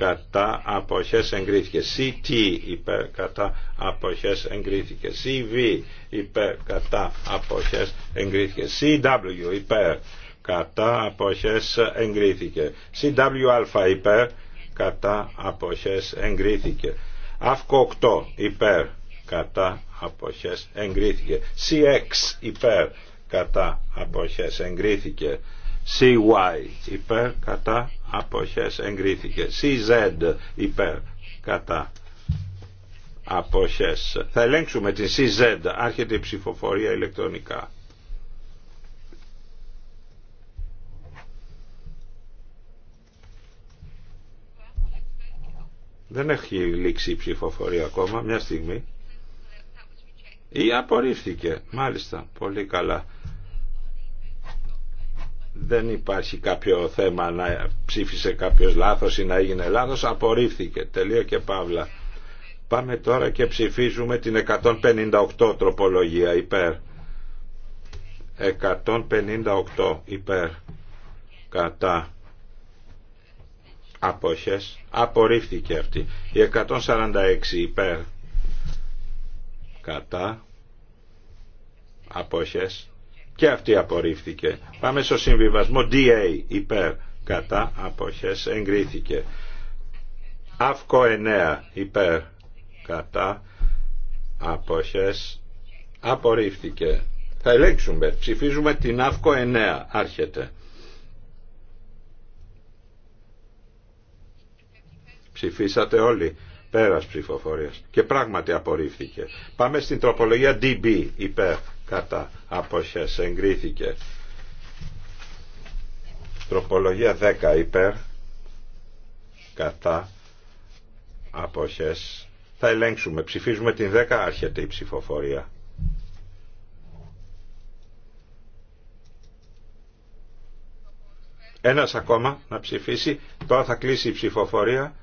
κατά αποχές εγκρίθηκε. CT υπέρ κατά αποχές εγκρίθηκε. CV υπέρ κατά αποχές εγκρίθηκε. CW υπέρ κατά αποχές εγκρίθηκε. CWα υπέρ κατά αποχές εγκρίθηκε. ΑΦΚΟ 8 υπέρ κατά αποχές εγκρίθηκε. CX υπέρ κατά αποχές εγκρίθηκε. CY υπέρ κατά αποχές εγκρίθηκε. CZ υπέρ κατά αποχές. Θα ελέγξουμε την CZ. Άρχεται η ψηφοφορία ηλεκτρονικά. Δεν έχει λήξει η ψηφοφορία ακόμα, μια στιγμή. Ή απορρίφθηκε, μάλιστα, πολύ καλά δεν υπάρχει κάποιο θέμα να ψήφισε κάποιος λάθος ή να έγινε λάθος, απορρίφθηκε, τελείω και παύλα. Πάμε τώρα και ψηφίζουμε την 158 τροπολογία υπέρ. 158 υπέρ. Κατά. Απόχες. Απορρίφθηκε αυτή. Η 146 υπέρ. Κατά. Απόχες. Και αυτή απορρίφθηκε. Πάμε στο συμβιβασμό DA υπέρ κατά αποχές εγκρίθηκε. Αύκο 9 υπέρ κατά αποχές απορρίφθηκε. Θα ελέγξουμε. Ψηφίζουμε την ΑΦΚΟ 9. Άρχεται. Ψηφίσατε όλοι. Πέρας ψηφοφορίας. Και πράγματι απορρίφθηκε. Πάμε στην τροπολογία DB. Υπέρ. Κατά αποχές εγκρίθηκε τροπολογία 10 υπέρ κατά αποχές θα ελέγξουμε ψηφίζουμε την 10 άρχεται η ψηφοφορία ένας ακόμα να ψηφίσει τώρα θα κλείσει η ψηφοφορία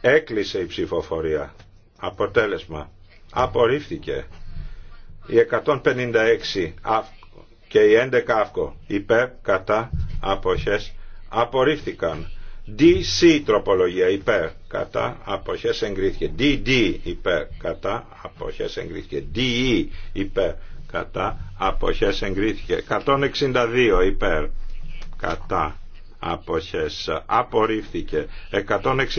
έκλεισε η ψηφοφορία αποτέλεσμα απορρίφθηκε η 156 και η 11 αύκο υπέρ κατά αποχές απορρίφθηκαν. DC τροπολογία υπέρ κατά αποχές εγκρίθηκε. DD υπέρ κατά αποχές εγκρίθηκε. DE υπέρ κατά αποχές εγκρίθηκε. 162 υπέρ κατά αποχές απορρίφθηκε.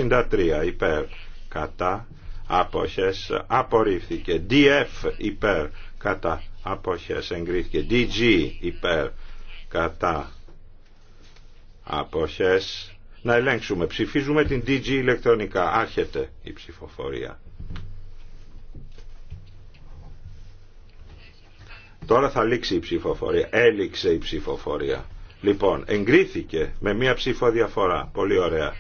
163 υπέρ κατά αποχές απορρίφθηκε. DF υπέρ κατά απόχες εγκρίθηκε DG υπέρ κατά απόχες να ελέγξουμε ψηφίζουμε την DG ηλεκτρονικά άρχεται η ψηφοφορία Τώρα θα λήξει η ψηφοφορία. Έληξε η ψηφοφορία. Λοιπόν, εγκρίθηκε με μία ψηφοδιαφορά Πολύ ωραία.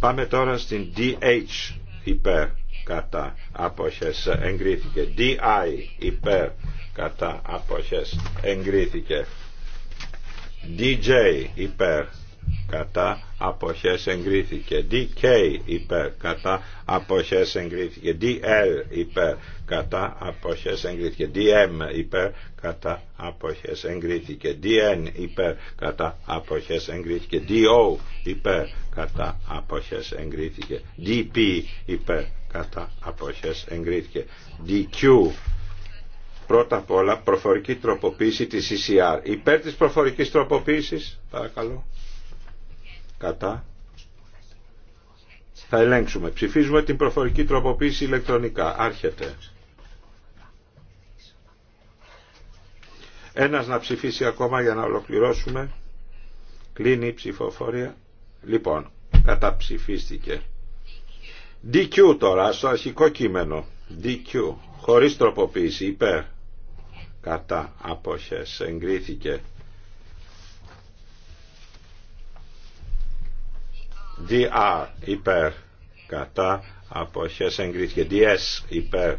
Πάμε τώρα στην DH υπέρ κατά αποχές εγκρίθηκε DI υπέρ κατά αποχές εγκρίθηκε DJ υπέρ κατά αποχές εγκρίθηκε DK υπέρ κατά αποχές εγκρίθηκε DL υπέρ κατά αποχές εγκρίθηκε DM υπέρ κατά αποχές εγκρίθηκε DN υπέρ κατά αποχές εγκρίθηκε DO υπέρ κατά αποχές εγκρίθηκε DP υπέρ κατά αποχές εγκρίθηκε DQ Πρώτα απ' όλα προφορική τροποποίηση της CCR Υπέρ της προφορικής τροποποίησης, παρακαλώ. Κατά. Θα ελέγξουμε. Ψηφίζουμε την προφορική τροποποίηση ηλεκτρονικά. Άρχεται. Ένας να ψηφίσει ακόμα για να ολοκληρώσουμε. Κλείνει η ψηφοφορία. Λοιπόν, καταψηφίστηκε. DQ τώρα, στο αρχικό κείμενο. DQ, χωρίς τροποποίηση, υπέρ. Κατά, απόχες, εγκρίθηκε. DR υπέρ κατά αποχές εγκρίθηκε DS υπέρ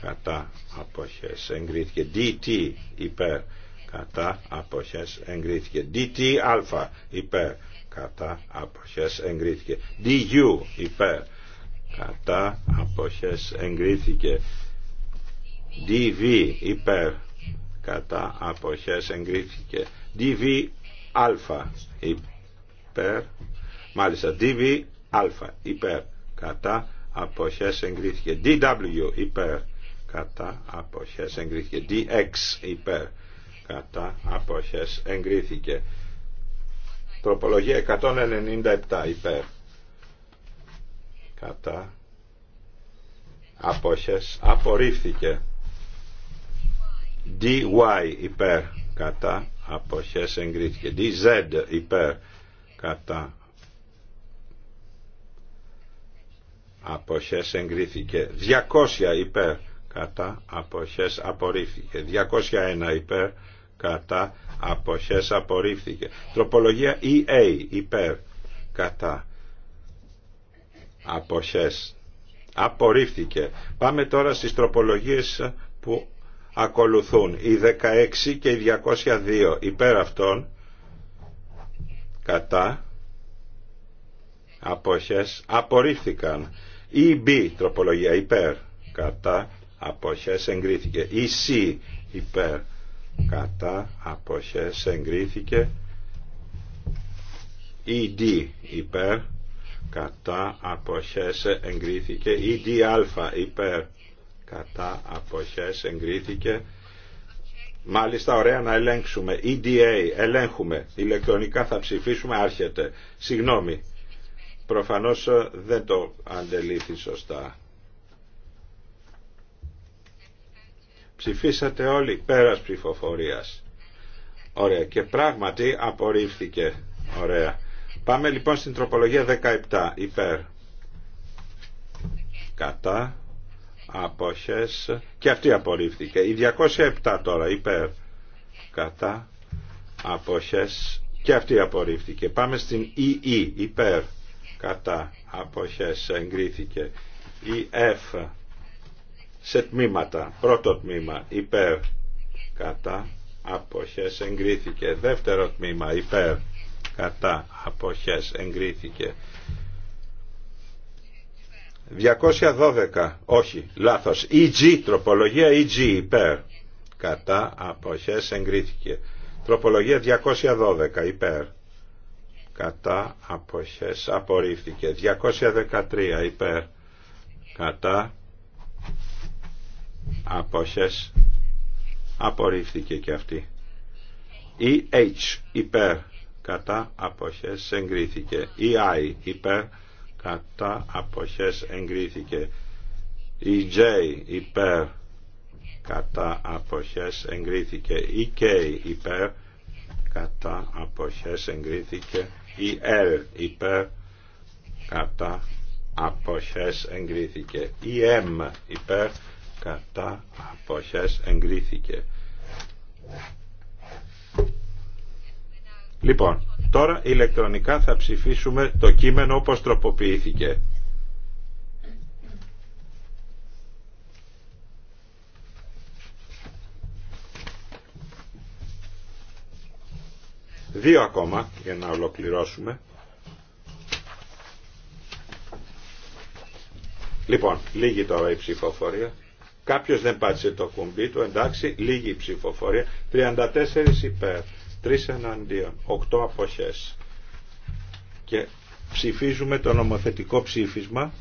κατά αποχές εγκρίθηκε DT υπέρ κατά αποχές εγκρίθηκε DT α υπέρ κατά αποχές εγκρίθηκε DU υπέρ κατά αποχές εγκρίθηκε DV υπέρ κατά αποχές εγκρίθηκε DV α υπέρ Μάλιστα. DV α υπέρ κατά αποχές εγκρίθηκε. DW υπέρ κατά αποχές εγκρίθηκε. DX υπέρ κατά αποχές εγκρίθηκε. Τροπολογία 197 υπέρ κατά αποχές απορρίφθηκε. DY υπέρ κατά αποχές εγκρίθηκε. DZ υπέρ κατά αποχές εγκρίθηκε 200 υπέρ κατά αποχές απορρίφθηκε 201 υπέρ κατά αποχές απορρίφθηκε τροπολογία EA υπέρ κατά αποχές απορρίφθηκε πάμε τώρα στις τροπολογίες που ακολουθούν οι 16 και οι 202 υπέρ αυτών κατά αποχές απορρίφθηκαν. EB τροπολογία υπέρ κατά αποχές εγκρίθηκε. EC υπέρ κατά αποχές εγκρίθηκε. ED υπέρ κατά αποχές εγκρίθηκε. ED α υπέρ κατά αποχές εγκρίθηκε. Μάλιστα ωραία να ελέγξουμε. EDA ελέγχουμε. Ηλεκτρονικά θα ψηφίσουμε άρχεται. Συγγνώμη προφανώς ε, δεν το αντελήθη σωστά. Ψηφίσατε όλοι πέρας ψηφοφορία. Ωραία και πράγματι απορρίφθηκε. Ωραία. Πάμε λοιπόν στην τροπολογία 17 υπέρ. Κατά. Αποχές. Και αυτή απορρίφθηκε. Η 207 τώρα υπέρ. Κατά. Αποχές. Και αυτή απορρίφθηκε. Πάμε στην ΙΙ υπέρ κατά αποχές εγκρίθηκε η F σε τμήματα πρώτο τμήμα υπέρ κατά αποχές εγκρίθηκε δεύτερο τμήμα υπέρ κατά αποχές εγκρίθηκε 212 όχι λάθος EG τροπολογία EG υπέρ κατά αποχές εγκρίθηκε τροπολογία 212 υπέρ κατά αποχές απορρίφθηκε 213 υπέρ κατά αποχές απορρίφθηκε και αυτή EH υπέρ κατά αποχές εγκρίθηκε EI υπέρ κατά αποχές εγκρίθηκε EJ υπέρ κατά αποχές εγκρίθηκε EK υπέρ κατά αποχές εγκρίθηκε η L υπέρ κατά αποχές εγκρίθηκε. Η ΕΜ υπέρ κατά αποχές εγκρίθηκε. Λοιπόν, τώρα ηλεκτρονικά θα ψηφίσουμε το κείμενο όπως τροποποιήθηκε. Δύο ακόμα για να ολοκληρώσουμε. Λοιπόν, λίγη τώρα η ψηφοφορία. Κάποιος δεν πάτησε το κουμπί του, εντάξει, λίγη η ψηφοφορία. 34 υπέρ, 3 εναντίον, 8 αποχές. Και ψηφίζουμε το νομοθετικό ψήφισμα.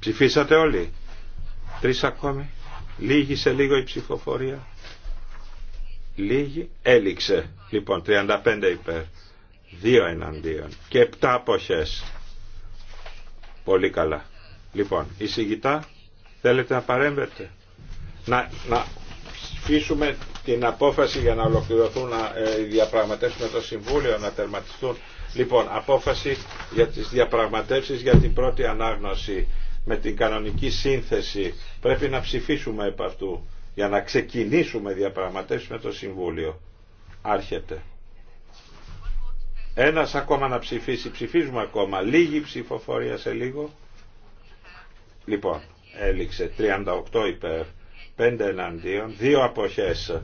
Ψηφίσατε όλοι. Τρει ακόμη. Λίγη σε λίγο η ψηφοφορία. Λίγη. Έληξε. Λοιπόν, 35 υπέρ. 2 εναντίον. Και 7 αποχές. Πολύ καλά. Λοιπόν, εισηγητά, θέλετε να παρέμβετε. Να, να ψηφίσουμε την απόφαση για να ολοκληρωθούν να ε, διαπραγματεύσουμε το Συμβούλιο, να τερματιστούν. Λοιπόν, απόφαση για τις διαπραγματεύσεις για την πρώτη ανάγνωση με την κανονική σύνθεση. Πρέπει να ψηφίσουμε επ' αυτού για να ξεκινήσουμε διαπραγματεύσεις με το Συμβούλιο. Άρχεται. Ένας ακόμα να ψηφίσει. Ψηφίζουμε ακόμα. Λίγη ψηφοφορία σε λίγο. Λοιπόν, έληξε 38 υπέρ, 5 εναντίον, 2 αποχές.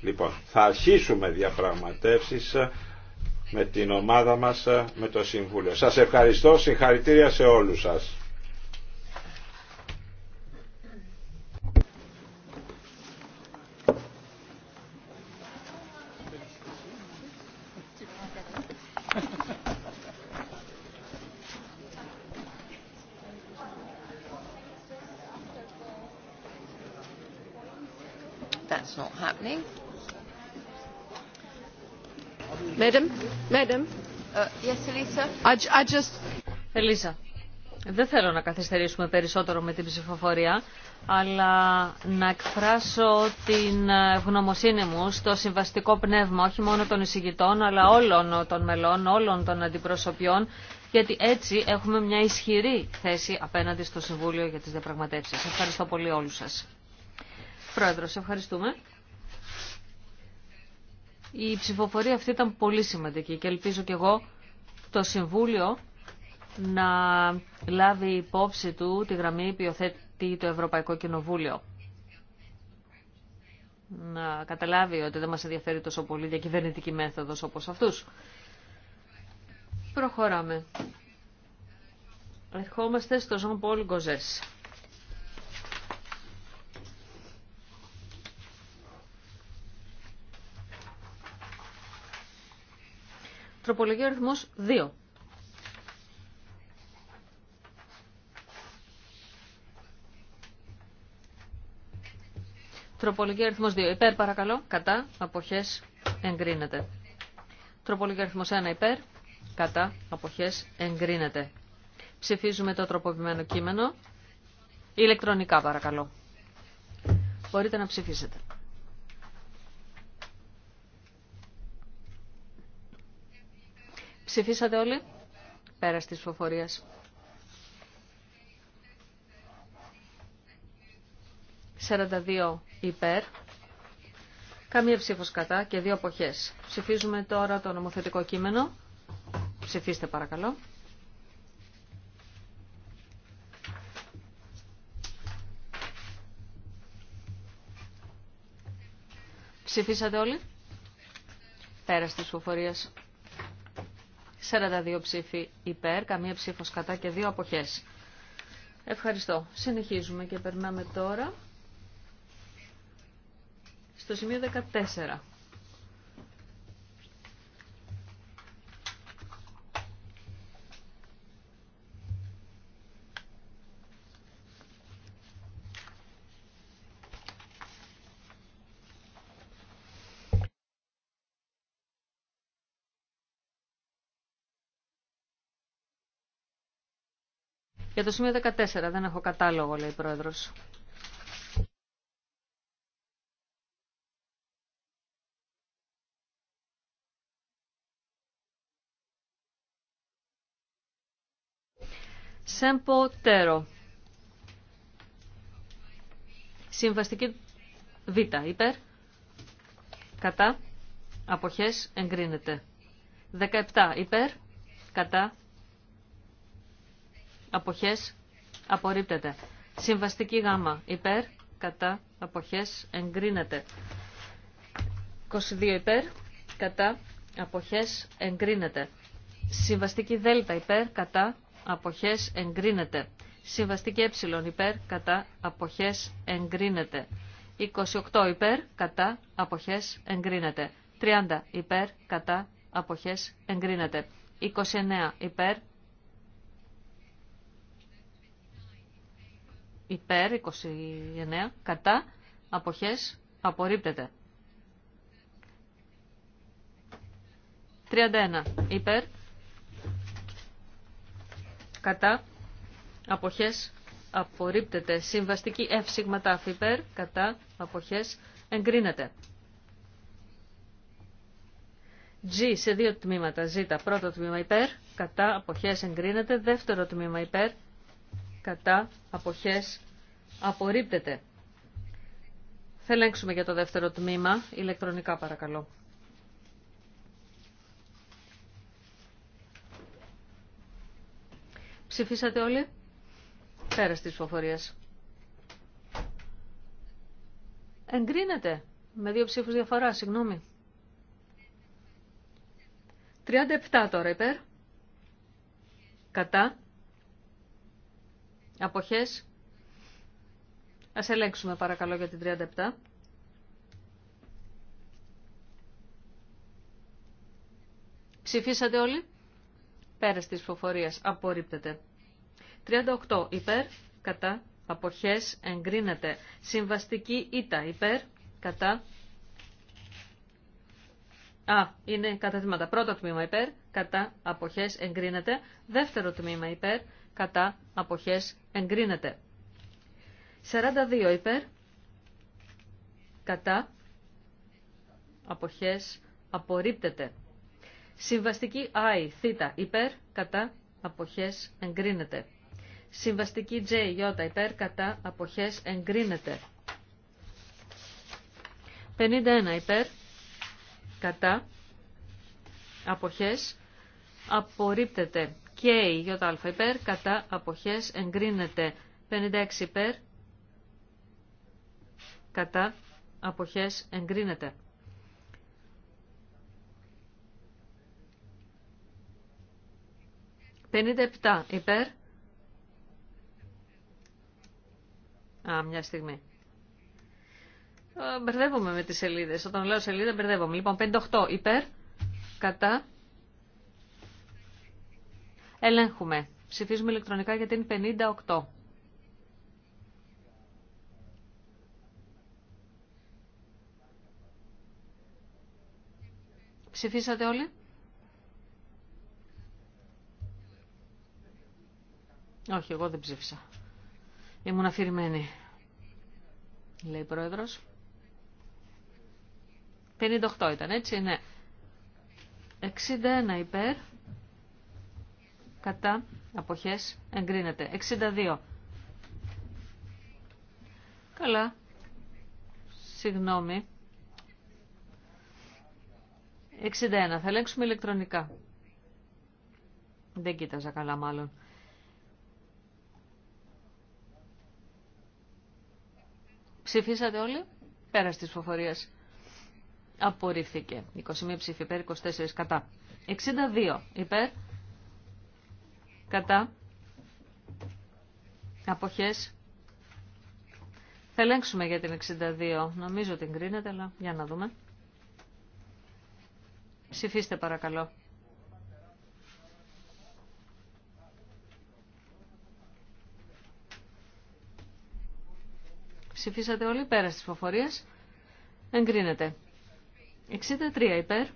Λοιπόν, θα αρχίσουμε διαπραγματεύσεις με την ομάδα μας, με το Συμβούλιο. Σας ευχαριστώ, συγχαρητήρια σε όλους σας. I, Ελίζα, δεν θέλω να καθυστερήσουμε περισσότερο με την ψηφοφορία, αλλά να εκφράσω την ευγνωμοσύνη μου στο συμβαστικό πνεύμα, όχι μόνο των εισηγητών, αλλά όλων των μελών, όλων των αντιπροσωπιών, γιατί έτσι έχουμε μια ισχυρή θέση απέναντι στο Συμβούλιο για τις διαπραγματεύσεις. Ευχαριστώ πολύ όλους σας. Πρόεδρος, ευχαριστούμε. Η ψηφοφορία αυτή ήταν πολύ σημαντική και ελπίζω και εγώ το Συμβούλιο να λάβει υπόψη του τη γραμμή που υιοθέτει το Ευρωπαϊκό Κοινοβούλιο. Να καταλάβει ότι δεν μας ενδιαφέρει τόσο πολύ για κυβερνητική μέθοδος όπως αυτούς. Προχωράμε. Ερχόμαστε στο Ζων Πολ Τροπολογία αριθμό 2. Τροπολογία αριθμός 2. Υπέρ παρακαλώ. Κατά. Αποχές. Εγκρίνεται. Τροπολογία αριθμός 1. Υπέρ. Κατά. Αποχές. Εγκρίνεται. Ψηφίζουμε το τροποποιημένο κείμενο. Ηλεκτρονικά παρακαλώ. Μπορείτε να ψηφίσετε. Ψηφίσατε όλοι. Πέρα τη φοφορίες. «42 υπέρ, καμία ψήφος κατά και δύο αποχές». Ψηφίζουμε τώρα το νομοθετικό κείμενο. Ψηφίστε παρακαλώ. Ψηφίσατε όλοι. Πέρα της φοφορίες. 42 ψήφοι υπέρ, καμία ψήφος κατά και δύο αποχές. Ευχαριστώ. Συνεχίζουμε και περνάμε τώρα στο σημείο 14. Για το σημείο 14 δεν έχω κατάλογο, λέει η Πρόεδρος. Σέμπο Τέρο. Συμβαστική Β. Υπέρ. Κατά. Αποχές εγκρίνεται. 17. Υπέρ. Κατά αποχές απορρίπτεται. Συμβαστική γάμα υπέρ, κατά, αποχές εγκρίνεται. 22 υπέρ, κατά, αποχές εγκρίνεται. Συμβαστική δέλτα υπέρ, κατά, αποχές εγκρίνεται. Συμβαστική ε υπέρ, κατά, αποχές εγκρίνεται. 28 υπέρ, κατά, αποχές εγκρίνεται. 30 υπέρ, κατά, αποχές εγκρίνεται. 29 υπέρ, υπέρ 29, κατά, αποχές, απορρίπτεται. 31, υπέρ, κατά, αποχές, απορρίπτεται. Συμβαστική F σιγματάφ υπέρ, κατά, αποχές, εγκρίνεται. G σε δύο τμήματα. Ζ, πρώτο τμήμα υπέρ, κατά αποχές εγκρίνεται. Δεύτερο τμήμα υπέρ, κατά, αποχές, απορρίπτεται. Θα ελέγξουμε για το δεύτερο τμήμα, ηλεκτρονικά παρακαλώ. Ψηφίσατε όλοι. Πέρα της ψηφοφορίας. Εγκρίνεται. Με δύο ψήφους διαφορά, συγγνώμη. 37 τώρα υπέρ. Κατά. Αποχές. Ας ελέγξουμε παρακαλώ για την 37. Ψηφίσατε όλοι. πέρα της φοφορίας. Απορρίπτεται. 38. Υπέρ. Κατά. Αποχές. Εγκρίνεται. Συμβαστική ήττα. Υπέρ. Κατά. Α, είναι κατά τμήματα. Πρώτο τμήμα υπέρ, κατά αποχές εγκρίνεται. Δεύτερο τμήμα υπέρ, κατά αποχές εγκρίνεται. 42 υπέρ κατά αποχές απορρίπτεται. Συμβαστική I, θ, υπέρ, κατά, αποχές, εγκρίνεται. Συμβαστική J, ι, υπέρ, κατά, αποχές, εγκρίνεται. 51 υπέρ, κατά, αποχές, απορρίπτεται και η υπέρ κατά αποχές εγκρίνεται 56 υπέρ κατά αποχές εγκρίνεται. «57 υπέρ». Α, μια στιγμή. Μπερδεύομαι με τις σελίδες. Όταν λέω σελίδα μπερδεύομαι. Λοιπόν, 58 υπέρ, κατά, Ελέγχουμε. Ψηφίζουμε ηλεκτρονικά για την 58. Ψηφίσατε όλοι. Όχι, εγώ δεν ψήφισα. Ήμουν αφηρημένη, λέει η πρόεδρος. 58 ήταν, έτσι, ναι. 61 υπέρ, κατά αποχές εγκρίνεται. 62. Καλά. Συγγνώμη. 61. Θα ελέγξουμε ηλεκτρονικά. Δεν κοίταζα καλά μάλλον. Ψηφίσατε όλοι. Πέρα της ψηφοφορίας. Απορρίφθηκε. 21 ψήφι υπέρ, 24 κατά. 62 υπέρ κατά αποχές θα ελέγξουμε για την 62 νομίζω την κρίνεται αλλά για να δούμε ψηφίστε παρακαλώ ψηφίσατε όλοι πέρα στις φοφορίες εγκρίνεται 63 υπέρ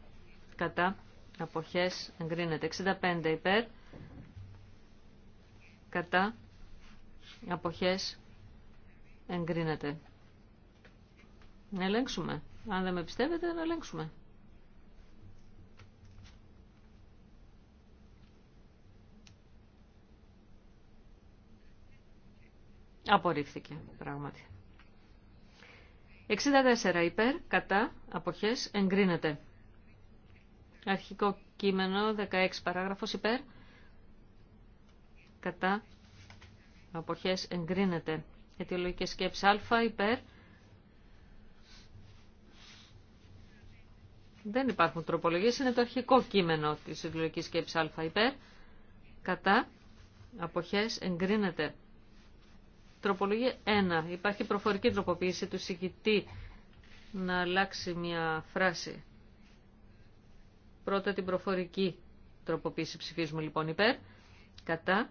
κατά αποχές εγκρίνεται 65 υπέρ κατά αποχές εγκρίνεται. Να ελέγξουμε. Αν δεν με πιστεύετε, να ελέγξουμε. Απορρίφθηκε, πράγματι. 64 υπέρ, κατά, αποχές, εγκρίνεται. Αρχικό κείμενο, 16 παράγραφος υπέρ, κατά αποχές εγκρίνεται. Αιτιολογικές σκέψη α υπέρ. Δεν υπάρχουν τροπολογίες, είναι το αρχικό κείμενο της αιτιολογικής σκέψης α υπέρ. Κατά αποχές εγκρίνεται. Τροπολογία 1. Υπάρχει προφορική τροποποίηση του συγκητή να αλλάξει μια φράση. Πρώτα την προφορική τροποποίηση ψηφίζουμε λοιπόν υπέρ. Κατά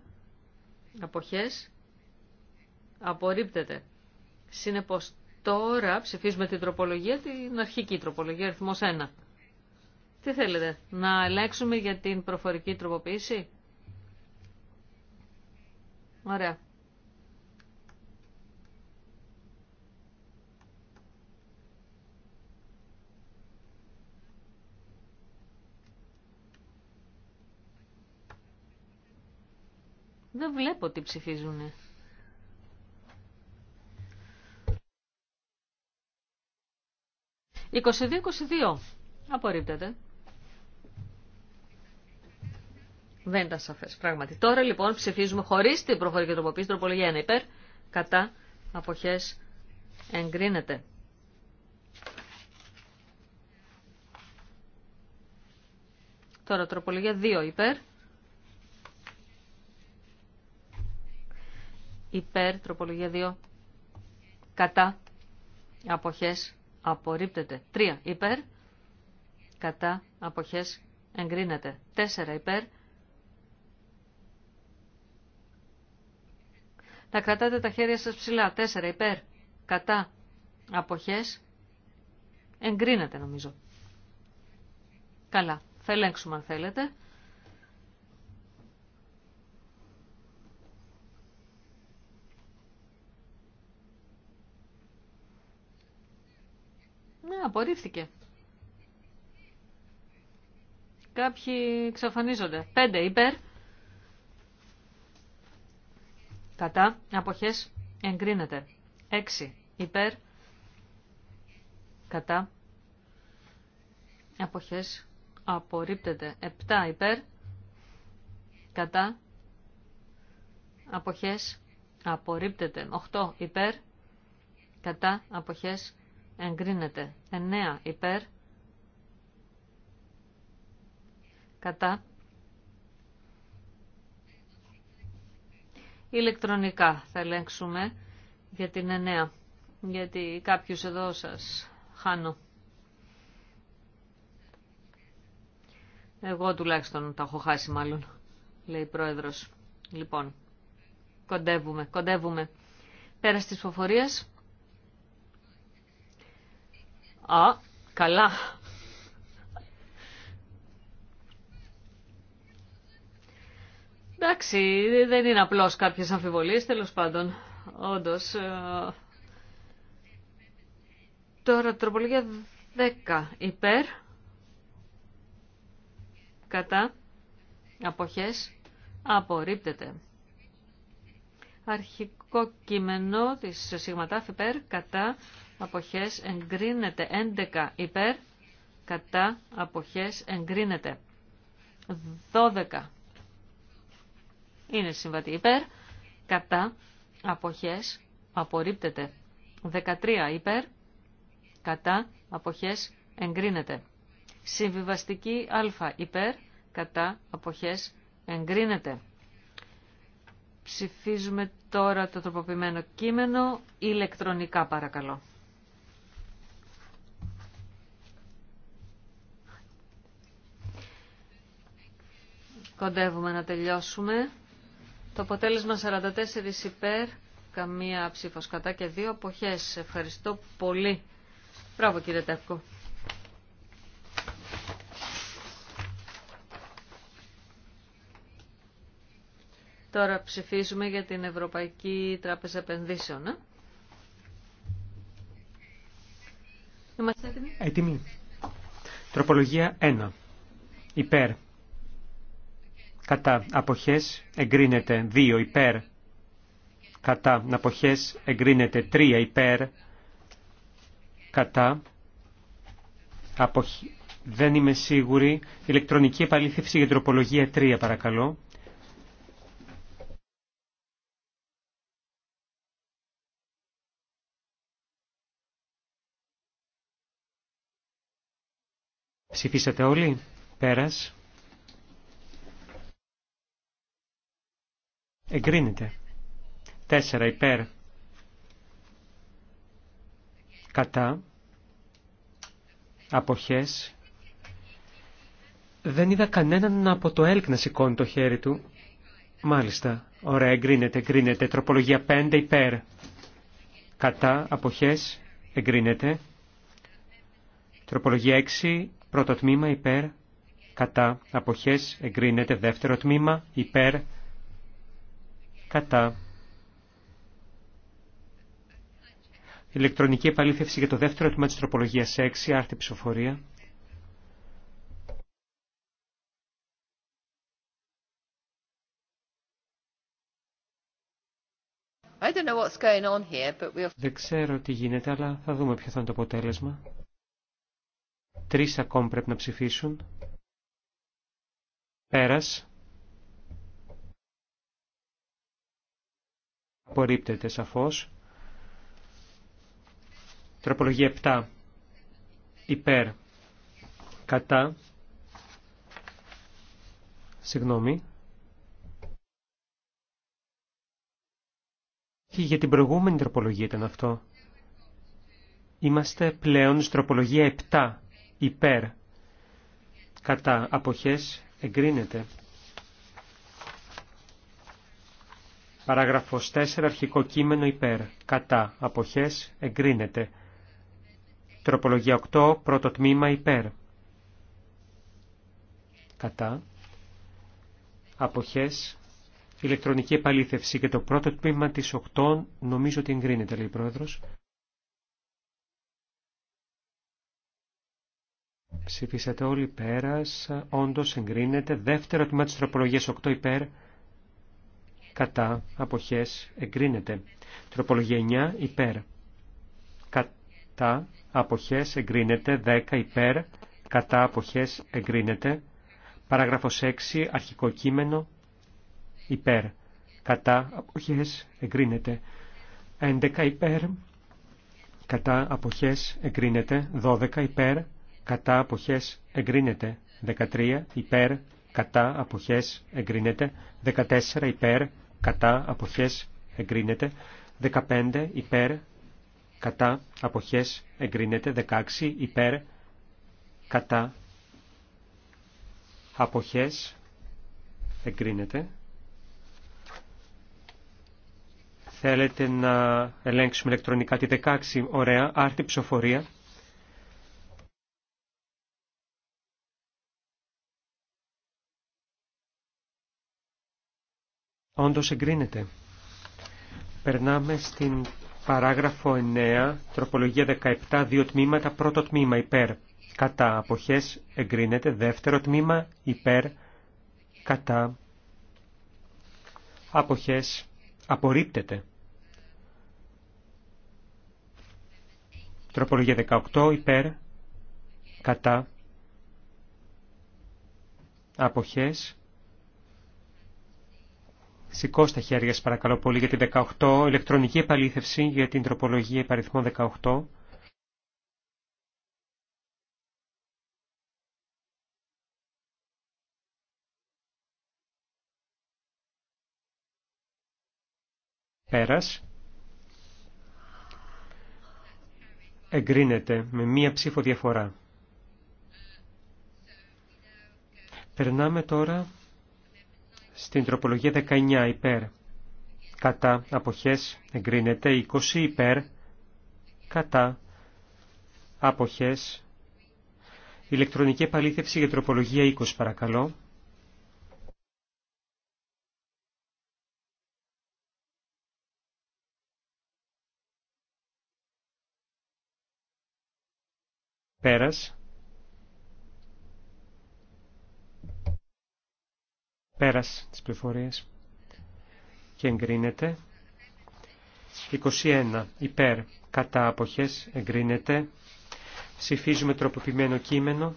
Αποχές. Απορρίπτεται. Συνεπώς τώρα ψηφίζουμε την τροπολογία, την αρχική τροπολογία, αριθμός 1. Τι θέλετε, να ελέγξουμε για την προφορική τροποποίηση. Ωραία. Δεν βλέπω τι ότι 22 «22-22». Απορρίπτεται. Δεν ήταν σαφέ, πράγματι. Τώρα λοιπόν ψηφίζουμε χωρί την προφορική τροποποίηση τροπολογία 1 υπέρ, κατά, αποχέ, εγκρίνεται. Τώρα τροπολογία 2 υπέρ, υπέρ, τροπολογία 2, κατά, αποχές, απορρίπτεται. 3 υπέρ, κατά, αποχές, εγκρίνεται. 4 υπέρ, να κρατάτε τα χέρια σας ψηλά. 4 υπέρ, κατά, αποχές, εγκρίνεται νομίζω. Καλά, θα ελέγξουμε αν θέλετε. απορρίφθηκε. Κάποιοι εξαφανίζονται. 5 υπέρ. Κατά. Αποχές. Εγκρίνεται. 6 υπέρ. Κατά. Αποχές. Απορρίπτεται. 7 υπέρ. Κατά. Αποχές. Απορρίπτεται. 8 υπέρ. Κατά. Αποχές εγκρίνεται 9 υπέρ κατά ηλεκτρονικά θα ελέγξουμε για την 9 γιατί κάποιους εδώ σας χάνω εγώ τουλάχιστον τα έχω χάσει μάλλον λέει η πρόεδρος λοιπόν κοντεύουμε κοντεύουμε πέρα της φοφορίας Α, καλά. Εντάξει, δεν είναι απλώς κάποιες αμφιβολίες, τέλος πάντων. Όντως. Ε, τώρα, τροπολογία 10. Υπέρ. Κατά. Αποχές. Απορρίπτεται. Αρχικό κείμενο της σιγματάφ υπέρ. Κατά αποχές εγκρίνεται. 11 υπέρ, κατά, αποχές εγκρίνεται. 12 είναι συμβατή υπέρ, κατά, αποχές απορρίπτεται. 13 υπέρ, κατά, αποχές εγκρίνεται. Συμβιβαστική α υπέρ, κατά, αποχές εγκρίνεται. Ψηφίζουμε τώρα το τροποποιημένο κείμενο ηλεκτρονικά παρακαλώ. Κοντεύουμε να τελειώσουμε. Το αποτέλεσμα 44 υπέρ, καμία ψήφος κατά και δύο αποχές. Ευχαριστώ πολύ. Μπράβο κύριε Τεύκο. Τώρα ψηφίζουμε για την Ευρωπαϊκή Τράπεζα Επενδύσεων. Ε? Είμαστε έτοιμοι. Έτοιμοι. Τροπολογία 1. Υπέρ κατά αποχές εγκρίνεται 2 υπέρ, κατά αποχές εγκρίνεται 3 υπέρ, κατά αποχ... Δεν είμαι σίγουρη. Ηλεκτρονική επαλήθευση για τροπολογία 3 παρακαλώ. Ψηφίσατε όλοι. Πέρας. Εγκρίνεται. 4 υπέρ. Κατά. Αποχές. Δεν είδα κανέναν από το ΕΛΚ να σηκώνει το χέρι του. Μάλιστα. Ωραία, εγκρίνεται, εγκρίνεται. Τροπολογία 5 υπέρ. Κατά, αποχές, εγκρίνεται. Τροπολογία 6, πρώτο τμήμα υπέρ. Κατά, αποχές, εγκρίνεται. Δεύτερο τμήμα υπέρ Κατά. Ηλεκτρονική επαλήθευση για το δεύτερο τμήμα της τροπολογίας 6, άρτη ψηφοφορία. Δεν ξέρω τι γίνεται, αλλά θα δούμε ποιο θα είναι το αποτέλεσμα. Τρεις ακόμη πρέπει να ψηφίσουν. Πέρας. Απορρίπτεται σαφώς. Τροπολογία 7. Υπέρ. Κατά. Συγγνώμη. Και για την προηγούμενη τροπολογία ήταν αυτό. Είμαστε πλέον τροπολογία 7. Υπέρ. Κατά αποχές εγκρίνεται. Παράγραφος 4. Αρχικό κείμενο υπέρ. Κατά. Αποχές. Εγκρίνεται. Τροπολογία 8. Πρώτο τμήμα υπέρ. Κατά. Αποχές. Ηλεκτρονική επαλήθευση και το πρώτο τμήμα της 8 νομίζω ότι εγκρίνεται, λέει ο Πρόεδρος. Ψηφίσατε όλοι πέρας, όντως εγκρίνεται. Δεύτερο τμήμα της τροπολογίας 8 υπέρ, κατά, αποχές, εγκρίνεται. Τροπολογία 9, υπέρ, κατά, αποχές, εγκρίνεται. 10, υπέρ, κατά, αποχές, εγκρίνεται. Παράγραφος 6, αρχικό κείμενο, υπέρ, κατά, αποχές, εγκρίνεται. 11, υπέρ, κατά, αποχές, εγκρίνεται. 12, υπέρ, κατά, αποχές, εγκρίνεται. 13, υπέρ, κατά, αποχές, εγκρίνεται. 14, υπέρ, κατά αποχές εγκρίνεται 15 υπέρ κατά αποχές εγκρίνεται 16 υπέρ κατά αποχές εγκρίνεται Θέλετε να ελέγξουμε ηλεκτρονικά τη 16 ωραία άρτη ψηφοφορία Όντως εγκρίνεται. Περνάμε στην παράγραφο 9, τροπολογία 17, δύο τμήματα, πρώτο τμήμα υπέρ, κατά αποχές εγκρίνεται, δεύτερο τμήμα υπέρ, κατά αποχές απορρίπτεται. Τροπολογία 18 υπέρ, κατά αποχές Σηκώστε χέρια σας παρακαλώ πολύ για την 18, ηλεκτρονική επαλήθευση για την τροπολογία υπαριθμών 18. Πέρας. Εγκρίνεται με μία ψήφο διαφορά. Περνάμε τώρα στην τροπολογία 19 υπέρ κατά αποχές εγκρίνεται 20 υπέρ κατά αποχές ηλεκτρονική επαλήθευση για τροπολογία 20 παρακαλώ πέρας Πέρας της πληροφορίας. Και εγκρίνεται. 21. Υπέρ. Κατά αποχές. Εγκρίνεται. Ψηφίζουμε τροποποιημένο κείμενο.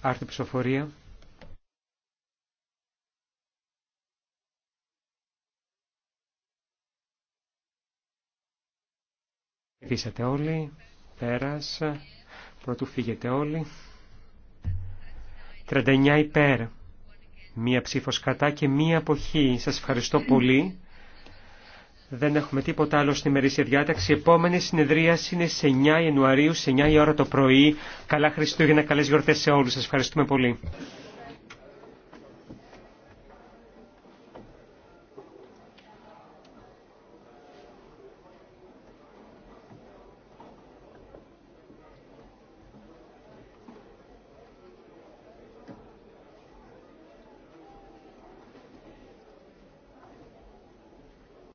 άρθρο ψηφοφορία. Ψηφίσατε όλοι. Πέρας. Πρωτού φύγετε όλοι. 39 υπέρ μία ψήφος κατά και μία αποχή. Σας ευχαριστώ πολύ. Δεν έχουμε τίποτα άλλο στην ημερήσια διάταξη. Η επόμενη συνεδρία είναι σε 9 Ιανουαρίου, σε 9 η ώρα το πρωί. Καλά Χριστούγεννα, καλές γιορτές σε όλους. Σας ευχαριστούμε πολύ.